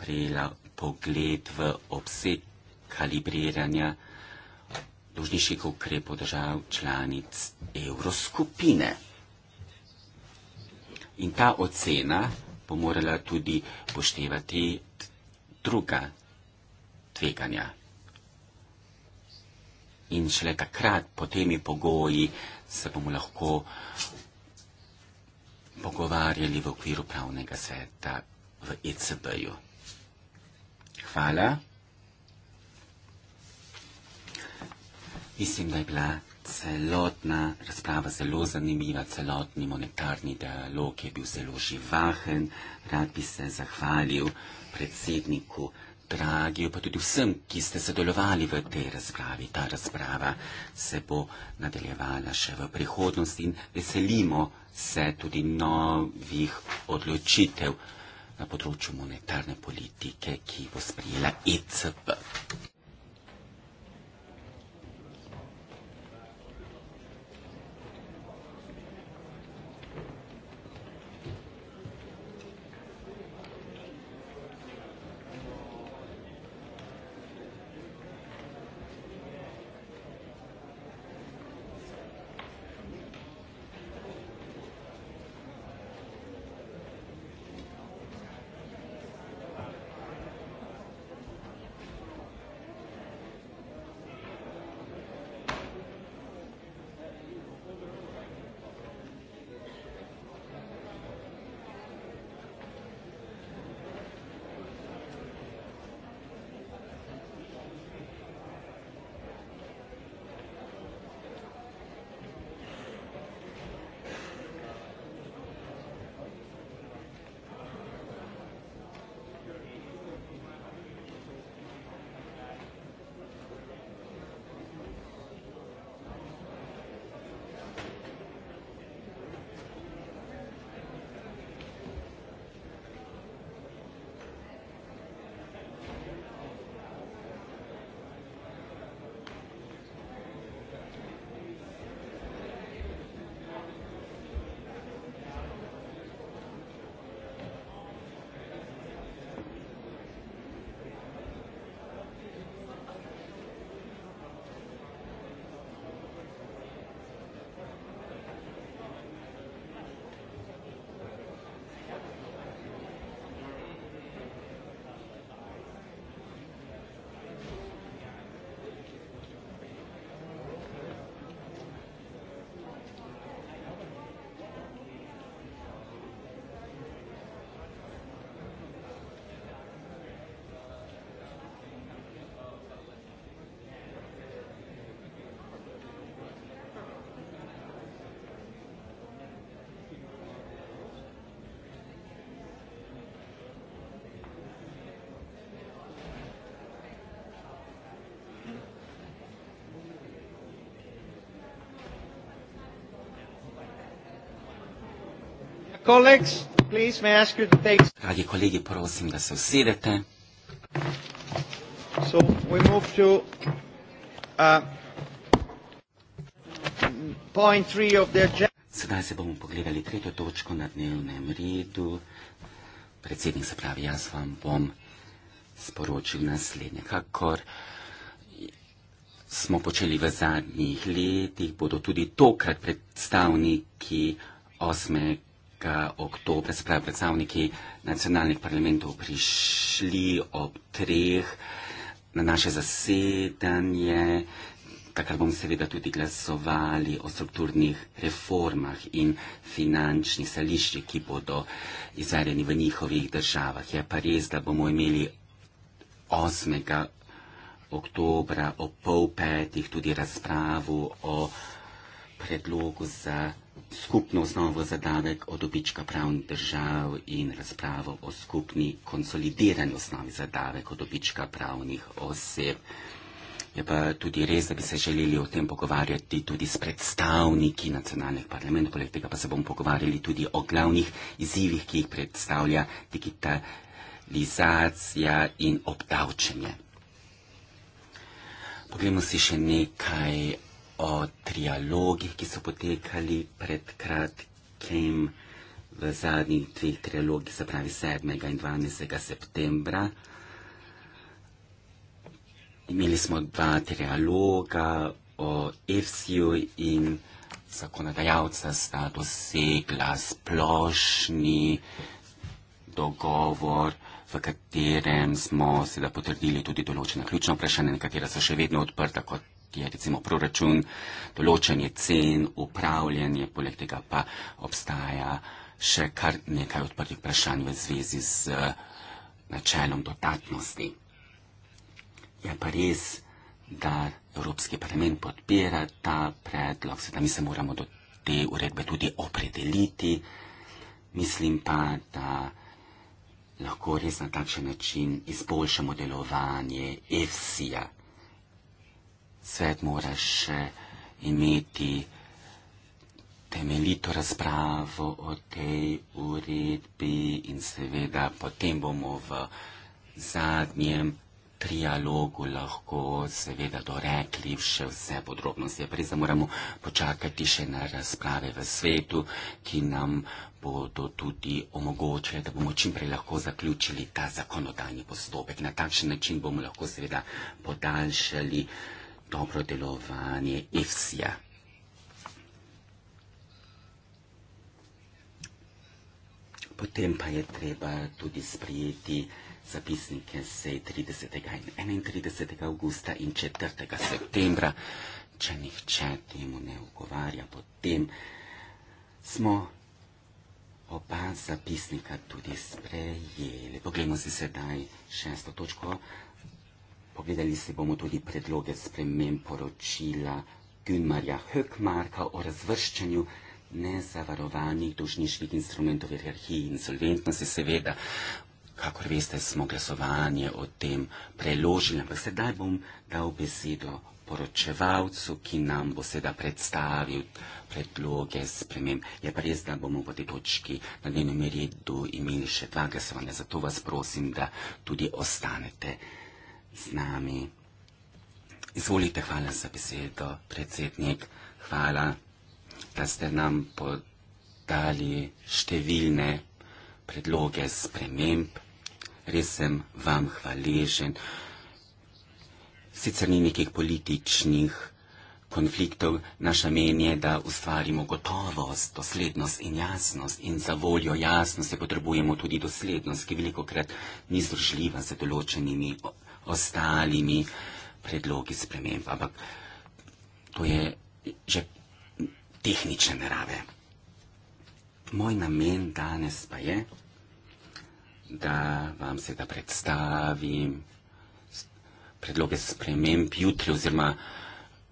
prijela pogled v obseg kalibriranja dolžniških ukrepov držav članic evroskupine. In ta ocena bo morala tudi poštevati druga tveganja. In šele takrat, po temi pogoji, se bomo lahko pogovarjali v okviru pravnega sveta v ECB-ju. Hvala. Mislim, da je bila celotna razprava zelo zanimiva, celotni monetarni dialog je bil zelo živahen. Rad bi se zahvalil predsedniku Dragiju, pa tudi vsem, ki ste sodelovali v tej razpravi. Ta razprava se bo nadaljevala še v prihodnosti in veselimo se tudi novih odločitev na področju monetarne politike, ki bo sprijela ECB. colleagues, please, may I ask you to take... Dragi kolegi, prosim, da se usedete. So we move to uh, point three of the agenda. Sedaj se bomo pogledali tretjo točko na dnevnem redu. Predsednik se pravi, jaz vam bom sporočil naslednje. Kakor smo počeli v zadnjih letih, bodo tudi tokrat predstavniki osme začetka oktobra, sprav predstavniki nacionalnih parlamentov prišli ob treh na naše zasedanje, takrat bomo seveda tudi glasovali o strukturnih reformah in finančnih stališčih, ki bodo izvedeni v njihovih državah. Je pa res, da bomo imeli 8. oktobra o pol petih tudi razpravu o predlogu za skupno osnovo za davek od dobička pravnih držav in razpravo o skupni konsolidirani osnovi za davek od dobička pravnih oseb. Je pa tudi res, da bi se želeli o tem pogovarjati tudi s predstavniki nacionalnih parlamentov, poleg tega pa se bomo pogovarjali tudi o glavnih izzivih, ki jih predstavlja digitalizacija in obdavčenje. Poglejmo si še nekaj o trialogih, ki so potekali pred kratkim v zadnjih dveh trialogih, se pravi 7. in 12. septembra. Imeli smo dva trialoga o EFSI-ju in zakonodajalca sta dosegla splošni dogovor, v katerem smo seveda potrdili tudi določena ključna vprašanja, nekatera so še vedno odprta, kot ki je recimo proračun, določanje cen, upravljanje, poleg tega pa obstaja še kar nekaj odprtih vprašanj v zvezi z eh, načelom dodatnosti. Je pa res, da Evropski parlament podpira ta predlog, sedaj mi se moramo do te uredbe tudi opredeliti. Mislim pa, da lahko res na takšen način izboljšamo delovanje EFSI-ja svet moraš imeti temeljito razpravo o tej uredbi in seveda potem bomo v zadnjem trialogu lahko seveda dorekli še vse podrobnosti. Prej se moramo počakati še na razprave v svetu, ki nam bodo tudi omogočile, da bomo čim prej lahko zaključili ta zakonodajni postopek. Na takšen način bomo lahko seveda podaljšali dobro delovanje Ifsija. Potem pa je treba tudi sprijeti zapisnike sej 30. in 31. augusta in 4. septembra, če nihče temu ne ugovarja. Potem smo oba zapisnika tudi sprejeli. Poglejmo si sedaj šesto točko. Pogledali se bomo tudi predloge sprememb poročila Günmarja Höckmarka o razvrščanju nezavarovanih dožniških instrumentov v hierarhiji insolventnosti, seveda. Kakor veste, smo glasovanje o tem preložili, ampak sedaj bom dal besedo poročevalcu, ki nam bo seveda predstavil predloge sprememb. Je pa res, da bomo po tej točki na dnevnem redu imeli še dva glasovanja, zato vas prosim, da tudi ostanete z nami. Izvolite, hvala za besedo, predsednik. Hvala, da ste nam podali številne predloge sprememb. Res sem vam hvaležen. Sicer ni nekih političnih konfliktov, naša menje, da ustvarimo gotovost, doslednost in jasnost in za voljo jasnosti potrebujemo tudi doslednost, ki veliko krat ni združljiva z določenimi ostalimi predlogi sprememb. Ampak to je že tehnične narave. Moj namen danes pa je, da vam seveda predstavim predloge sprememb jutri oziroma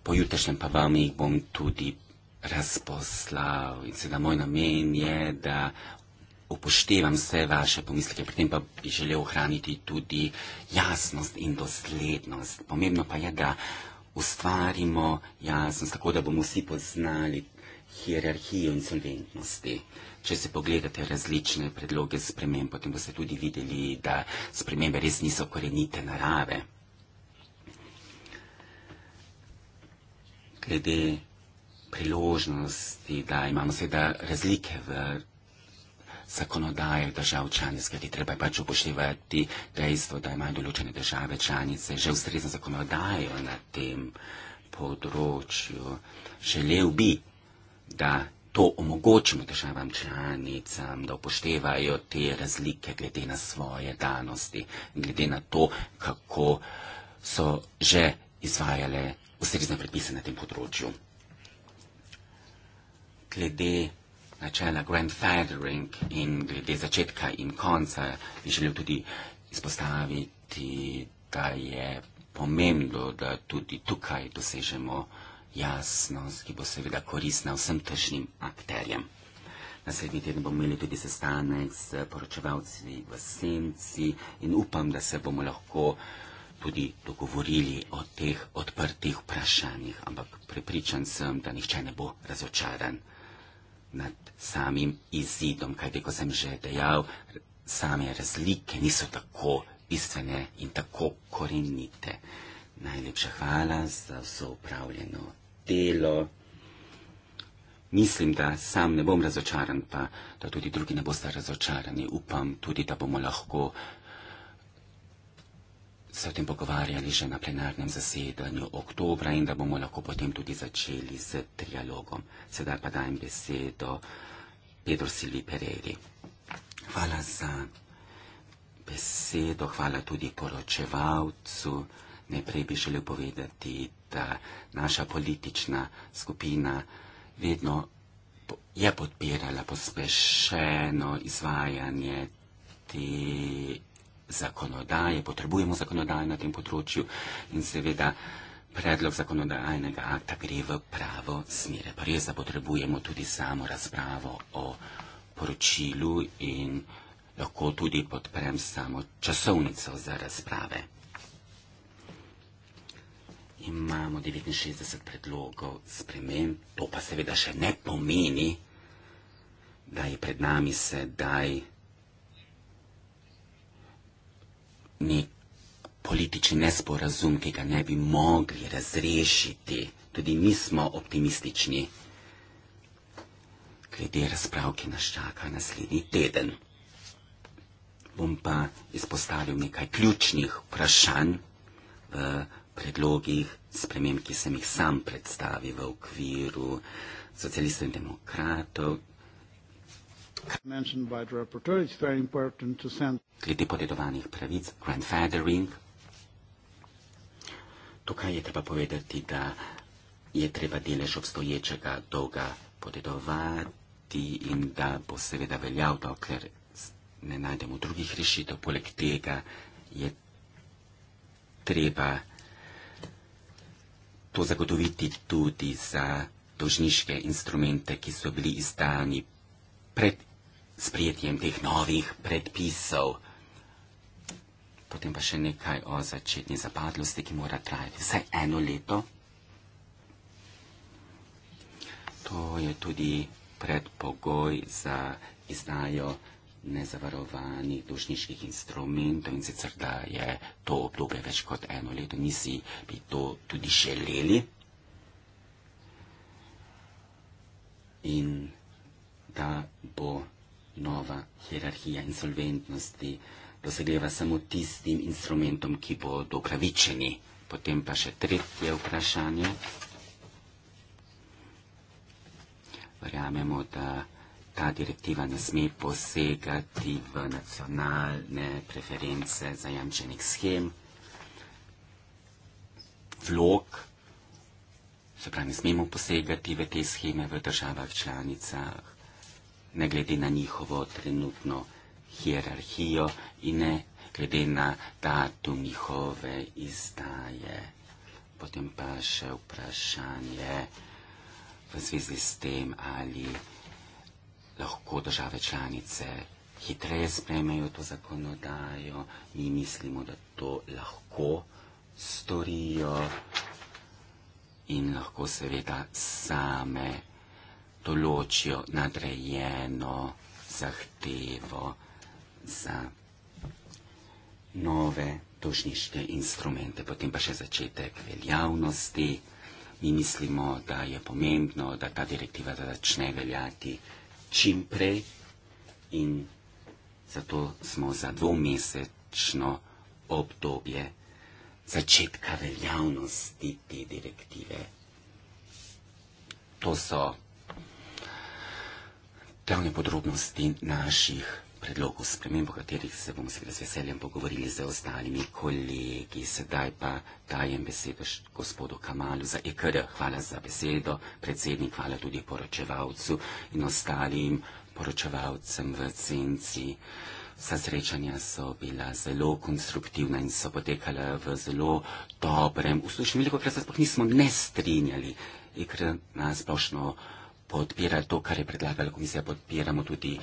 pojutrešnjem pa vam jih bom tudi razposlal. In seveda moj namen je, da upoštevam vse vaše pomisleke, pri tem pa bi želel ohraniti tudi jasnost in doslednost. Pomembno pa je, da ustvarimo jasnost, tako da bomo vsi poznali hierarhijo insolventnosti. Če se pogledate različne predloge sprememb, potem boste tudi videli, da spremembe res niso korenite narave. Glede priložnosti, da imamo seveda razlike v zakonodajo držav članic, kajti treba je pač upoštevati dejstvo, da imajo določene države članice že ustrezno zakonodajo na tem področju. Želel bi, da to omogočimo državam članicam, da upoštevajo te razlike glede na svoje danosti in glede na to, kako so že izvajale ustrezne predpise na tem področju. Glede načela grandfathering in glede začetka in konca bi želel tudi izpostaviti, da je pomembno, da tudi tukaj dosežemo jasnost, ki bo seveda koristna vsem tržnim akterjem. Naslednji teden bomo imeli tudi sestanek s poročevalci v Senci in upam, da se bomo lahko tudi dogovorili o teh odprtih vprašanjih, ampak prepričan sem, da nihče ne bo razočaran nad samim izidom, kajti ko sem že dejal, same razlike niso tako bistvene in tako korenite. Najlepša hvala za vso upravljeno delo. Mislim, da sam ne bom razočaran, pa da tudi drugi ne boste razočarani. Upam tudi, da bomo lahko se o tem pogovarjali že na plenarnem zasedanju oktobra in da bomo lahko potem tudi začeli z trialogom. Sedaj pa dajem besedo Pedro Silvi Pereri. Hvala za besedo, hvala tudi poročevalcu. Najprej bi želel povedati, da naša politična skupina vedno je podpirala pospešeno izvajanje te zakonodaje, potrebujemo zakonodaje na tem področju in seveda predlog zakonodajnega akta gre v pravo smer. Pa res, da potrebujemo tudi samo razpravo o poročilu in lahko tudi podprem samo časovnico za razprave. Imamo 69 predlogov sprememb, to pa seveda še ne pomeni, da je pred nami sedaj nek politični nesporazum, ki ga ne bi mogli razrešiti. Tudi mi smo optimistični glede razprav, ki nas čaka naslednji teden. Bom pa izpostavil nekaj ključnih vprašanj v predlogih sprememb, ki sem jih sam predstavil v okviru socialistov in demokratov Glede podedovanih pravic, grandfathering, tukaj je treba povedati, da je treba delež obstoječega dolga podedovati in da bo seveda veljav, dokler ne najdemo drugih rešitev. Poleg tega je treba to zagotoviti tudi za dožniške instrumente, ki so bili izdani pred sprijetjem teh novih predpisov. Potem pa še nekaj o začetni zapadlosti, ki mora trajati vsaj eno leto. To je tudi predpogoj za izdajo nezavarovanih dožniških instrumentov in sicer, da je to obdobje več kot eno leto. Nisi bi to tudi želeli. In da bo nova hierarhija insolventnosti dosegljiva samo tistim instrumentom, ki bodo upravičeni. Potem pa še tretje vprašanje. Verjamemo, da ta direktiva ne sme posegati v nacionalne preference zajamčenih schem, vlog, se pravi, ne smemo posegati v te scheme v državah članicah ne glede na njihovo trenutno hierarhijo in ne glede na datum njihove izdaje. Potem pa še vprašanje v zvezi s tem, ali lahko države članice hitreje sprejmejo to zakonodajo. Mi mislimo, da to lahko storijo in lahko seveda same določijo nadrejeno zahtevo za nove tožniške instrumente. Potem pa še začetek veljavnosti. Mi mislimo, da je pomembno, da ta direktiva začne veljati čim prej in zato smo za dvomesečno obdobje začetka veljavnosti te direktive. To so glavne podrobnosti naših predlogov sprememb, o katerih se bomo seveda z veseljem pogovorili z ostalimi kolegi. Sedaj pa dajem besedo gospodu Kamalu za EKR. Hvala za besedo, predsednik, hvala tudi poročevalcu in ostalim poročevalcem v Cenci. Vsa srečanja so bila zelo konstruktivna in so potekala v zelo dobrem uslušnju. Veliko krat se sploh nismo ne strinjali, e ker na splošno podpira to, kar je predlagala komisija, podpiramo tudi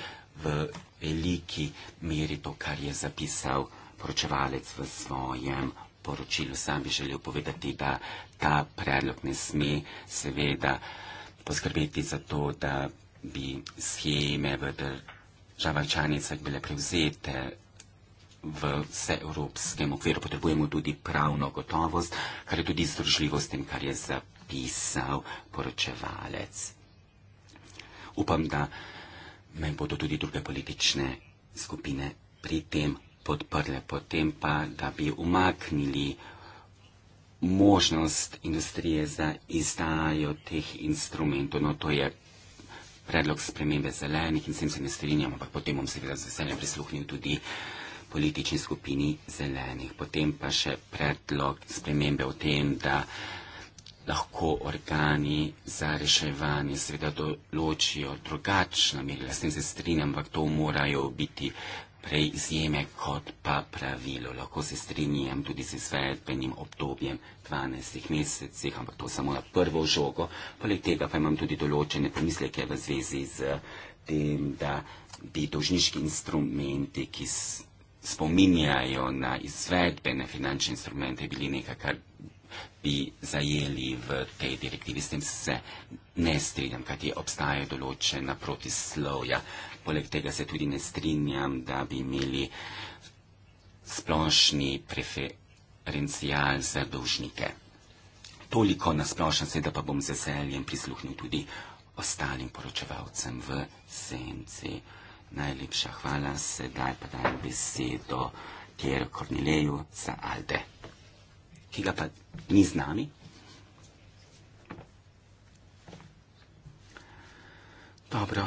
v veliki meri to, kar je zapisal poročevalec v svojem poročilu. Sam bi želel povedati, da ta predlog ne sme seveda poskrbeti za to, da bi scheme v državah članicah bile prevzete v vseevropskem okviru. Potrebujemo tudi pravno gotovost, kar je tudi združljivost s tem, kar je zapisal poročevalec upam, da me bodo tudi druge politične skupine pri tem podprle, potem pa, da bi umaknili možnost industrije za izdajo teh instrumentov. No, to je predlog spremembe zelenih in s tem se ne strinjam, ampak potem bom seveda z veseljem prisluhnil tudi politični skupini zelenih. Potem pa še predlog spremembe o tem, da lahko organi za reševanje seveda določijo drugačna merila. S tem se strinjam, ampak to morajo biti prej izjeme kot pa pravilo. Lahko se strinjam tudi z izvedbenim obdobjem 12 mesecih, ampak to samo na prvo žogo. Poleg tega pa imam tudi določene pomisleke v zvezi z tem, da bi dožniški instrumenti, ki spominjajo na izvedbene finančne instrumente, bili nekaj, kar bi zajeli v tej direktivi. S tem se ne strinjam, kajti obstajajo določena protislovja. Poleg tega se tudi ne strinjam, da bi imeli splošni preferencial za dolžnike. Toliko nasplošno se, da pa bom z veseljem prisluhnil tudi ostalim poročevalcem v senci. Najlepša hvala, sedaj pa dajem besedo Tjeru Kornileju za Alde ki ga pa ni z nami. Dobro.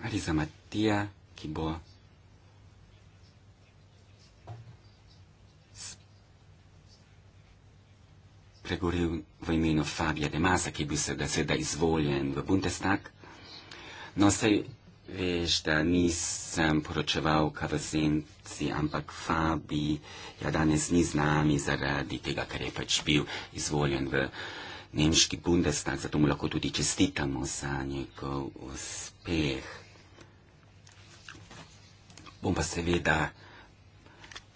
Ali za Matija, ki bo pregoril v imenu Fabija Demasa, ki je bil seveda izvoljen v Bundestag. No, sej Vežda nisem poročeval kavazenci, ampak Fabi je ja danes ni z nami zaradi tega, ker je pač bil izvoljen v nemški Bundestag, zato mu lahko tudi čestitamo za njegov uspeh. Bom pa seveda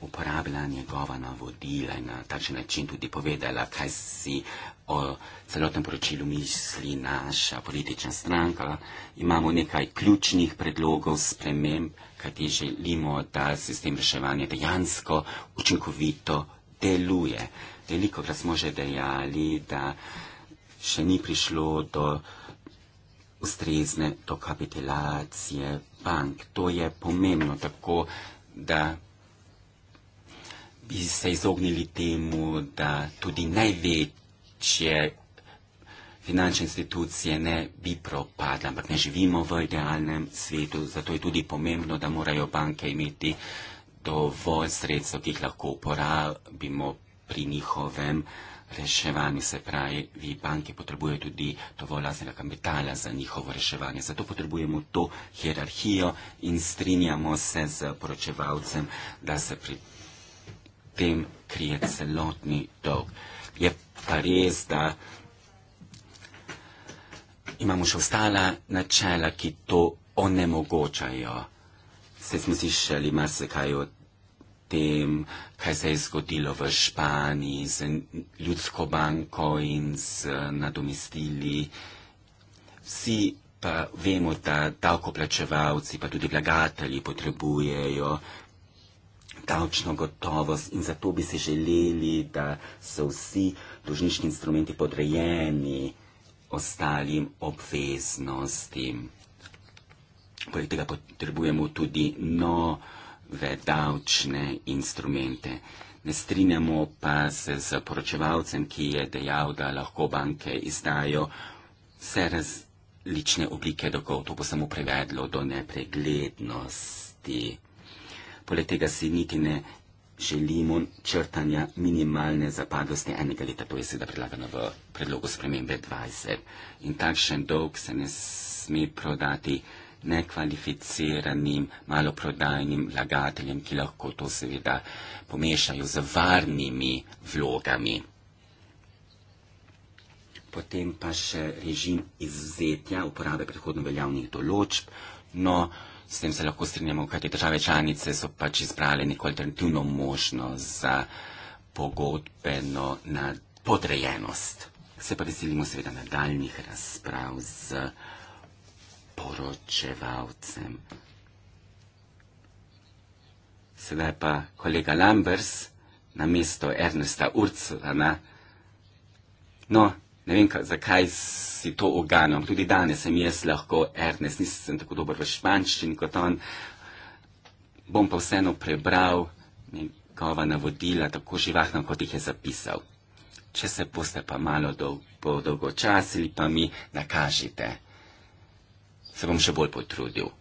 uporablja njegova navodila in na takšen način tudi povedala, kaj si o celotnem poročilu misli naša politična stranka. Imamo nekaj ključnih predlogov sprememb, kajti želimo, da sistem reševanja dejansko učinkovito deluje. Veliko krat smo že dejali, da še ni prišlo do ustrezne dokapitulacije bank. To je pomembno tako, da bi se izognili temu, da tudi največje finančne institucije ne bi propadle, ampak ne živimo v idealnem svetu, zato je tudi pomembno, da morajo banke imeti dovolj sredstev, ki jih lahko uporabimo pri njihovem reševanju. Se pravi, vi banke potrebujete tudi dovolj lastnega kapitala za njihovo reševanje. Zato potrebujemo to hierarhijo in strinjamo se z poročevalcem, da se pri tem krije celotni dolg. Je pa res, da imamo še ostala načela, ki to onemogočajo. Se smo si še ali marsikaj o tem, kaj se je zgodilo v Španiji z ljudsko banko in z nadomestili. Vsi pa vemo, da davkoplačevalci, pa tudi vlagatelji potrebujejo davčno gotovost in zato bi si želeli, da so vsi dolžniški instrumenti podrejeni ostalim obveznostim. Poleg tega potrebujemo tudi nove davčne instrumente. Ne strinjamo pa se z poročevalcem, ki je dejal, da lahko banke izdajo vse različne oblike dolgov. To bo samo prevedlo do nepreglednosti. Poleg tega si niti ne želimo črtanja minimalne zapadlosti enega leta. To je seveda predlagano v predlogu spremembe 20. In takšen dolg se ne sme prodati nekvalificiranim, maloprodajnim lagateljem, ki lahko to seveda pomešajo z varnimi vlogami. Potem pa še režim izuzetja uporabe predhodno veljavnih določb. No, S tem se lahko strinjamo, kajti države članice so pač izbrale neko alternativno možnost za pogodbeno podrejenost. Se pa veselimo seveda nadaljnih razprav z poročevalcem. Sedaj pa kolega Lambers na mesto Ernesta Urcana. No, ne vem, zakaj si to oganjam. Tudi danes sem jaz lahko Ernest, nisem tako dober v španščini kot on. Bom pa vseeno prebral njegova navodila, tako živahno, kot jih je zapisal. Če se boste pa malo dol, po dolgočasili, pa mi nakažite. Se bom še bolj potrudil.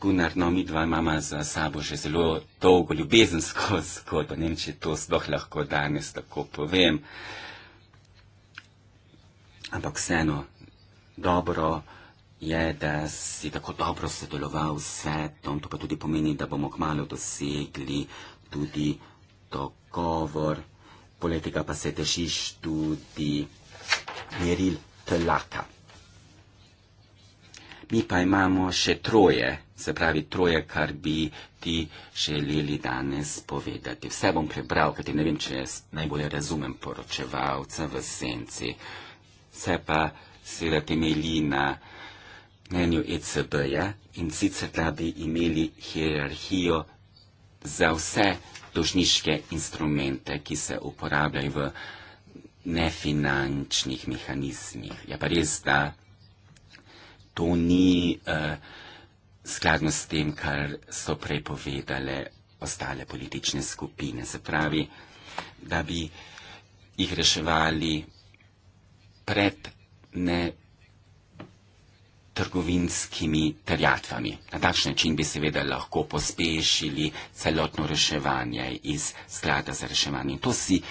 Gunnar, no, mi dva imamo za sabo že zelo dolgo ljubezensko [LAUGHS] zgodbo. Ne vem, če to sploh lahko danes tako povem. Ampak vseeno, dobro je, da si tako dobro sodeloval s svetom, to pa tudi pomeni, da bomo kmalo dosegli tudi dogovor. Poleg tega pa se težiš tudi meril tlaka mi pa imamo še troje, se pravi troje, kar bi ti želeli danes povedati. Vse bom prebral, kajti ne vem, če jaz najbolje razumem poročevalca v senci. Vse pa seveda temelji na mnenju ECB-ja in sicer, da bi imeli hierarhijo za vse dožniške instrumente, ki se uporabljajo v nefinančnih mehanizmih. Je ja, pa res, da to ni uh, skladno s tem, kar so prej povedale ostale politične skupine. Se pravi, da bi jih reševali pred ne trgovinskimi terjatvami. Na takšen način bi seveda lahko pospešili celotno reševanje iz sklada za reševanje. In to si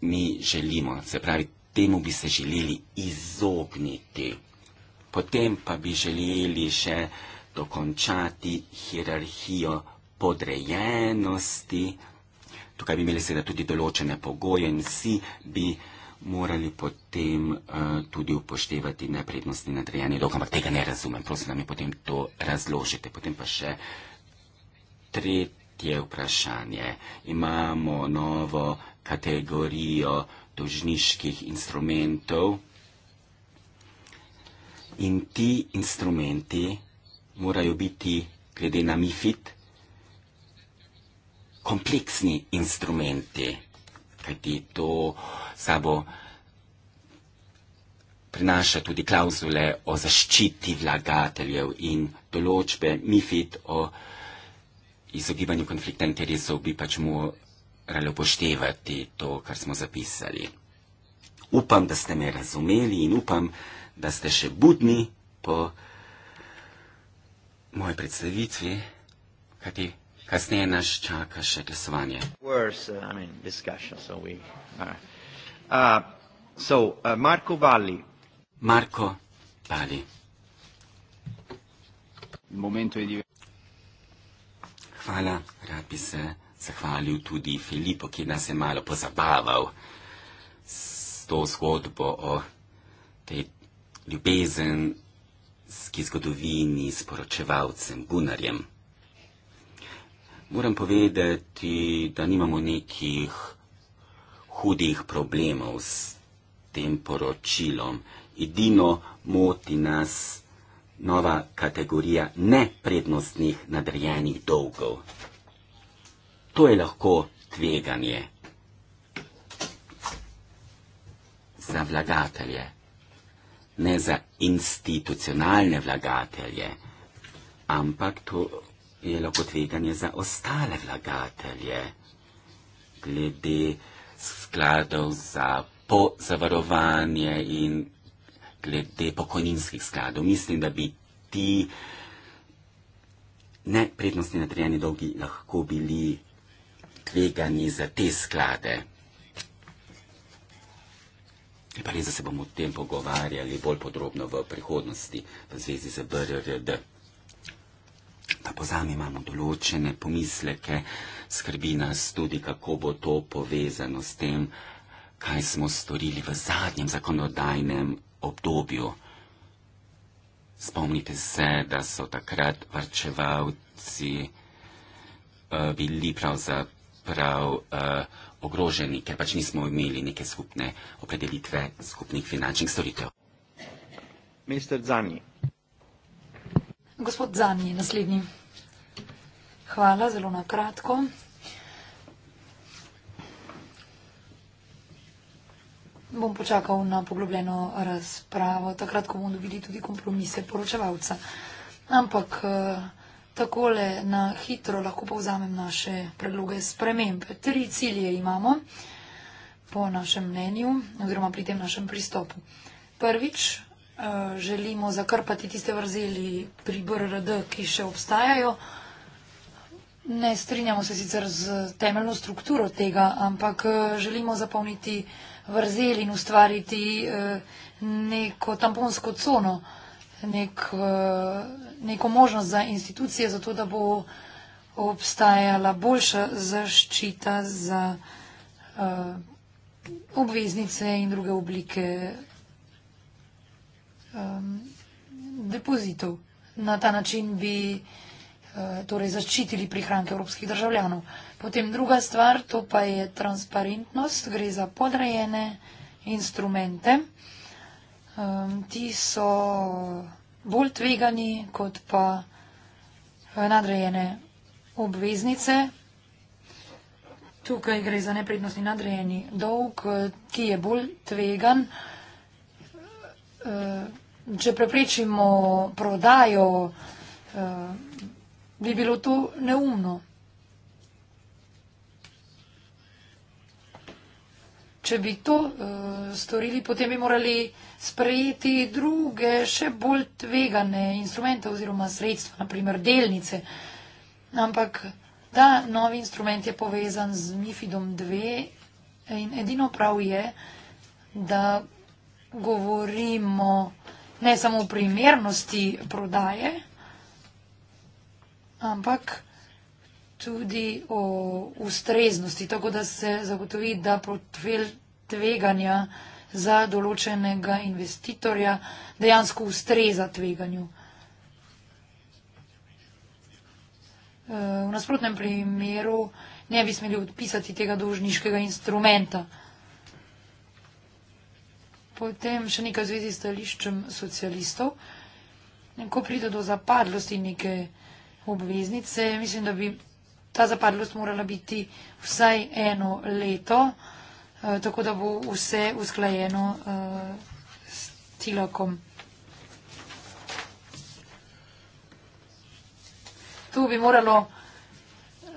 mi želimo. Se pravi, temu bi se želeli izogniti potem pa bi želeli še dokončati hierarhijo podrejenosti. Tukaj bi imeli seveda tudi določene pogoje in vsi bi morali potem uh, tudi upoštevati neprednostni nadrejeni dolg, ampak tega ne razumem. Prosim, da mi potem to razložite. Potem pa še tretje vprašanje. Imamo novo kategorijo dožniških instrumentov in ti instrumenti morajo biti, glede na MIFID, kompleksni instrumenti, kajti to sabo prinaša tudi klauzule o zaščiti vlagateljev in določbe MIFID o izogibanju konflikta interesov bi pač morali upoštevati to, kar smo zapisali. Upam, da ste me razumeli in upam, da ste me razumeli da ste še budni po moji predstavitvi, kajti kasneje nas čaka še glasovanje. Worse, uh, I mean, discussion, so we, uh, so, uh, Marko Valli. Marko Valli. Hvala, rad bi se zahvalil tudi Filipu, ki nas je malo pozabaval s to zgodbo o tej ljubezen ki zgodovini s poročevalcem Gunarjem. Moram povedati, da nimamo nekih hudih problemov s tem poročilom. Edino moti nas nova kategorija neprednostnih nadrejenih dolgov. To je lahko tveganje za vlagatelje ne za institucionalne vlagatelje, ampak to je lahko tveganje za ostale vlagatelje, glede skladov za pozavarovanje in glede pokojninskih skladov. Mislim, da bi ti neprednostni natrijani dolgi lahko bili tvegani za te sklade. Pa res, da se bomo o tem pogovarjali bolj podrobno v prihodnosti v zvezi z BRRD. Da pozami imamo določene pomisleke, skrbi nas tudi, kako bo to povezano s tem, kaj smo storili v zadnjem zakonodajnem obdobju. Spomnite se, da so takrat varčevalci uh, bili pravzaprav uh, ogroženi, ker pač nismo imeli neke skupne opredelitve skupnih finančnih storitev. Mister Zani. Gospod Zani, naslednji. Hvala, zelo na kratko. Bom počakal na poglobljeno razpravo, takrat, ko bomo dobili tudi kompromise poročevalca. Ampak. Uh, takole na hitro lahko povzamem naše predloge sprememb. Tri cilje imamo po našem mnenju oziroma pri tem našem pristopu. Prvič, eh, želimo zakrpati tiste vrzeli pri BRRD, ki še obstajajo. Ne strinjamo se sicer z temeljno strukturo tega, ampak eh, želimo zapolniti vrzeli in ustvariti eh, neko tamponsko cono, nek, neko možnost za institucije, zato da bo obstajala boljša zaščita za uh, obveznice in druge oblike um, depozitov. Na ta način bi uh, torej zaščitili prihranke evropskih državljanov. Potem druga stvar, to pa je transparentnost, gre za podrejene instrumente. Um, ti so bolj tvegani kot pa eh, nadrejene obveznice. Tukaj gre za neprednostni nadrejeni dolg, eh, ki je bolj tvegan. Eh, če preprečimo prodajo, bi bilo to neumno. Če bi to uh, storili, potem bi morali sprejeti druge, še bolj tvegane instrumente oziroma sredstva, naprimer delnice. Ampak ta novi instrument je povezan z MIFIDom 2 in edino prav je, da govorimo ne samo o primernosti prodaje, ampak tudi o ustreznosti, tako da se zagotovi, da portfelj tveganja za določenega investitorja dejansko ustreza tveganju. Eh, v nasprotnem primeru ne bi smeli odpisati tega dolžniškega instrumenta. Potem še nekaj zvezi s stališčem socialistov. Ko pride do zapadlosti neke obveznice, mislim, da bi ta zapadlost morala biti vsaj eno leto, eh, tako da bo vse usklajeno eh, s tilakom. Tu bi moralo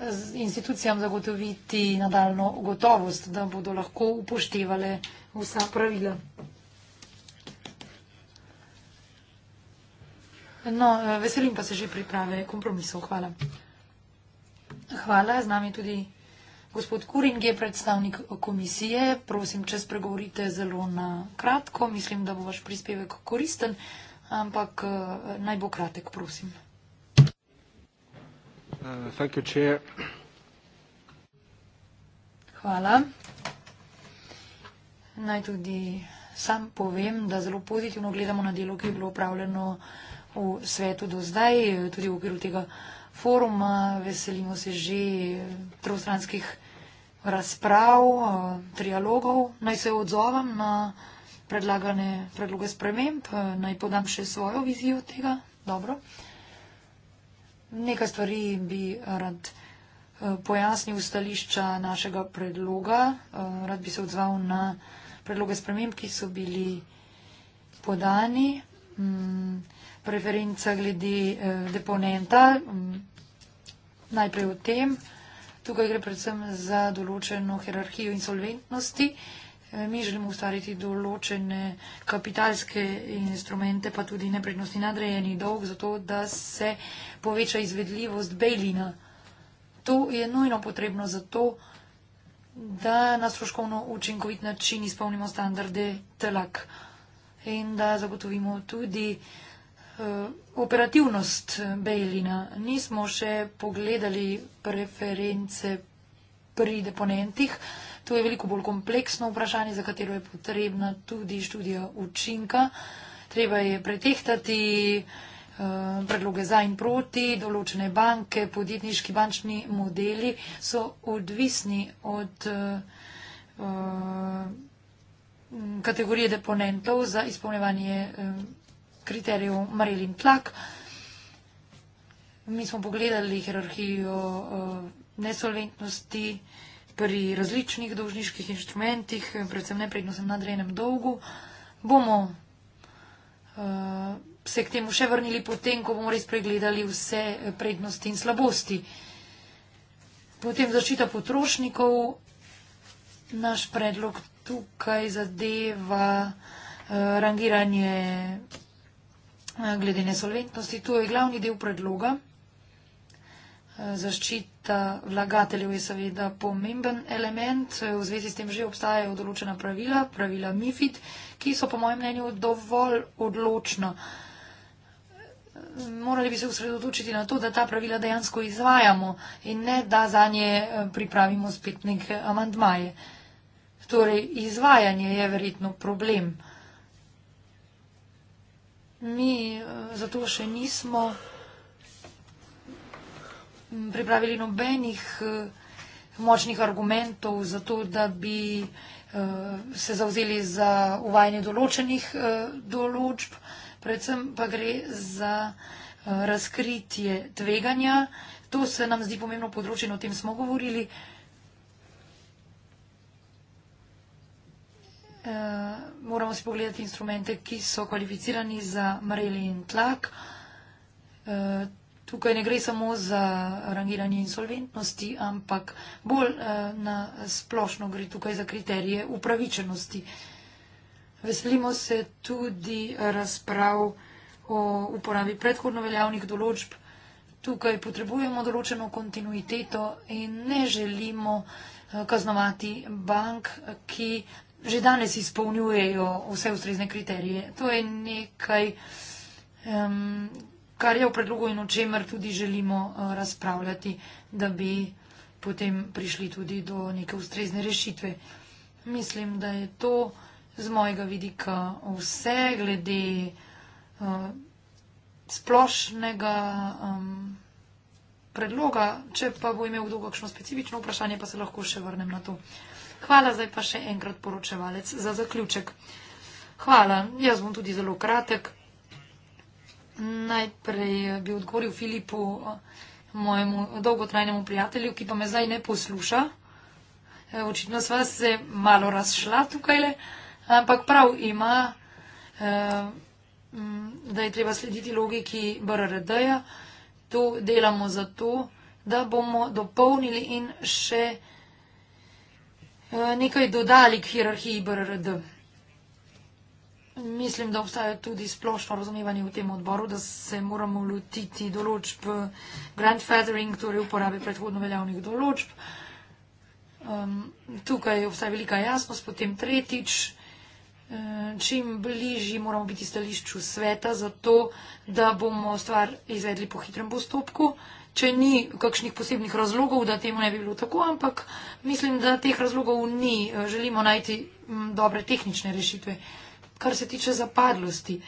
eh, institucijam zagotoviti nadaljno gotovost, da bodo lahko upoštevale vsa pravila. No, veselim pa se že priprave kompromisov. Hvala. Hvala. Z nami tudi gospod Kuring je predstavnik komisije. Prosim, če spregovorite zelo na kratko, mislim, da bo vaš prispevek koristen, ampak eh, naj bo kratek, prosim. Uh, Hvala. Naj tudi sam povem, da zelo pozitivno gledamo na delo, ki je bilo upravljeno v svetu do zdaj, tudi v okviru tega foruma. Veselimo se že trostranskih razprav, eh, trialogov. Naj se odzovam na predlagane predloge sprememb, eh, naj podam še svojo vizijo tega. Dobro. Nekaj stvari bi rad eh, pojasnil stališča našega predloga. Rad bi se odzval na predloge sprememb, ki so bili podani. Mm, preferenca glede eh, deponenta. Mm, najprej o tem. Tukaj gre predvsem za določeno hierarhijo insolventnosti. Eh, mi želimo ustvariti določene kapitalske instrumente, pa tudi neprednosti nadrejeni dolg, zato da se poveča izvedljivost Bejlina. To je nujno potrebno zato, да на строшковно учинковит начин исполнимо стандарде ТЕЛАК и да заготовимо туди оперативност Бейлина. Ние смо ше погледали преференце при депонентих. То е велико бол комплексно упражање за катеро е потребна туди студија учинка. Треба е претехтати и Eh, predloge za in proti, določene banke, podjetniški bančni modeli so odvisni od uh, kategorije deponentov za izpolnevanje uh, eh, kriterijev Marel in Tlak. Mi smo pogledali hierarhijo uh, nesolventnosti pri različnih dolžniških inštrumentih, predvsem neprednostem nadrejenem dolgu. Bomo uh, se k temu še vrnili potem, ko bomo res pregledali vse eh, prednosti in slabosti. Potem zaščita potrošnikov. Naš predlog tukaj zadeva uh, rangiranje uh, glede nesolventnosti. To je glavni del predloga. Zaščita vlagateljev je seveda pomemben element. V zvezi s tem že obstajajo določena pravila, pravila MIFID, ki so po mojem mnenju dovolj odločna. Uh, morali bi se usredotočiti na to, da ta pravila dejansko izvajamo in ne, da za nje eh, pripravimo spet neke amandmaje. Torej, izvajanje je verjetno problem. Mi eh, zato še nismo mm, pripravili nobenih eh, močnih argumentov za to, da bi se zauzeli za uvajanje določenih določb predvsem pa gre za eh, razkritje tveganja. To se nam zdi pomembno področje, o tem smo govorili. Eh, moramo si pogledati instrumente, ki so kvalificirani za mreli in tlak. Eh, tukaj ne gre samo za rangiranje insolventnosti, ampak bolj na splošno gre tukaj za kriterije upravičenosti. Veselimo se tudi razprav o uporabi predhodno veljavnih določb. Tukaj potrebujemo določeno kontinuiteto in ne želimo eh, kaznovati bank, ki že danes izpolnjujejo vse ustrezne kriterije. To je nekaj, kar je v predlogu in o čemer tudi želimo eh, razpravljati, da bi potem prišli tudi do neke ustrezne rešitve. Mislim, da je to z mojega vidika vse glede uh, splošnega um, predloga. Če pa bo imel kdo kakšno specifično vprašanje, pa se lahko še vrnem na to. Hvala zdaj pa še enkrat poročevalec za zaključek. Hvala, jaz bom tudi zelo kratek. Najprej bi odgovoril Filipu, eh, mojemu dolgotrajnemu prijatelju, ki pa me zdaj ne posluša. Eh, očitno sva se malo razšla tukaj le. Uh, Ampak prav ima, eh, da je treba slediti logiki BRRD-ja. To delamo zato, da bomo dopolnili in še eh, nekaj dodali k hierarhiji BRRD. Mislim, da obstaja tudi splošno razumevanje v tem odboru, da se moramo lotiti določb eh, grandfathering, torej uporabe predhodno veljavnih določb. Um, tukaj obstaja velika jasnost, potem tretjič, uh, Eh, čim bližji moramo biti stališču sveta, zato da bomo stvar izvedli po hitrem postopku. Če ni kakšnih posebnih razlogov, da temu ne bi bilo tako, ampak mislim, da teh razlogov ni. Eh, želimo najti mm, dobre tehnične rešitve, kar se tiče zapadlosti.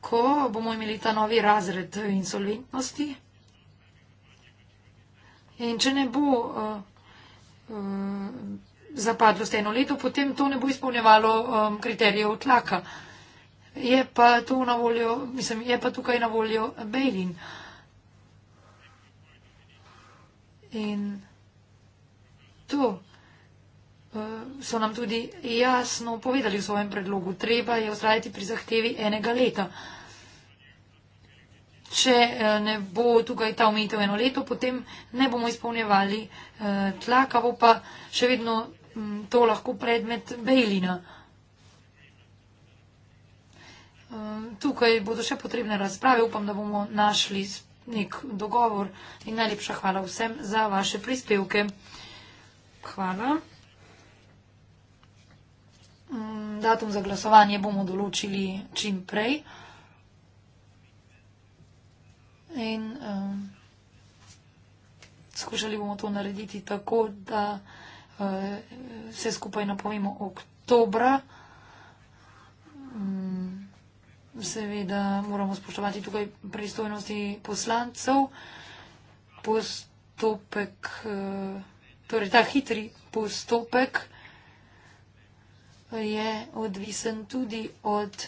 Ko bomo imeli ta novi razred insolventnosti in če ne bo. Uh, Eh, zapadlost eno leto, potem to ne bo izpolnjevalo um, kriterijev tlaka. Je pa, na voljo, mislim, je pa tukaj na voljo Bejlin. In to uh, so nam tudi jasno povedali v svojem predlogu. Treba je ustrajati pri zahtevi enega leta. Uh, če eh, ne bo tukaj ta omejitev eno leto, potem ne bomo izpolnjevali eh, tlaka, bo pa še vedno mm, to lahko predmet bejlina. Eh, tukaj bodo še potrebne razprave, upam, da bomo našli nek dogovor in najlepša hvala vsem za vaše prispevke. Hvala. Mm, datum za glasovanje bomo določili čim prej in um, skušali bomo to narediti tako, da uh, vse skupaj napovemo oktobra. Um, seveda moramo spoštovati tukaj pristojnosti poslancev. Postopek, uh, torej ta hitri postopek je odvisen tudi od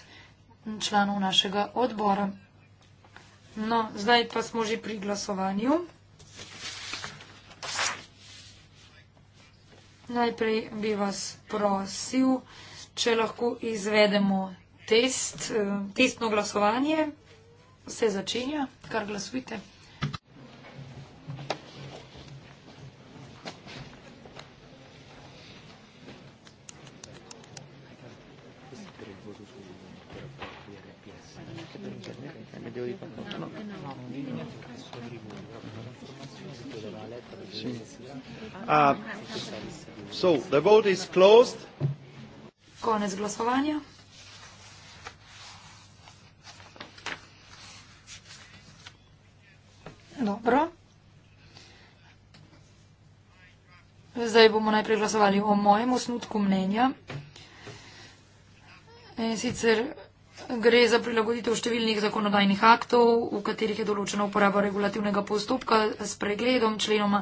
članov našega odbora. No, zdaj pa smo že pri glasovanju. Najprej bi vas prosil, če lahko izvedemo test, eh, testno glasovanje. Se začenja, kar glasujte. di ho fatto no, no. no. Sì. Uh, ah, so the vote is closed konec glasovanja dobro zdaj bomo najprej glasovali o mojem osnutku mnenja in sicer Gre za prilagoditev številnih zakonodajnih aktov, v katerih je določena uporaba regulativnega postopka s pregledom členoma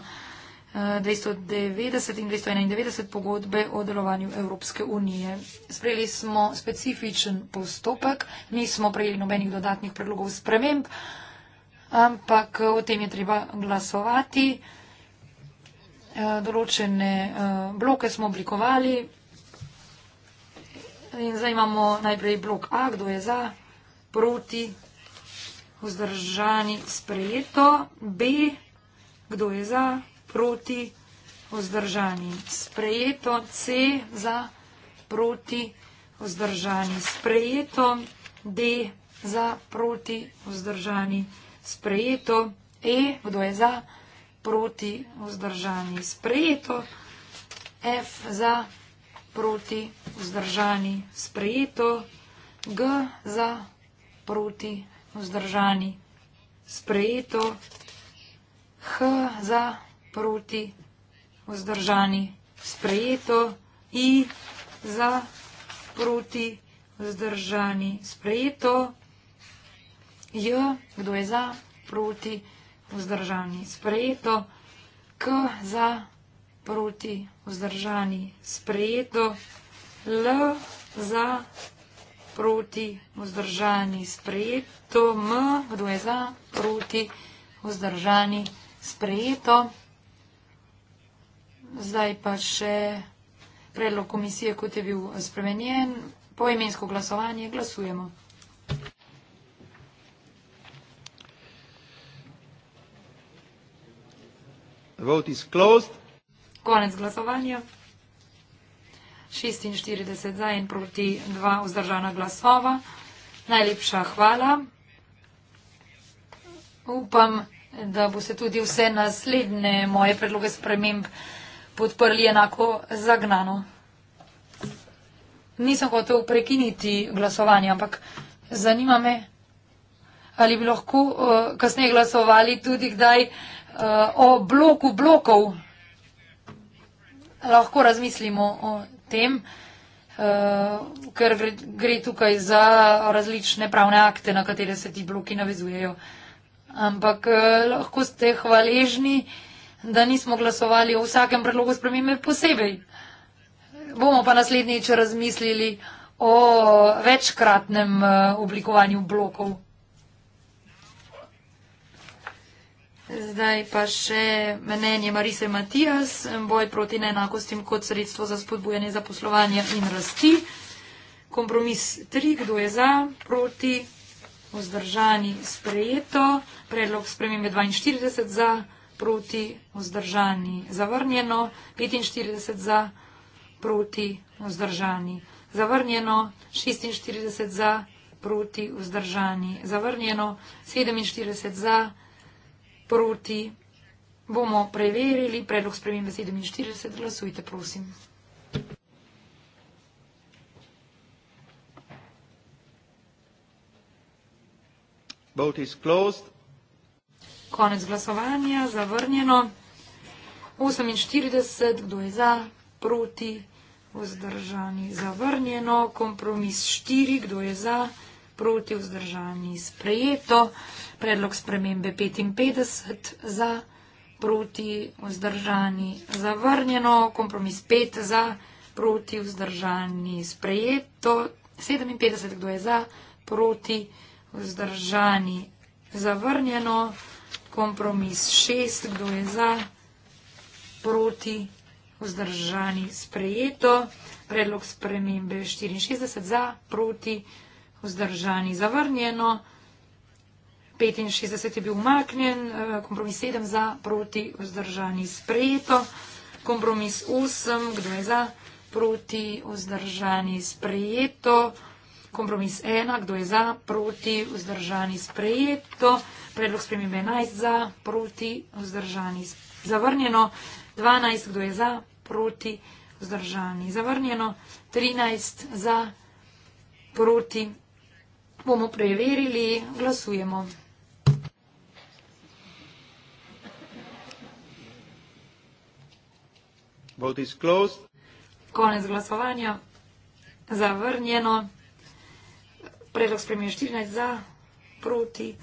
290 eh, in 291 pogodbe o delovanju Evropske unije. Sprejeli smo specifičen postopek, nismo prejeli nobenih dodatnih predlogov sprememb, ampak eh, o tem je treba glasovati. Eh, določene bloke smo oblikovali. In zdaj imamo najprej blok A, kdo je za, proti, vzdržani, sprejeto. B, kdo je za, proti, vzdržani, sprejeto. C, za, proti, vzdržani, sprejeto. D, za, proti, vzdržani, sprejeto. E, kdo je za, proti, vzdržani, sprejeto. F, za, proti, vzdržani, sprejeto proti, vzdržani, sprejeto, G za proti, vzdržani, sprejeto, H za proti, vzdržani, sprejeto, I za proti, vzdržani, sprejeto, J, kdo je za, proti, vzdržani, sprejeto, K za proti, proti vzdržani sprejeto, L za proti vzdržani sprejeto, M kdo je za proti vzdržani sprejeto. Zdaj pa še predlog komisije, kot je bil spremenjen, poimensko glasovanje, glasujemo. The vote is closed. Konec glasovanja. 46 za in proti 2 vzdržana glasova. Najlepša hvala. Upam, da boste tudi vse naslednje moje predloge sprememb podprli enako zagnano. Nisem hotel prekiniti glasovanje, ampak zanima me, ali bi lahko uh, kasneje glasovali tudi kdaj uh, o bloku blokov lahko razmislimo o tem, uh, ker gre, gre tukaj za različne pravne akte, na katere se ti bloki navezujejo. Ampak uh, lahko ste hvaležni, da nismo glasovali o vsakem predlogu spremembe posebej. Bomo pa naslednjič razmislili o večkratnem uh, oblikovanju blokov. Zdaj pa še mnenje Marise Matijas, boj proti neenakostim kot sredstvo za spodbujanje zaposlovanja in rasti. Kompromis 3, kdo je za, proti, vzdržani, sprejeto. Predlog spremembe 42 za, proti, vzdržani, zavrnjeno. 45 za, proti, vzdržani, zavrnjeno. 46 za, proti, vzdržani, zavrnjeno. 47 za, proti, vzdržani proti. Bomo preverili predlog spremembe 47. Glasujte, prosim. Konec glasovanja, zavrnjeno. 48, kdo je za, proti, vzdržani, zavrnjeno. Kompromis 4, kdo je za, proti, vzdržani, sprejeto predlog spremembe 55 za, proti vzdržani zavrnjeno, kompromis 5 za, proti vzdržani sprejeto, 57 kdo je za, proti vzdržani zavrnjeno, kompromis 6 kdo je za, proti vzdržani sprejeto, predlog spremembe 64 za, proti vzdržani zavrnjeno. 65 je bil umaknjen, eh, kompromis 7 za, proti vzdržani sprejeto, kompromis 8, kdo je za, proti vzdržani sprejeto, kompromis 1, kdo je za, proti vzdržani sprejeto, predlog spremembe 11 za, proti vzdržani zavrnjeno, 12, kdo je za, proti vzdržani zavrnjeno, 13 za, proti. Bomo preverili, glasujemo. Vote is closed. Konec glasovanja. Zavrnjeno. Predlog spremenja 14 za, proti,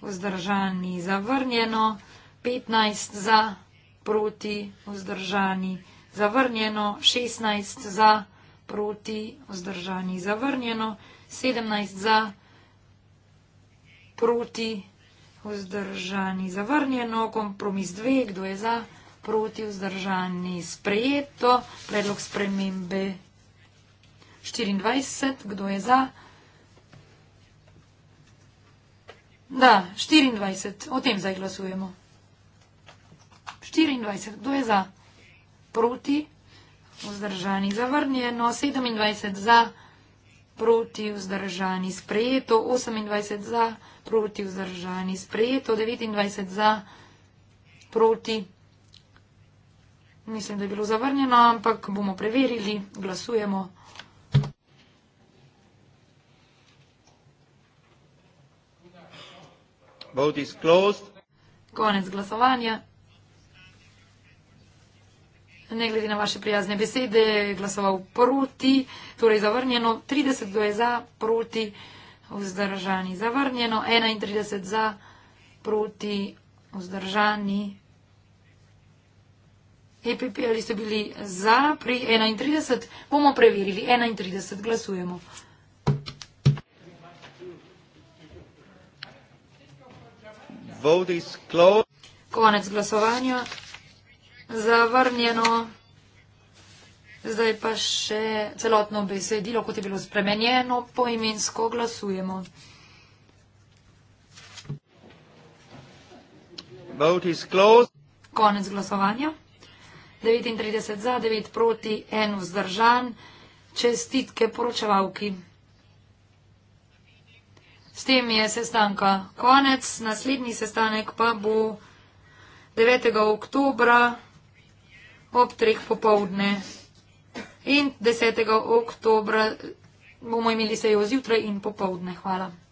vzdržani. Zavrnjeno. 15 za, proti, vzdržani. Zavrnjeno. 16 za, proti, vzdržani. Zavrnjeno. 17 za, proti, vzdržani. Zavrnjeno. Kompromis 2. Kdo je za? proti vzdržani sprejeto. Predlog spremembe 24. Kdo je za? Da, 24. O tem zdaj glasujemo. 24. Kdo je za? Proti vzdržani zavrnjeno. 27 za. Proti vzdržani sprejeto. 28 za. Proti vzdržani sprejeto. 29 za. Proti. Mislim, da je bilo zavrnjeno, ampak bomo preverili, glasujemo. Vote is closed. Konec glasovanja. Ne glede na vaše prijazne besede, glasoval proti, torej zavrnjeno, 30 do je za, proti, vzdržani, zavrnjeno, 31 za, proti, vzdržani, EPP ali ste bili za pri 31, bomo preverili. 31, glasujemo. Konec glasovanja. Zavrnjeno. Zdaj pa še celotno besedilo, kot je bilo spremenjeno, poimensko glasujemo. Konec glasovanja. 39 za, 9 proti, 1 vzdržan. Čestitke poročevalki. S tem je sestanka konec. Naslednji sestanek pa bo 9. oktobra ob 3. popovdne. In 10. oktobra bomo imeli sejo zjutraj in popovdne. Hvala.